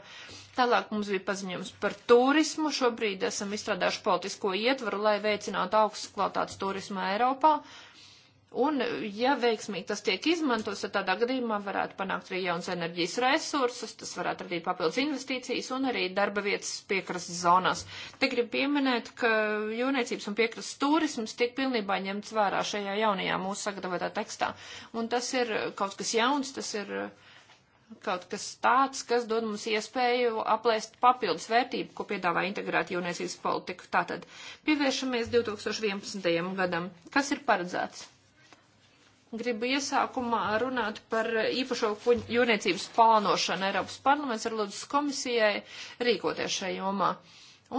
[SPEAKER 4] Tālāk mums bija paziņojums par turismu. Šobrīd esam izstrādājuši politisko ietvaru, lai veicinātu augstas kvalitātes turismu Eiropā. Uh, Un, ja veiksmīgi tas tiek izmantots, tad tādā gadījumā varētu panākt arī jauns enerģijas resursus, tas varētu radīt papildus investīcijas un arī darba vietas piekrastes zonās. Te gribu pieminēt, ka jūrniecības un piekrastes turisms tiek pilnībā ņemts vērā šajā jaunajā mūsu sagatavotā tekstā. Un tas ir kaut kas jauns, tas ir kaut kas tāds, kas dod mums iespēju aplēst papildus vērtību, ko piedāvā integrēt jūrniecības politiku. Tātad pievēršamies 2011. gadam. Kas ir paredzēts? Gribu iesākumā runāt par īpašo jūrniecības plānošanu Eiropas parlaments ar lūdzu komisijai rīkoties šajā jomā.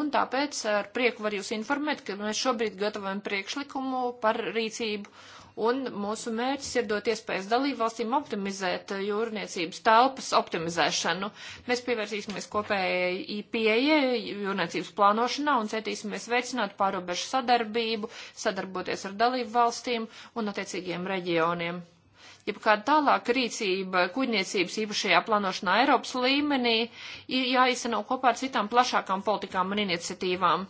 [SPEAKER 4] Un tāpēc ar prieku var jūs informēt, ka mēs šobrīd gatavojam priekšlikumu par rīcību un mūsu mērķis ir dot iespējas dalībvalstīm optimizēt eh, jūrniecības telpas optimizēšanu. Mēs pievērsīsimies kopējai pieeja jūrniecības plānošanā un centīsimies veicināt pārobežu sadarbību, sadarboties ar dalībvalstīm un attiecīgiem reģioniem jebkāda ja tālāka rīcība kuģniecības īpašajā plānošanā Eiropas līmenī ir jāizsano kopā ar citām plašākām politikām un iniciatīvām.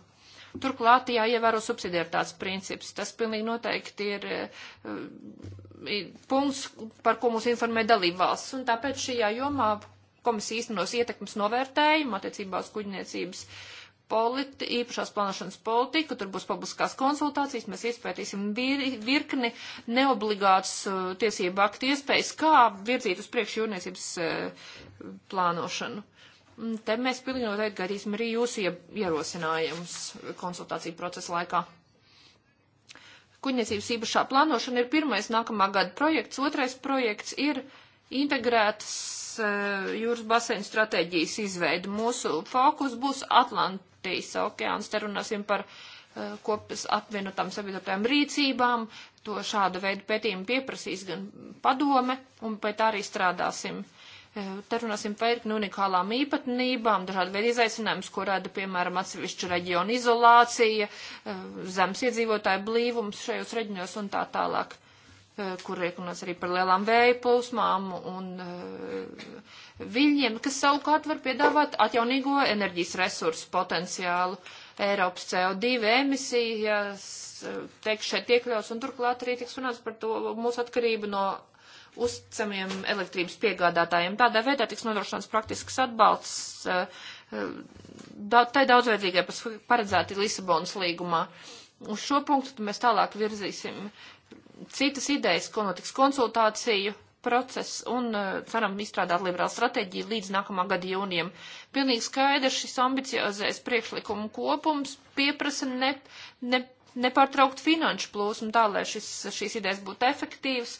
[SPEAKER 4] Turklāt jāievēro subsidiaritātes princips. Tas pilnīgi noteikti ir eh, punkts, par ko mūs informē dalībvalsts. Un tāpēc šajā jomā komisija īstenos ietekmes novērtējumu attiecībā uz kuģniecības politi, īpašās plānošanas politiku, tur būs publiskās konsultācijas, mēs izpētīsim vir, virkni neobligāts uh, eh, tiesību aktu iespējas, kā virzīt uz priekšu jūrniecības uh, plānošanu. Uh, Mm, te mēs pilnīgi noteikti gaidīsim arī jūsu ierosinājumus konsultāciju procesa laikā. Kuģniecības īpašā plānošana ir pirmais nākamā gada projekts. Otrais projekts ir integrētas uh, jūras baseina stratēģijas izveida. Mūsu fokus būs Atlantijas okeāns. Te runāsim par uh, kopas apvienotām sabiedrotajām rīcībām. To šāda veida pētījumu pieprasīs gan padome, un pēc tā arī strādāsim. Uh, Eh, Te runāsim par unikālām īpatnībām, dažādu veidu izaicinājumus, ko rada, piemēram, atsevišķu reģionu izolācija, eh, zemes iedzīvotāju blīvums šajos reģionos un tā tālāk, eh, kur riekunās arī par lielām vēja plūsmām un viļņiem, kas savukārt var piedāvāt atjaunīgo enerģijas resursu potenciālu. Eiropas CO2 emisijas, teikšu, šeit iekļaus, un turklāt arī tiks runāts par to mūsu atkarību no uzticamiem elektrības piegādātājiem. Tādā veidā tiks nodrošināts praktisks atbalsts eh, eh, da, tai daudzveidīgai, kas paredzēti Lisabonas līgumā. Uz šo punktu mēs tālāk virzīsim citas idejas, ko notiks konsultāciju process un eh, ceram izstrādāt liberālu stratēģiju līdz nākamā gada jūnijam. Pilnīgi skaidrs šis ambiciozais priekšlikumu kopums pieprasa ne, ne nepārtraukt finanšu plūsmu tā, lai šis, šīs idejas būtu efektīvas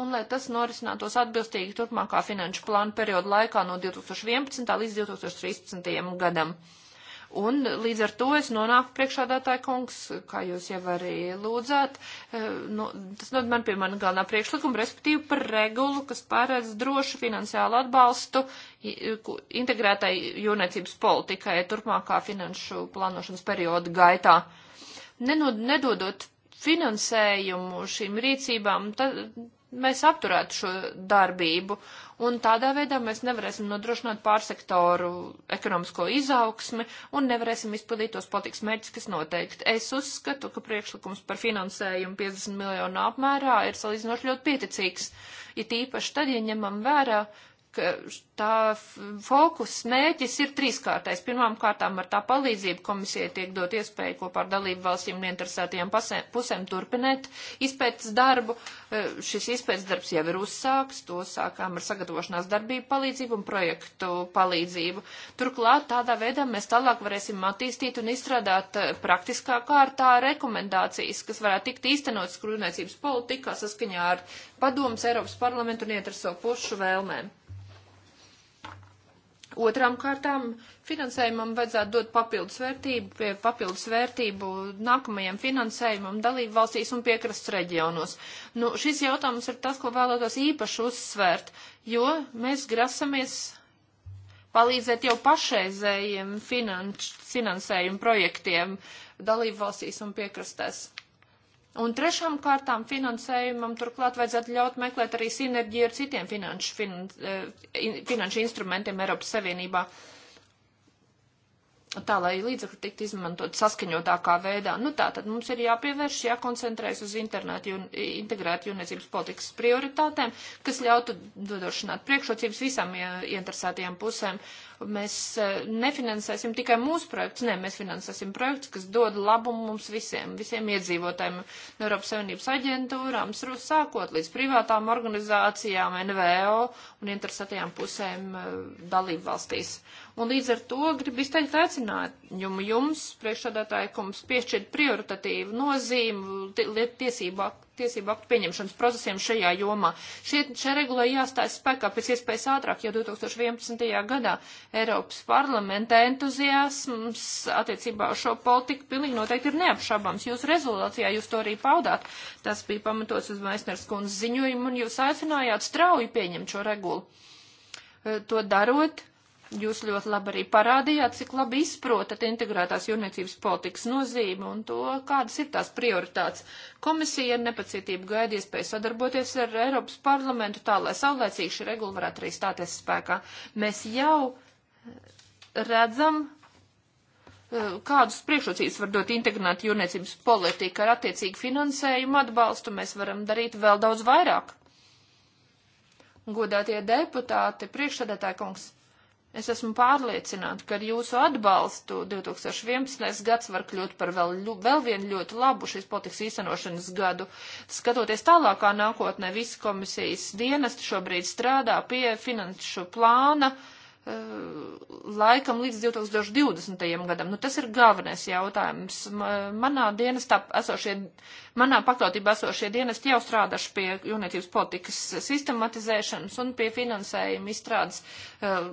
[SPEAKER 4] un lai tas norisinātos atbilstīgi turpmākā finanšu plāna perioda laikā no 2011. līdz 2013. gadam. Un līdz ar to es nonāku priekšādātāja kungs, kā jūs jau arī lūdzāt. Nu, tas nod man pie mana galvenā priekšlikuma, respektīvi par regulu, kas paredz drošu finansiālu atbalstu integrētai jūrniecības politikai turpmākā finanšu plānošanas perioda gaitā. Uh, nenod, nedodot finansējumu šīm rīcībām, tad mēs apturētu šo darbību, un tādā veidā mēs nevarēsim nodrošināt pārsektoru ekonomisko izaugsmi un nevarēsim izpildīt tos politikas mērķus, kas noteikti. Es uzskatu, ka priekšlikums par finansējumu 50 miljonu apmērā ir salīdzinoši ļoti pieticīgs, ja tīpaši tad, ja ņemam vērā ka tā fokus mērķis ir trīskārtais. Pirmām kārtām ar tā palīdzību komisijai tiek dot iespēju kopā ar dalību valstīm un interesētajām pusēm turpināt izpētes darbu. E, šis izpētes darbs jau ir uzsāks, to sākām ar sagatavošanās darbību palīdzību un projektu palīdzību. Turklāt tādā veidā mēs tālāk varēsim attīstīt un izstrādāt e, praktiskā kārtā rekomendācijas, kas varētu tikt īstenotas krūtniecības politikā saskaņā ar padomus Eiropas parlamentu un ietraso pušu vēlmēm. Otrām kārtām finansējumam vajadzētu dot papildus vērtību, papildus vērtību nākamajam finansējumam dalību valstīs un piekrastes reģionos. Nu, šis jautājums ir tas, ko vēlētos īpaši uzsvērt, jo mēs grasamies palīdzēt jau pašreizējiem finans, finansējumu projektiem dalību valstīs un piekrastēs. Un trešām kārtām finansējumam turklāt vajadzētu ļaut meklēt arī sinerģiju ar citiem finanšu, finans, eh, finanšu instrumentiem Eiropas Savienībā. Tā, lai līdzekļi tiktu izmantot saskaņotākā veidā. Nu tā, tad mums ir jāpievērš, jākoncentrējas uz internetu un integrēt jūniecības politikas prioritātēm, kas ļautu dodošanāt priekšrocības visām ieinteresētajām pusēm mēs eh, nefinansēsim tikai mūsu projekts, nē, mēs finansēsim projekts, kas dod labumu mums visiem, visiem iedzīvotājiem, no Eiropas Savienības aģentūrām, sākot līdz privātām organizācijām, NVO un interesētajām pusēm eh, dalību valstīs. Un līdz ar to gribu izteikt aicinājumu jums, priekšsādātāji, kungs, piešķirt prioritatīvu nozīmu tiesību aktu tiesību aktu pieņemšanas procesiem šajā jomā. Šie, šie regulē jāstājas spēkā pēc iespējas ātrāk, jo 2011. gadā Eiropas parlamenta entuziasms attiecībā uz šo politiku pilnīgi noteikti ir neapšabams. Jūs rezolācijā jūs to arī paudāt. Tas bija pamatots uz Maisners kundzes ziņojumu, un jūs aicinājāt strauji pieņemt šo regulu. E, to darot, Jūs ļoti labi arī parādījāt, cik labi izprotat integrētās jūrniecības politikas nozīmi un to, kādas ir tās prioritātes. Komisija ar nepacietību gaida iespēju sadarboties ar Eiropas parlamentu tā, lai saulēcīgi šī regula varētu arī stāties spēkā. Mēs jau redzam, eh, kādus priekšrocības var dot integrēt jūrniecības politika ar attiecīgu finansējumu atbalstu. Mēs varam darīt vēl daudz vairāk. Godātie deputāti, priekšsēdētāji kungs Es esmu pārliecināta, ka ar jūsu atbalstu 2011. gads var kļūt par vēl, vēl vienu ļoti labu šīs politikas īstenošanas gadu. Skatoties tālākā nākotnē, visi komisijas dienesti šobrīd strādā pie finanšu plāna eh, laikam līdz 2020. gadam. Nu, tas ir galvenais jautājums. Manā dienestā esošie Manā paklautībā esošie dienesti jau strādaši pie jūnietības politikas sistematizēšanas un pie finansējuma izstrādes uh,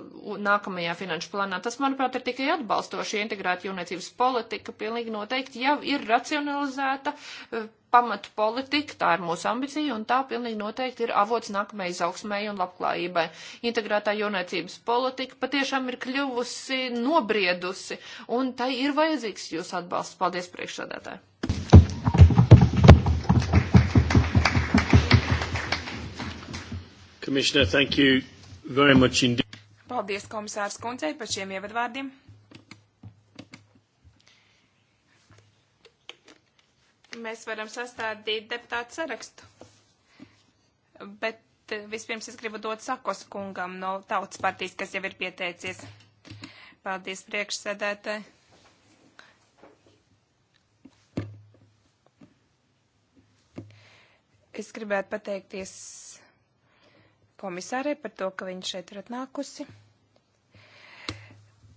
[SPEAKER 4] nākamajā finanšu plānā. Tas, manuprāt, ir tikai atbalstoši integrēta jūnietības politika, pilnīgi noteikti jau ir racionalizēta. Uh, pamatu politika, tā ir mūsu ambicija, un tā pilnīgi noteikti ir avots nākamajai izaugsmēji un labklājībai. Integrētā jauniecības politika patiešām ir kļuvusi nobriedusi, un tai ir vajadzīgs jūsu atbalsts. Paldies, priekšsādātāji!
[SPEAKER 3] Commissioner, thank you very much indeed.
[SPEAKER 1] Paldies, komisārs Kundzei, par šiem ievadvārdiem. Mēs varam sastādīt deputātu sarakstu, bet eh, vispirms es gribu dot sakos kungam no tautas partijas, kas jau ir pieteicies. Paldies, priekšsēdētāji. Es gribētu pateikties komisārei par to, ka viņa šeit ir atnākusi.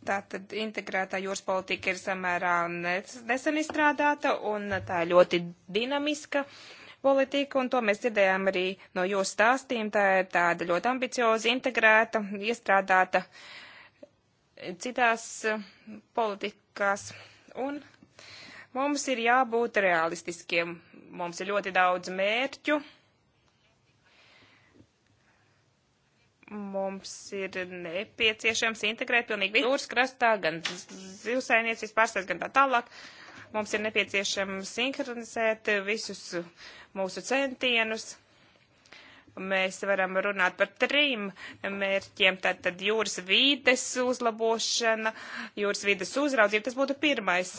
[SPEAKER 1] Tātad integrētā jūras politika ir samērā nesen izstrādāta un tā ļoti dinamiska politika, un to mēs dzirdējām arī no jūsu stāstījuma. Tā ir tāda ļoti ambicioza, integrēta, iestrādāta citās e, politikās. Un mums ir jābūt realistiskiem. Mums ir ļoti daudz mērķu, mums ir nepieciešams integrēt pilnīgi visu jūras krastā, gan zivsainiecības pārstāvis, gan tā tālāk. Mums ir nepieciešams sinhronizēt visus mūsu centienus. Mēs varam runāt par trim mērķiem, tātad jūras vīdes uzlabošana, jūras vīdes uzraudzība, tas būtu pirmais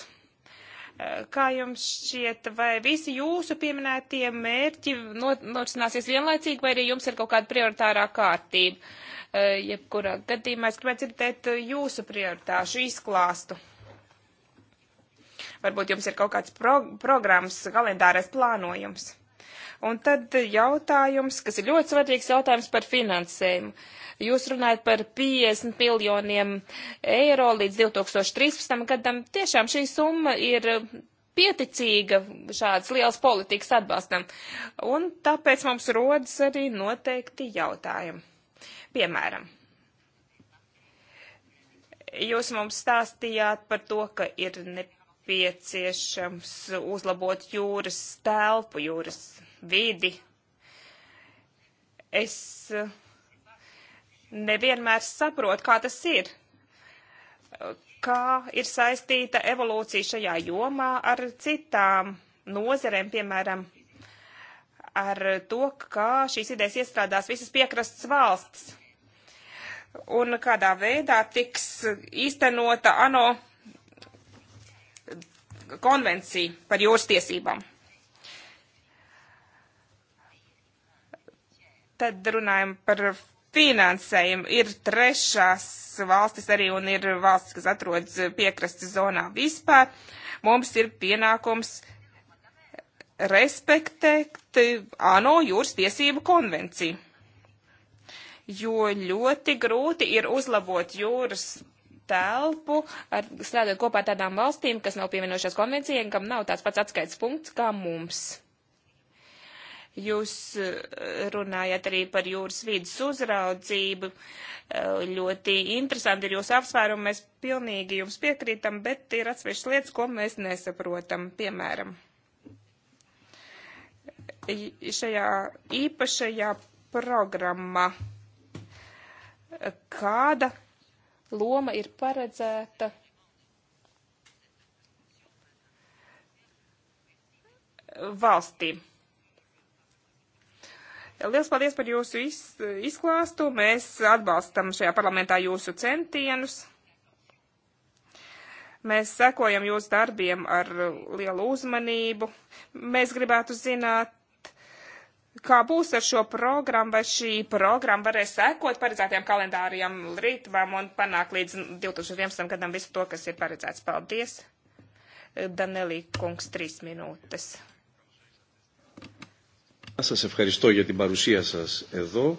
[SPEAKER 1] Kā jums šķiet, vai visi jūsu pieminētie mērķi norisināsies vienlaicīgi, vai arī jums ir kaut kāda prioritārā kārtība? E, jebkurā gadījumā es gribētu dzirdēt jūsu prioritāšu izklāstu. Varbūt jums ir kaut kāds pro programmas, kalendārais plānojums. Un tad jautājums, kas ir ļoti svarīgs jautājums par finansējumu. Jūs runājat par 50 miljoniem eiro līdz 2013. gadam. Tiešām šī summa ir pieticīga šāds liels politikas atbalstam. Un tāpēc mums rodas arī noteikti jautājumi. Piemēram, jūs mums stāstījāt par to, ka ir nepieciešams uzlabot jūras telpu, jūras vidi. Es eh, nevienmēr saprotu, kā tas ir, kā ir saistīta evolūcija šajā jomā ar citām nozerēm, piemēram, ar to, kā šīs idejas iestrādās visas piekrastas valsts un kādā veidā tiks īstenota ANO konvencija par jūras tiesībām. Tad runājam par finansējumu. Ir trešās valstis arī un ir valstis, kas atrodas piekrastes zonā vispār. Mums ir pienākums respektēt ANO jūras tiesību konvenciju. Jo ļoti grūti ir uzlabot jūras telpu, ar, strādāt kopā ar tādām valstīm, kas nav pievienojušās konvencijai, kam nav tāds pats atskaits punkts kā mums. Jūs eh, runājat arī par jūras vidas uzraudzību. Eh, ļoti interesanti ir jūsu apsvērumi. Mēs pilnīgi jums piekrītam, bet ir atsevišķas lietas, ko mēs nesaprotam. Piemēram, šajā īpašajā programmā eh, kāda loma ir paredzēta valstīm. Liels paldies par jūsu iz, izklāstu. Mēs atbalstam šajā parlamentā jūsu centienus. Mēs sekojam jūsu darbiem ar lielu uzmanību. Mēs gribētu zināt, kā būs ar šo programmu, vai šī programma varēs sekot paredzētajam kalendārijam ritmam un panākt līdz 2011. gadam visu to, kas ir paredzēts. Paldies! Danelī kungs, trīs minūtes.
[SPEAKER 3] Σας ευχαριστώ για την παρουσία σας εδώ,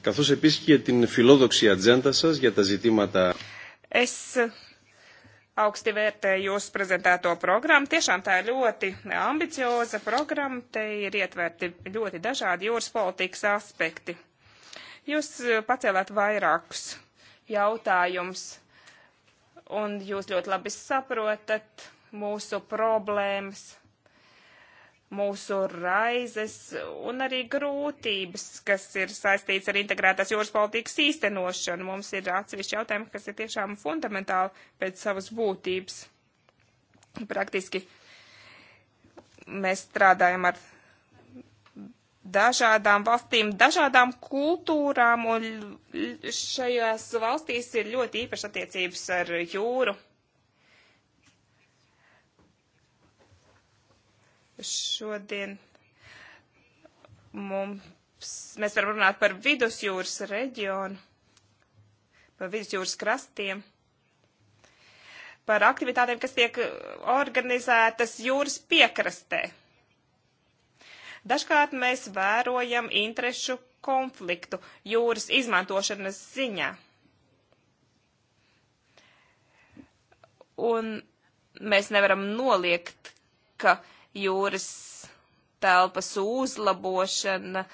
[SPEAKER 3] καθώς επίσης και για την φιλόδοξη ατζέντα σας για τα ζητήματα.
[SPEAKER 1] Es augsti vērtēju jūsu prezentēto programmu. Tiešām tā ir ļoti ambicioza programma. Te ir ietverti ļoti dažādi jūras politikas aspekti. Jūs pacēlāt vairākus jautājumus, un jūs ļoti labi saprotat mūsu problēmas mūsu raizes un arī grūtības, kas ir saistīts ar integrētās jūras politikas īstenošanu. Mums ir atsevišķi jautājumi, kas ir tiešām fundamentāli pēc savas būtības. Praktiski mēs strādājam ar dažādām valstīm, dažādām kultūrām, un šajās valstīs ir ļoti īpaši attiecības ar jūru Šodien mums, mēs varam runāt par vidusjūras reģionu, par vidusjūras krastiem, par aktivitātēm, kas tiek organizētas jūras piekrastē. Dažkārt mēs vērojam interešu konfliktu jūras izmantošanas ziņā. Un mēs nevaram noliegt, ka uh, jūras telpas uzlabošana.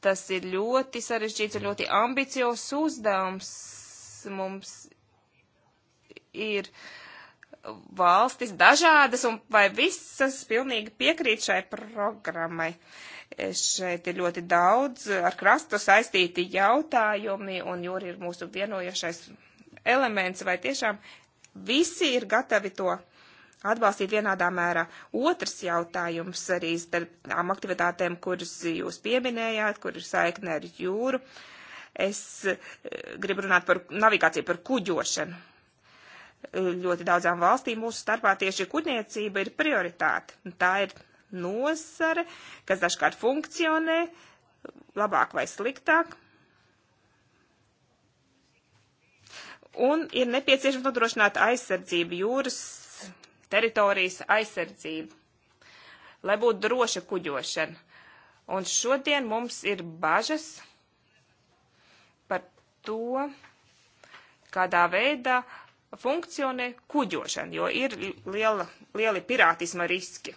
[SPEAKER 1] Tas ir ļoti sarežģīts un ļoti ambiciozs uzdevums. Mums ir valstis dažādas, un vai visas pilnīgi piekrīt šai programmai. Šeit ir ļoti daudz ar krastu saistīti jautājumi, un jūri ir mūsu vienojošais elements, vai tiešām visi ir gatavi to atbalstīt vienādā mērā. Otrs jautājums arī starp tām aktivitātēm, kuras jūs pieminējāt, kur ir saikne ar jūru. Es eh, gribu runāt par navigāciju, par kuģošanu. Ļoti daudzām valstīm mūsu starpā tieši kuģniecība ir prioritāte. Tā ir nosare, kas dažkārt funkcionē labāk vai sliktāk, un ir nepieciešams nodrošināt aizsardzību jūras teritorijas aizsardzību, lai būtu droša kuģošana. Un šodien mums ir bažas par to, kādā veidā funkcionē kuģošana, jo ir liela, lieli pirātisma riski.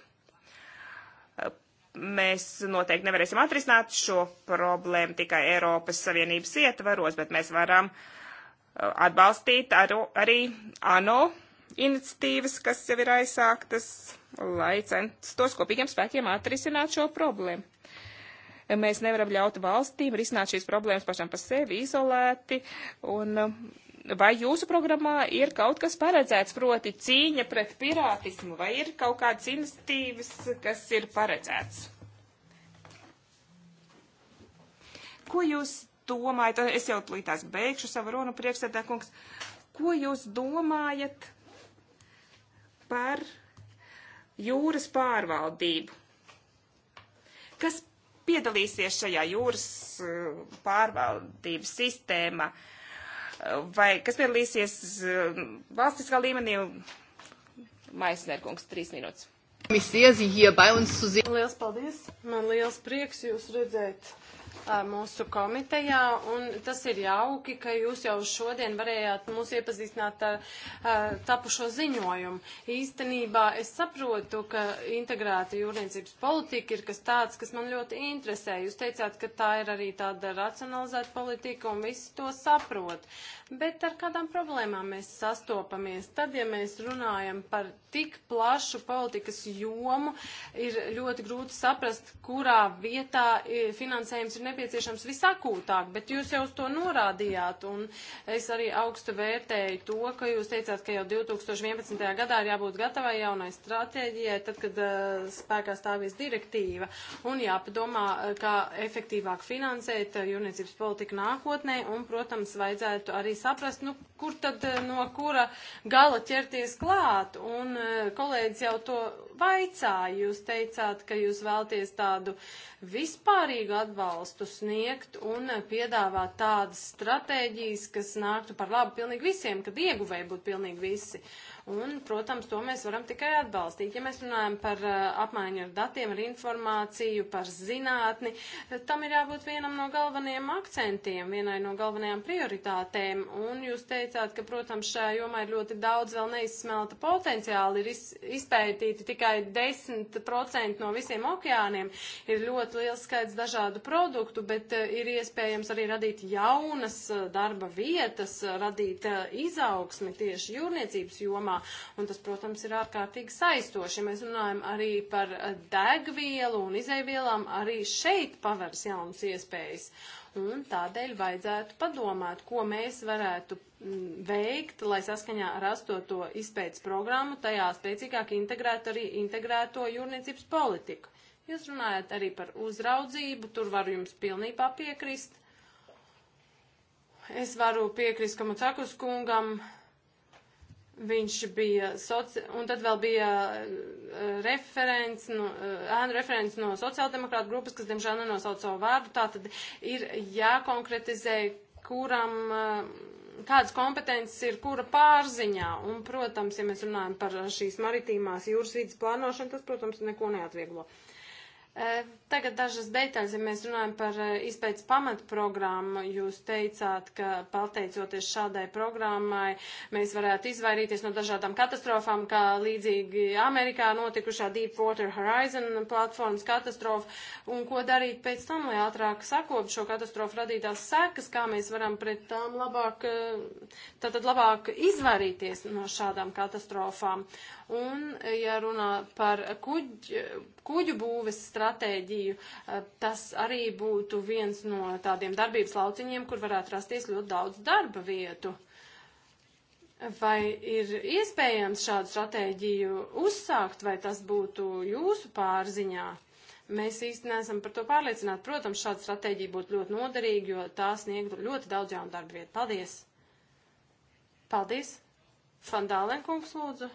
[SPEAKER 1] Mēs noteikti nevarēsim atrisināt šo problēmu tikai Eiropas Savienības ietvaros, bet mēs varam uh, atbalstīt ar, arī ANO iniciatīvas, kas jau ir aizsāktas, lai censtos kopīgiem spēkiem atrisināt šo problēmu. Mēs nevaram ļaut valstīm risināt šīs problēmas pašām pa sevi izolēti. Un, um, vai jūsu programmā ir kaut kas paredzēts, proti cīņa pret pirātismu, vai ir kaut kādas iniciatīvas, kas ir paredzēts? Ko jūs domājat? Es jau plītās beigšu savu runu priekšsēdē, kungs. Ko jūs domājat par jūras pārvaldību. Kas piedalīsies šajā jūras eh, pārvaldības sistēmā? Eh, vai kas piedalīsies eh, valstiskā līmenī? Maisnerkungs, trīs minūtes.
[SPEAKER 4] Liels
[SPEAKER 2] paldies! Man liels prieks jūs redzēt mūsu komitejā, un tas ir jauki, ka jūs jau šodien varējāt mūs iepazīstināt ar, ar tapušo ziņojumu. Īstenībā es saprotu, ka integrēta jūrniecības politika ir kas tāds, kas man ļoti interesē. Jūs teicāt, ka tā ir arī tāda racionalizēta politika, un visi to saprot. Bet ar kādām problēmām mēs sastopamies? Tad, ja mēs runājam par tik plašu politikas jomu, ir ļoti grūti saprast, kurā vietā finansējums ir ir nepieciešams visakūtāk, bet jūs jau uz to norādījāt, un es arī augstu vērtēju to, ka jūs teicāt, ka jau 2011. gadā ir jābūt gatavai jaunai stratēģijai, tad, kad uh, spēkā stāvies direktīva, un jāpadomā, eh, kā efektīvāk finansēt eh, jūrniecības politiku nākotnē, un, protams, vajadzētu arī saprast, nu, kur tad no kura gala ķerties klāt, un uh, kolēģis jau to vaicāju. Jūs teicāt, ka jūs vēlties tādu vispārīgu atbalstu sniegt un piedāvāt tādas stratēģijas, kas nāktu par labu pilnīgi visiem, kad ieguvēji būtu pilnīgi visi. Uh, Un, protams, to mēs varam tikai atbalstīt. Ja mēs runājam par eh, apmaiņu ar datiem, ar informāciju, par zinātni, tam ir jābūt vienam no galvenajiem akcentiem, vienai no galvenajām prioritātēm. Un jūs teicāt, ka, protams, šajā jomā ir ļoti daudz vēl neizsmelta potenciāla, ir izpētīti tikai 10% no visiem okeāniem. Ir ļoti liels skaits dažādu produktu, bet eh, ir iespējams arī radīt jaunas eh, darba vietas, radīt izaugsmi tieši jūrniecības jomā jomā. Un tas, protams, ir ārkārtīgi saistoši. Ja mēs runājam arī par degvielu un izēvielām, arī šeit paveras jaunas iespējas. Un tādēļ vajadzētu padomāt, ko mēs varētu mm, veikt, lai saskaņā ar astoto izpētes programmu tajā spēcīgāk integrētu arī integrēto jūrniecības politiku. Jūs runājat arī par uzraudzību, tur varu jums pilnībā piekrist. Es varu piekrist Kamacakus kungam, Viņš bija, soci... un tad vēl bija eh, referents no, eh, ēnu referents no sociāldemokrāta grupas, kas, diemžēl, nenosauca savu vārdu. Tā tad ir jākonkretizē, kuram, eh, kādas kompetences ir kura pārziņā. Un, protams, ja mēs runājam par šīs maritīmās jūras vidas plānošanu, tas, protams, neko neatvieglo. Uh, Tagad dažas detaļas, ja mēs runājam par izpētes pamatprogrammu, jūs teicāt, ka pateicoties šādai programmai mēs varētu izvairīties no dažādām katastrofām, kā līdzīgi Amerikā notikušā Deepwater Horizon platformas katastrofa, un ko darīt pēc tam, lai ātrāk sakop šo katastrofu radītās sekas, kā mēs varam pret tām labāk, tātad labāk izvairīties no šādām katastrofām. Un, ja runā par kuģu, kuģu būves stratēģiju, eh, tas arī būtu viens no tādiem darbības lauciņiem, kur varētu rasties ļoti daudz darba vietu. Vai ir iespējams šādu stratēģiju uzsākt, vai tas būtu jūsu pārziņā? Mēs īsti neesam par to pārliecināti. Protams, šāda stratēģija būtu ļoti noderīga, jo tā sniegtu ļoti daudz jaunu darba vietu. Paldies! Paldies! Fandālenkungs lūdzu!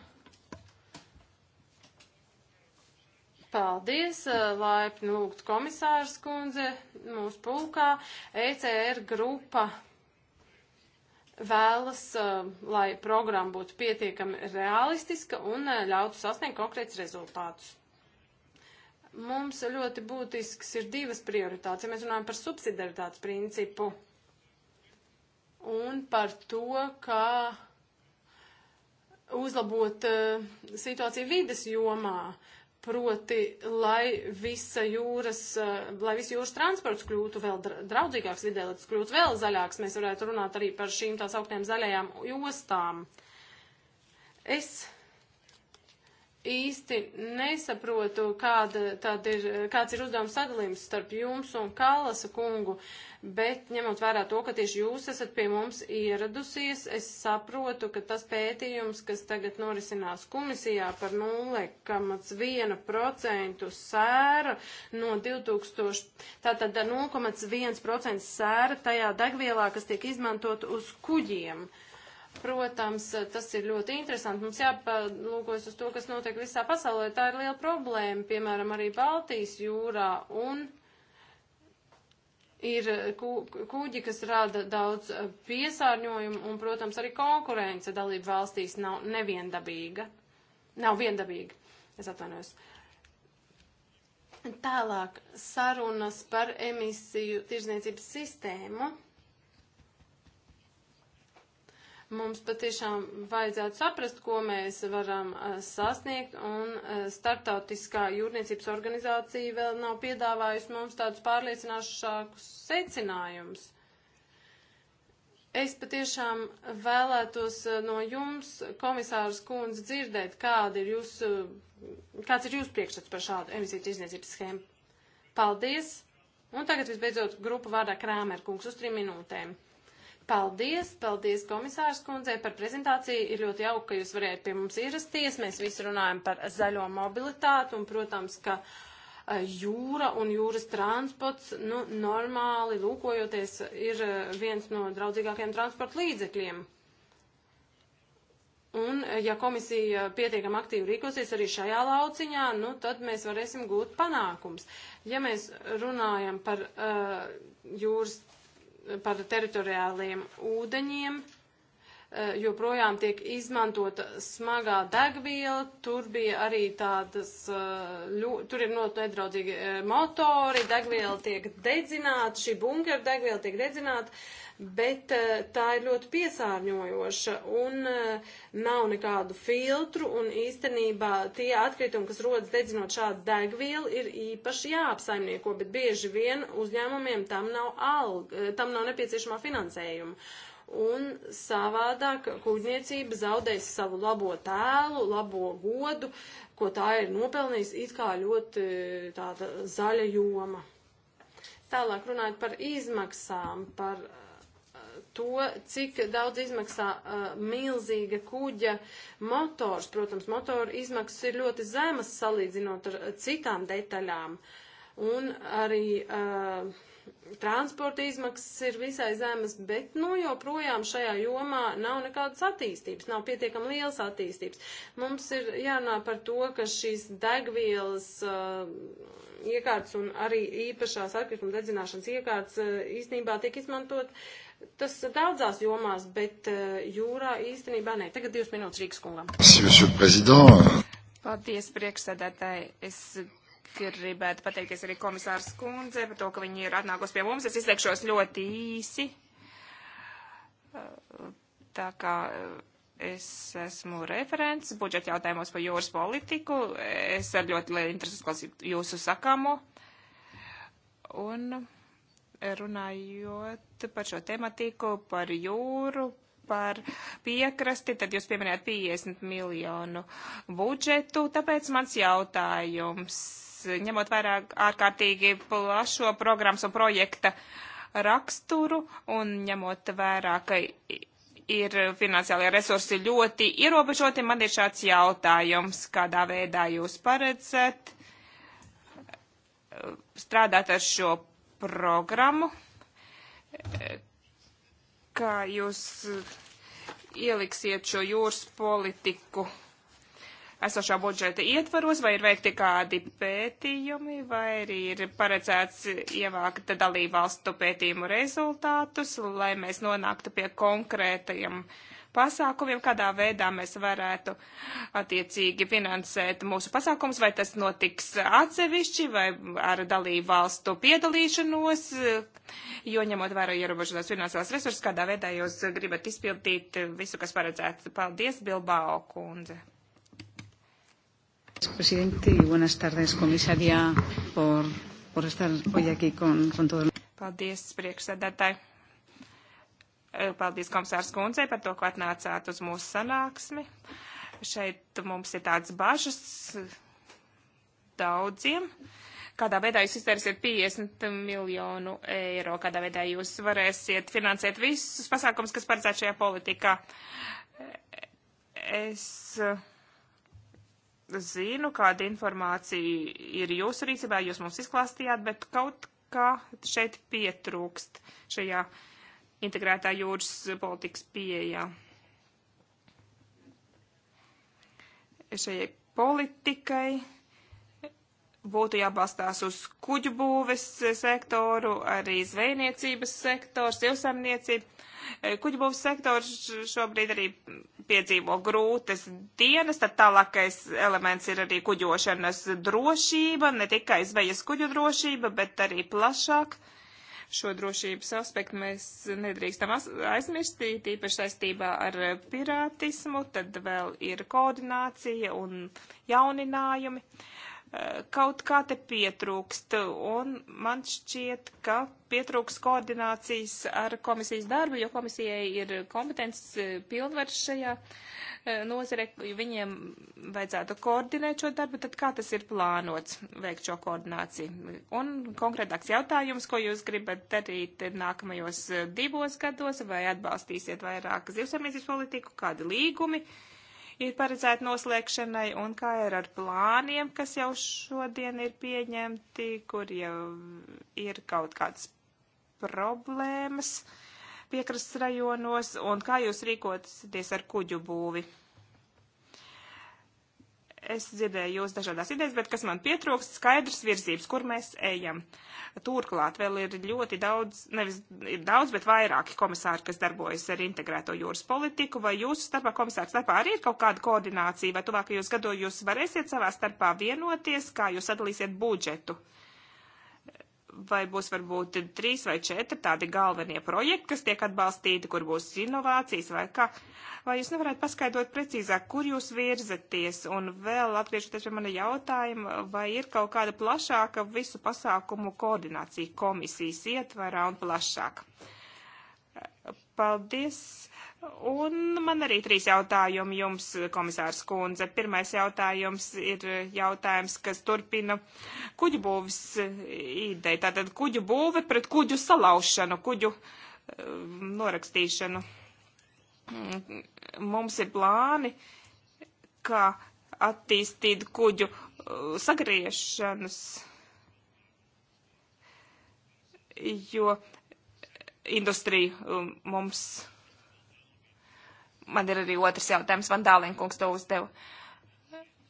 [SPEAKER 2] Paldies, laipni lūgt komisārs kundze mūsu pulkā. ECR grupa vēlas, lai programma būtu pietiekami realistiska un ļautu sasniegt konkrēts rezultātus. Mums ļoti būtisks ir divas prioritātes, ja mēs runājam par subsidiaritātes principu un par to, kā uzlabot uh, situāciju vides jomā. Uh, proti, lai visa jūras, eh, lai viss jūras transports kļūtu vēl draudzīgāks vidē, lai tas kļūtu vēl zaļāks, mēs varētu runāt arī par šīm tās augtiem zaļajām jostām. Es īsti nesaprotu, kāda, ir, kāds ir uzdevums sadalījums starp jums un Kālasa kungu, bet ņemot vērā to, ka tieši jūs esat pie mums ieradusies, es saprotu, ka tas pētījums, kas tagad norisinās komisijā par 0,1% sēra no 2000, tātad 0,1% sēra tajā degvielā, kas tiek izmantot uz kuģiem. Uh, Protams, tas ir ļoti interesanti. Mums jāpalūkojas uz to, kas notiek visā pasaulē. Tā ir liela problēma, piemēram, arī Baltijas jūrā. Un ir kūģi, kas rada daudz piesārņojumu, un, protams, arī konkurence dalību valstīs nav neviendabīga. Nav viendabīga, es atvainojos. Tālāk sarunas par emisiju tirzniecības sistēmu. Mums patiešām vajadzētu saprast, ko mēs varam eh, sasniegt, un eh, startautiskā jūrniecības organizācija vēl nav piedāvājusi mums tādus pārliecināšākus secinājumus. Es patiešām vēlētos eh, no jums, komisārs Kūns, dzirdēt, kāda ir jūsu, kāds ir jūsu priekšstats par šādu emisiju tirzniecības schēmu. Paldies! Un tagad visbeidzot grupu vārdā Krāmer kungs uz trim minūtēm. Paldies, paldies komisārs kundzei par prezentāciju. Ir ļoti jauki, ka jūs varējāt pie mums ierasties. Mēs visi runājam par zaļo mobilitātu un, protams, ka eh, jūra un jūras transports, nu, normāli lūkojoties, ir eh, viens no draudzīgākajiem transporta līdzekļiem. Un, eh, ja komisija pietiekam aktīvi rīkosies arī šajā lauciņā, nu, tad mēs varēsim gūt panākums. Ja mēs runājam par uh, jūras par teritoriāliem ūdeņiem. E, joprojām tiek izmantota smagā degviela, tur bija arī tādas, e, ļu, tur ir not nedraudzīgi e, motori, degviela tiek dedzināta, šī bunkera degviela tiek dedzināta, bet tā ir ļoti piesārņojoša un nav nekādu filtru un īstenībā tie atkritumi, kas rodas dedzinot šādu degvielu, ir īpaši jāapsaimnieko, bet bieži vien uzņēmumiem tam nav alga, tam nav nepieciešamā finansējuma un savādāk kuģniecība zaudēs savu labo tēlu, labo godu, ko tā ir nopelnījusi it kā ļoti eh, tāda zaļa joma. Tālāk runājot par izmaksām, par eh, to, cik daudz izmaksā uh, milzīga kuģa motors. Protams, motora izmaksas ir ļoti zemas salīdzinot ar citām detaļām. Un arī uh, transporta izmaksas ir visai zemas, bet, nu, joprojām šajā jomā nav nekādas attīstības, nav pietiekam liels attīstības. Mums ir jārunā par to, ka šīs degvielas uh, iekārtas un arī īpašās atkrituma dedzināšanas iekārtas uh, īstenībā tiek izmantot tas daudzās jomās, bet uh, jūrā īstenībā ne. Tagad divas minūtes Rīgas
[SPEAKER 3] kungam.
[SPEAKER 1] Paldies, priekšsēdētāji. Es gribētu pateikties arī komisārs kundze par to, ka viņi ir atnākusi pie mums. Es izteikšos ļoti īsi. Tā kā eh, es esmu referents budžeta jautājumos par jūras politiku, es ar ļoti lielu interesi klausīju jūsu sakāmo. Un runājot par šo tematiku, par jūru, par piekrasti, tad jūs pieminējat 50 miljonu budžetu, tāpēc mans jautājums ņemot vairāk ārkārtīgi plašo programmas un projekta raksturu un ņemot vērā, ka ir finansiālie resursi ļoti ierobežoti, man ir šāds jautājums, kādā veidā jūs paredzat eh, strādāt ar šo programmu, eh, kā jūs eh, ieliksiet šo jūras politiku esošā budžeta ietvaros, vai ir veikti kādi pētījumi, vai arī ir paredzēts ievākt dalībvalstu pētījumu rezultātus, lai mēs nonāktu pie konkrētajiem pasākumiem, kādā veidā mēs varētu attiecīgi finansēt mūsu pasākums, vai tas notiks atsevišķi vai ar dalību valstu piedalīšanos, jo ņemot vērā ierobežotās finansiālās resursus, kādā veidā jūs gribat izpildīt visu, kas paredzēts. Paldies, Bilbao kundze!
[SPEAKER 2] Gracias, presidente, y buenas tardes, comisaria, por, por estar hoy aquí con, con todo.
[SPEAKER 1] Paldies, priekšsēdētāji. Eh, paldies komisārs Kundzei par to, ka atnācāt uz mūsu sanāksmi. Šeit mums ir tāds bažas daudziem. Kādā veidā jūs iztērsiet 50 miljonu eiro, kādā veidā jūs varēsiet finansēt visus pasākums, kas paredzēt šajā politikā. Eh, es. Uh, zinu, kāda informācija ir jūsu rīcībā, jūs mums izklāstījāt, bet kaut kā šeit pietrūkst šajā integrētā jūras politikas pieejā. Šajai politikai būtu jābalstās uz kuģu būves sektoru, arī zvejniecības sektors, zivsaimniecība. Eh, Kuģbūvs sektors šobrīd arī piedzīvo grūtas dienas, tad tālākais elements ir arī kuģošanas drošība, ne tikai zvejas kuģu drošība, bet arī plašāk. Šo drošības aspektu mēs nedrīkstam aizmirst, tīpaši saistībā ar pirātismu, tad vēl ir koordinācija un jauninājumi. Uh, kaut kā te pietrūkst, un man šķiet, ka pietrūkst koordinācijas ar komisijas darbu, jo komisijai ir kompetences eh, pilnvars šajā eh, nozare, viņiem vajadzētu koordinēt šo darbu, tad kā tas ir plānots veikt šo koordināciju? Un konkrētāks jautājums, ko jūs gribat darīt nākamajos eh, divos gados, vai atbalstīsiet vairāk zivsamīcības politiku, kādi līgumi? Uh, ir paredzēta noslēgšanai, un kā ir ar plāniem, kas jau šodien ir pieņemti, kur jau ir kaut kādas problēmas piekrastes rajonos, un kā jūs rīkoties ar kuģu būvi? Es dzirdēju jūs dažādās idejas, bet kas man pietrūkst, skaidrs virzības, kur mēs ejam. Turklāt vēl ir ļoti daudz, nevis ir daudz, bet vairāki komisāri, kas darbojas ar integrēto jūras politiku, vai jūsu starpā komisāru starpā arī ir kaut kāda koordinācija, vai tuvākajos gados jūs varēsiet savā starpā vienoties, kā jūs sadalīsiet budžetu. Uh, vai būs varbūt trīs vai četri tādi galvenie projekti, kas tiek atbalstīti, kur būs inovācijas vai kā. Vai jūs nevarētu paskaidrot precīzāk, kur jūs virzaties? Un vēl atgriežoties pie mana jautājuma, vai ir kaut kāda plašāka visu pasākumu koordinācija komisijas ietvarā un plašāk? Paldies. Un man arī trīs jautājumi jums, komisārs Kundze. Pirmais jautājums ir jautājums, kas turpina kuģu būvis ideju. Tātad kuģu būve pret kuģu salaušanu, kuģu um, norakstīšanu. Mm, mums ir plāni, kā attīstīt kuģu uh, sagriešanas jo industriju um, mums. Man ir arī otrs jautājums, Vandālinkungs to uzdeva.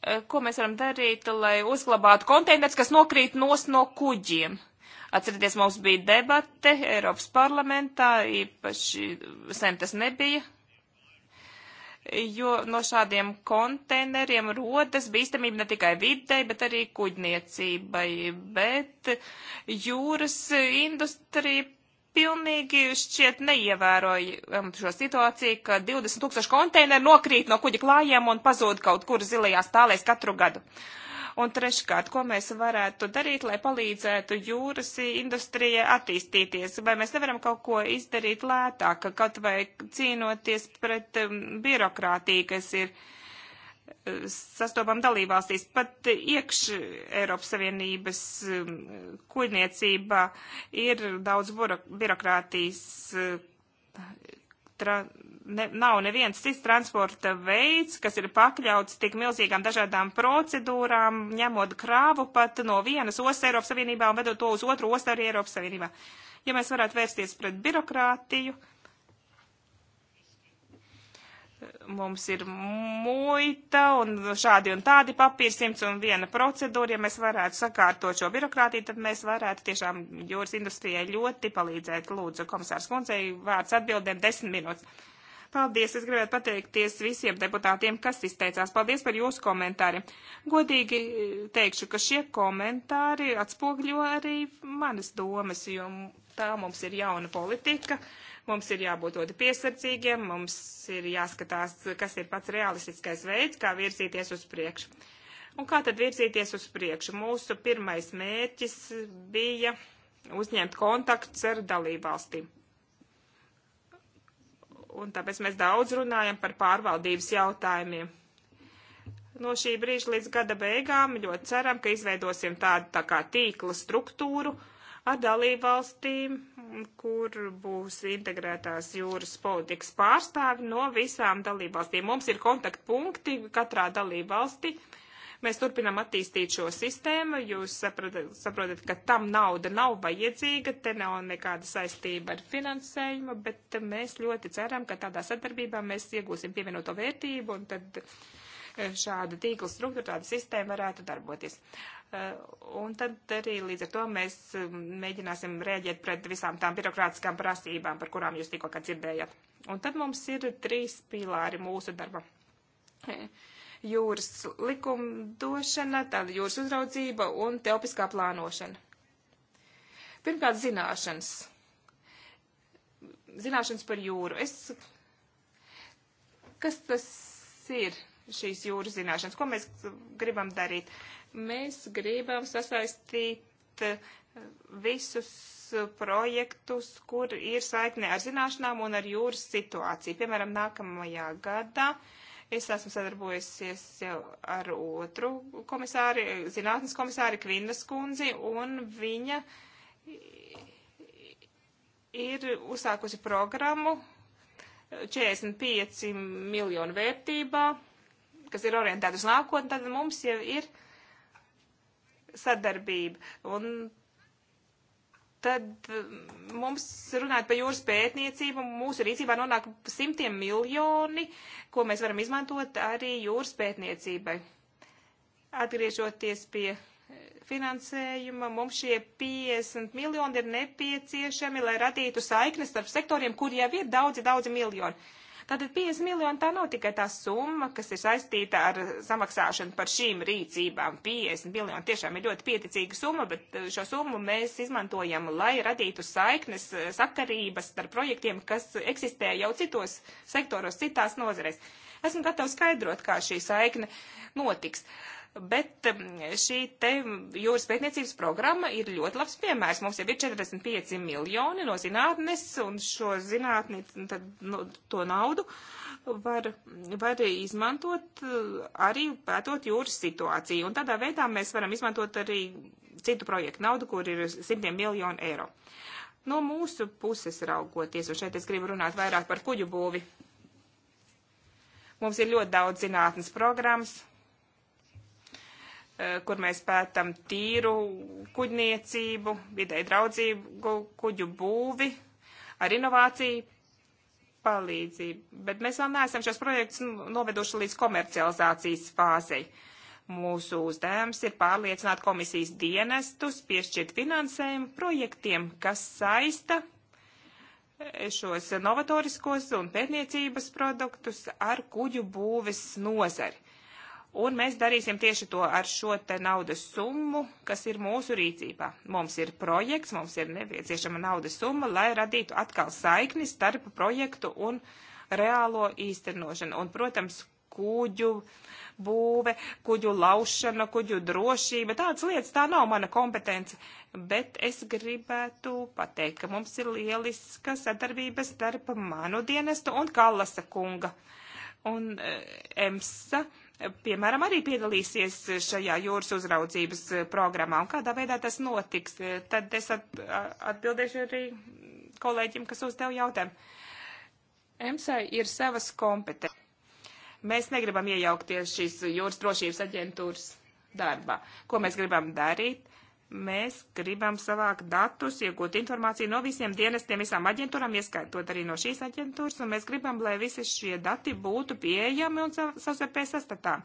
[SPEAKER 1] Uh, ko mēs varam darīt, lai uzglabātu konteiners, kas nokrīt nos no kuģiem? Atcerieties, mums bija debate Eiropas parlamentā, īpaši sen tas nebija, jo no šādiem konteineriem rodas bīstamība ne tikai videi, bet arī kuģniecībai, bet jūras industrija pilnīgi šķiet neievērojam um, šo situāciju, ka 20 tūkstoši konteineru nokrīt no kuģa klājiem un pazūd kaut kur zilajā stālēs katru gadu. Un treškārt, ko mēs varētu darīt, lai palīdzētu jūras industrijai attīstīties? Vai mēs nevaram kaut ko izdarīt lētāk, kaut vai cīnoties pret um, birokrātiju, kas ir uh, sastopam dalībvalstīs, pat iekš Eiropas Savienības um, kuģniecībā ir daudz birokrātijas. Uh, tra, ne, nav neviens cits transporta veids, kas ir pakļauts tik milzīgām dažādām procedūrām, ņemot krāvu pat no vienas ostas Eiropas Savienībā un vedot to uz otru ostu arī Eiropas Savienībā. Ja mēs varētu vērsties pret birokrātiju, uh, mums ir muita un šādi un tādi papīri, 101 procedūra. Ja mēs varētu sakārtot šo birokrātiju, tad mēs varētu tiešām jūras industrijai ļoti palīdzēt. Lūdzu, komisārs kundzei vārds atbildēm 10 minūtes. Paldies! Es gribētu pateikties visiem deputātiem, kas izteicās. Paldies par jūsu komentāriem. Godīgi teikšu, ka šie komentāri atspogļo arī manas domas, jo tā mums ir jauna politika. Uh, Mums ir jābūt ļoti piesardzīgiem, mums ir jāskatās, kas ir pats realistiskais veids, kā virzīties uz priekšu. Un kā tad virzīties uz priekšu? Mūsu pirmais mērķis bija uzņemt kontakts ar dalībvalstīm. Un tāpēc mēs daudz runājam par pārvaldības jautājumiem no šī brīža līdz gada beigām ļoti ceram, ka izveidosim tādu tā kā tīkla struktūru, uh, ar dalībvalstīm, kur būs integrētās jūras politikas pārstāvi no visām dalībvalstīm. Mums ir kontaktpunkti katrā dalībvalstī. Mēs turpinām attīstīt šo sistēmu. Jūs saprotat, saprotat, ka tam nauda nav vajadzīga, te nav nekāda saistība ar finansējumu, bet mēs ļoti ceram, ka tādā sadarbībā mēs iegūsim pievienoto vērtību un tad uh, šāda tīkla struktūra, tāda sistēma varētu darboties. Eh, un tad arī līdz ar to mēs eh, mēģināsim rēģēt pret visām tām birokrātiskām prasībām, par kurām jūs tikko dzirdējat. Un tad mums ir trīs pīlāri mūsu darba. Eh, jūras likumdošana, tāda jūras uzraudzība un telpiskā plānošana. Pirmkārt, zināšanas. Zināšanas par jūru. Es... Kas tas ir? šīs jūras zināšanas. Ko mēs gribam darīt? Mēs gribam sasaistīt eh, visus projektus, kur ir saikne ar zināšanām un ar jūras situāciju. Piemēram, nākamajā gadā es esmu sadarbojusies jau ar otru komisāri, zinātnes komisāri Kvindas kundzi, un viņa ir uzsākusi programmu eh, 45 miljonu vērtībā kas ir orientēta uz nākotni, tad mums jau ir sadarbība. Un tad mm, mums runājot par jūras pētniecību, mūsu rīcībā nonāk simtiem miljoni, ko mēs varam izmantot arī jūras pētniecībai. Atgriežoties pie finansējuma, mums šie 50 miljoni ir nepieciešami, lai radītu saiknes starp sektoriem, kur jau ir daudzi, daudzi miljoni. Tātad 50 miljoni tā nav tikai tā summa, kas ir saistīta ar samaksāšanu par šīm rīcībām. 50 miljoni tiešām ir ļoti pieticīga summa, bet e, šo summu mēs izmantojam, lai radītu saiknes, e, sakarības starp projektiem, kas eksistē jau citos sektoros, citās nozarēs. Esmu gatavs skaidrot, kā šī saikne notiks. Uh, bet um, šī te jūras pētniecības programma ir ļoti labs piemērs. Mums jau ir 45 miljoni no zinātnes, un šo zinātni, tad, no, nu, to naudu var, var izmantot uh, arī pētot jūras situāciju. Un tādā veidā mēs varam izmantot arī citu projektu naudu, kur ir simtiem miljonu eiro. No mūsu puses raugoties, un šeit es gribu runāt vairāk par kuģu būvi. Mums ir ļoti daudz zinātnes programmas, Eh, kur mēs pētam tīru kuģniecību, vidē draudzību kuģu būvi ar inovāciju palīdzību. Bet mēs vēl neesam šos projektus noveduši līdz komercializācijas fāzei. Mūsu uzdevums ir pārliecināt komisijas dienestus, piešķirt finansējumu projektiem, kas saista eh, šos novatoriskos un pētniecības produktus ar kuģu būves nozari Un mēs darīsim tieši to ar šo te naudas summu, kas ir mūsu rīcībā. Mums ir projekts, mums ir nepieciešama naudas summa, lai radītu atkal saikni starp projektu un reālo īstenošanu. Un, protams, kuģu būve, kuģu laušana, kuģu drošība, tādas lietas, tā nav mana kompetence. Bet es gribētu pateikt, ka mums ir lieliska sadarbība starp manu dienestu un Kallasa kunga. Un e, EMSA. Uh, piemēram, arī piedalīsies šajā jūras uzraudzības eh, programmā un kādā veidā tas notiks. Eh, tad es at, atbildēšu arī kolēģim, kas uzdeva jautājumu. EMSA ir savas kompetences. Mēs negribam iejaukties šīs jūras drošības aģentūras darbā. Ko mēs gribam darīt? mēs gribam savākt datus, iegūt informāciju no visiem dienestiem, visām aģentūrām, ieskaitot arī no šīs aģentūras, un mēs gribam, lai visi šie dati būtu pieejami un savstarpēji sastatām.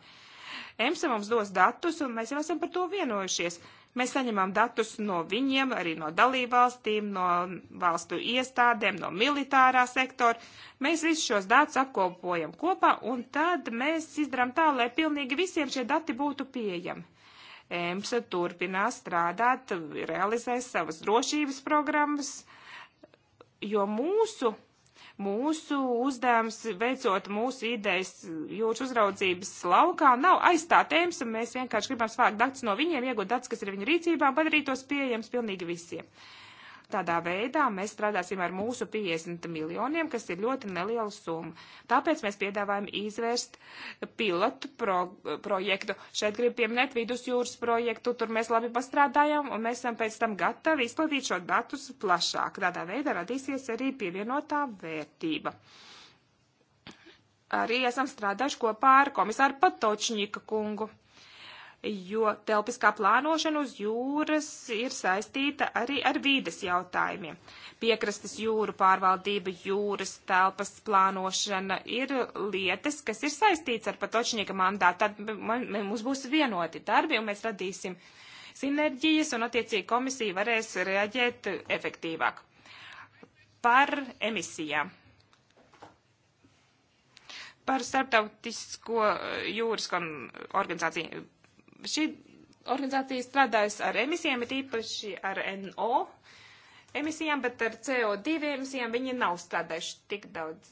[SPEAKER 1] EMSA mums dos datus, un mēs jau esam par to vienojušies. Mēs saņemam datus no viņiem, arī no dalībvalstīm, no valstu iestādēm, no militārā sektora. Mēs visus šos datus apkopojam kopā, un tad mēs izdarām tā, lai pilnīgi visiem šie dati būtu pieejami. EMSA turpinās strādāt, realizēs savas drošības programmas, jo mūsu, mūsu uzdevums, veicot mūsu idejas jūras uzraudzības laukā, nav aizstāt EMSA, mēs vienkārši gribam svākt datus no viņiem, iegūt datus, kas ir viņu rīcībā, padarīt tos pieejams pilnīgi visiem. Uh, Tādā veidā mēs strādāsim ar mūsu 50 miljoniem, kas ir ļoti neliela summa. Tāpēc mēs piedāvājam izvērst pilotu pro, projektu. Šeit gribu pieminēt vidusjūras projektu, tur mēs labi pastrādājam, un mēs esam pēc tam gatavi izplatīt šo datus plašāk. Tādā veidā radīsies arī pievienotā vērtība arī esam strādājuši kopā ar komisāru Patočņika kungu jo telpiskā plānošana uz jūras ir saistīta arī ar vīdes jautājumiem. Piekrastes jūru pārvaldība, jūras telpas plānošana ir lietas, kas ir saistīts ar patočnieka mandātu. Tad man, mums būs vienoti darbi un mēs radīsim sinerģijas un attiecīgi komisija varēs reaģēt efektīvāk. Par emisijām par starptautisko jūras organizāciju Šī organizācija strādājas ar emisijām, ir īpaši ar NO emisijām, bet ar CO2 emisijām viņi nav strādājuši tik daudz.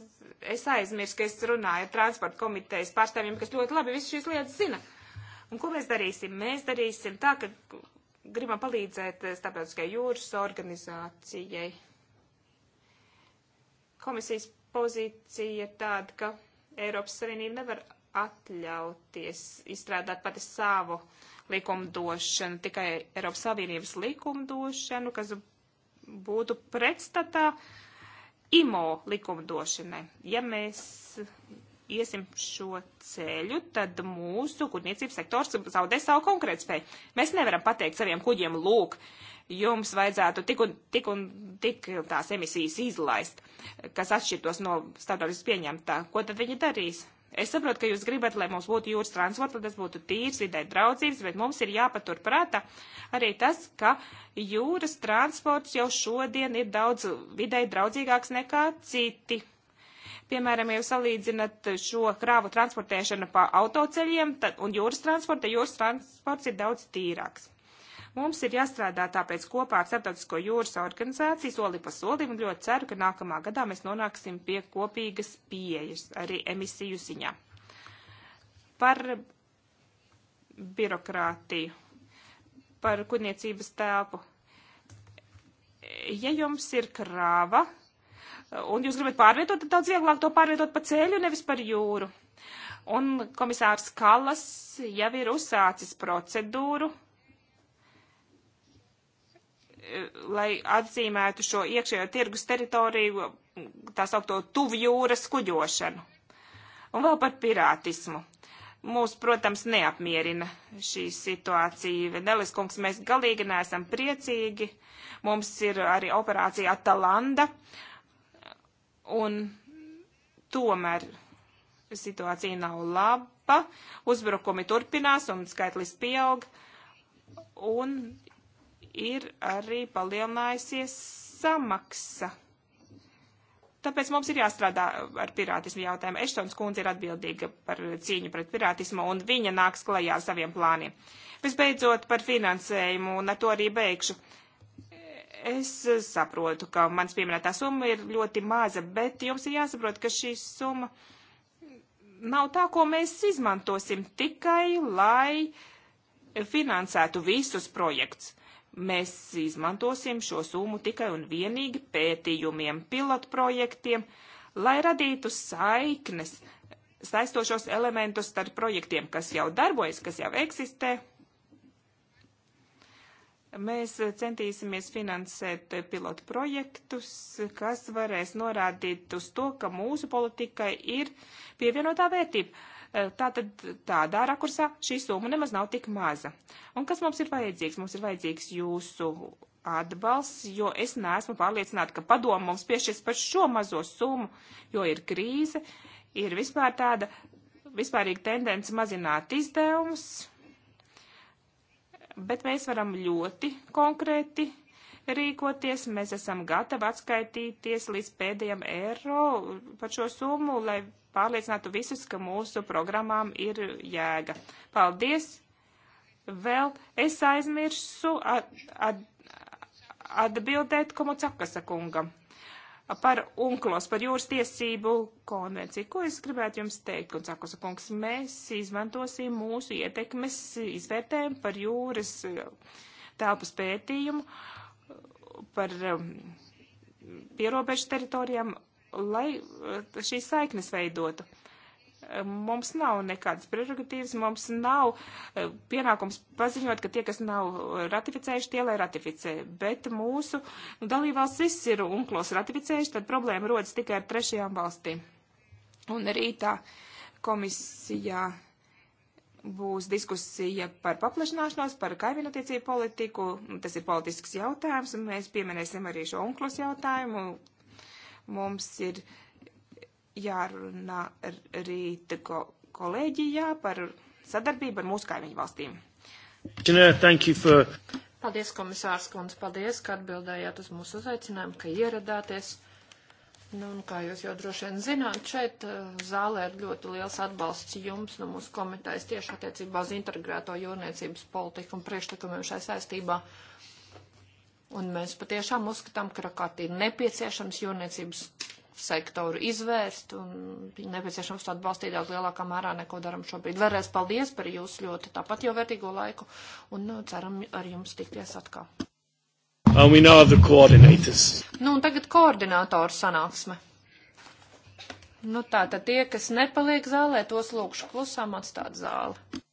[SPEAKER 1] Es aizmirsu, ka es runāju ar transporta komitejas pārstāvjiem, kas ļoti labi visu šīs lietas zina. Un ko mēs darīsim? Mēs darīsim tā, ka gribam palīdzēt starptautiskajai jūras organizācijai. Komisijas pozīcija tāda, ka Eiropas Savienība nevar atļauties izstrādāt pati savu likumdošanu, tikai Eiropas Savienības likumdošanu, kas būtu pretstatā IMO likumdošanai. Ja mēs iesim šo ceļu, tad mūsu kuģniecības sektors zaudē savu konkurētspēju. Mēs nevaram pateikt saviem kuģiem, lūk, jums vajadzētu tik un tik, un tik tās emisijas izlaist, kas atšķirtos no starptautiskas pieņemtā. Ko tad viņi darīs? Es saprotu, ka jūs gribat, lai mums būtu jūras transports, lai tas būtu tīrs, vidē draudzīgs, bet mums ir jāpatur prāta arī tas, ka jūras transports jau šodien ir daudz vidē draudzīgāks nekā citi. Piemēram, ja jūs salīdzinat šo krāvu transportēšanu pa autoceļiem tad, un jūras transporta, jūras transports ir daudz tīrāks. Mums ir jāstrādā tāpēc kopā ar Startautisko jūras organizāciju soli pa solim un ļoti ceru, ka nākamā gadā mēs nonāksim pie kopīgas pieejas arī emisiju ziņā. Par birokrātiju, par kuģniecības telpu. Ja jums ir krāva, un jūs gribat pārvietot, tad daudz vieglāk to pārvietot pa ceļu, nevis par jūru. Un komisārs Kallas jau ir uzsācis procedūru lai atzīmētu šo iekšējo tirgus teritoriju, tā saukto tuvjūras kuģošanu. Un vēl par pirātismu. Mūs, protams, neapmierina šī situācija. Venelis kungs, mēs galīgi neesam priecīgi. Mums ir arī operācija Atalanda. Un tomēr situācija nav laba. Uzbrukumi turpinās un skaitlis pieaug. Un ir arī palielinājusies samaksa. Tāpēc mums ir jāstrādā ar pirātismu jautājumu. Eštons kundze ir atbildīga par cīņu pret pirātismu, un viņa nāks klajā ar saviem plāniem. Visbeidzot, par finansējumu, un ar to arī beigšu. Es saprotu, ka mans pieminētā summa ir ļoti maza, bet jums ir jāsaprot, ka šī summa nav tā, ko mēs izmantosim tikai, lai finansētu visus projekts. Mēs izmantosim šo summu tikai un vienīgi pētījumiem, pilotprojektiem, lai radītu saiknes, saistošos elementus starp projektiem, kas jau darbojas, kas jau eksistē. Mēs centīsimies finansēt pilotu projektus, kas varēs norādīt uz to, ka mūsu politikai ir pievienotā vērtība Eh, tātad tādā rakursā šī summa nemaz nav tik maza. Un kas mums ir vajadzīgs? Mums ir vajadzīgs jūsu atbalsts, jo es neesmu pārliecināta, ka padomu mums piešķirs par šo mazo summu, jo ir krīze, ir vispār tāda vispārīga tendence mazināt izdevumus, bet mēs varam ļoti konkrēti rīkoties. Mēs esam gatavi atskaitīties līdz pēdējiem eiro par šo summu, lai pārliecinātu visus, ka mūsu programmām ir jēga. Paldies! Vēl es aizmirsu at, at, atbildēt Komucakasa kungam par unklos, par jūras tiesību konvenciju. Ko es gribētu jums teikt, Komucakasa kungs? Mēs izmantosim mūsu ietekmes izvērtējumu par jūras eh, telpas pētījumu, par eh, pierobežu teritorijām lai eh, šīs saiknes veidotu. Eh, mums nav nekādas prerogatīvas, mums nav eh, pienākums paziņot, ka tie, kas nav ratificējuši, tie lai ratificē. Bet mūsu dalībvalstis ir unklos ratificējuši, tad problēma rodas tikai ar trešajām valstīm. Un rītā komisijā būs diskusija par paplašināšanos, par kaimiņattiecību politiku. Tas ir politisks jautājums, un mēs pieminēsim arī šo onklus jautājumu, Mums ir jārunā rīt kolēģijā par sadarbību ar mūsu kaimiņu valstīm. Paldies, komisārs Kundze, paldies, ka atbildējāt uz mūsu
[SPEAKER 4] uzaicinājumu, ka ieradāties. Nu, un kā jūs jau droši vien zināt, šeit eh, zālē ir ļoti liels atbalsts jums no mūsu komitājas tieši attiecībā uz integrēto jūrniecības politiku un priekšlikumiem šai saistībā. Uh, Un mēs patiešām uzskatām, ka rakāt ir nepieciešams jūrniecības sektoru izvērst un nepieciešams to atbalstīt daudz lielākā mērā, neko daram šobrīd. Vēlreiz paldies par jūsu ļoti tāpat jau vērtīgo laiku un uh, ceram ar jums tikties atkal. Nu, un tagad koordinātoru sanāksme. Nu tā, tad tie, kas nepaliek zālē, tos lūkšu klusām atstāt zāli.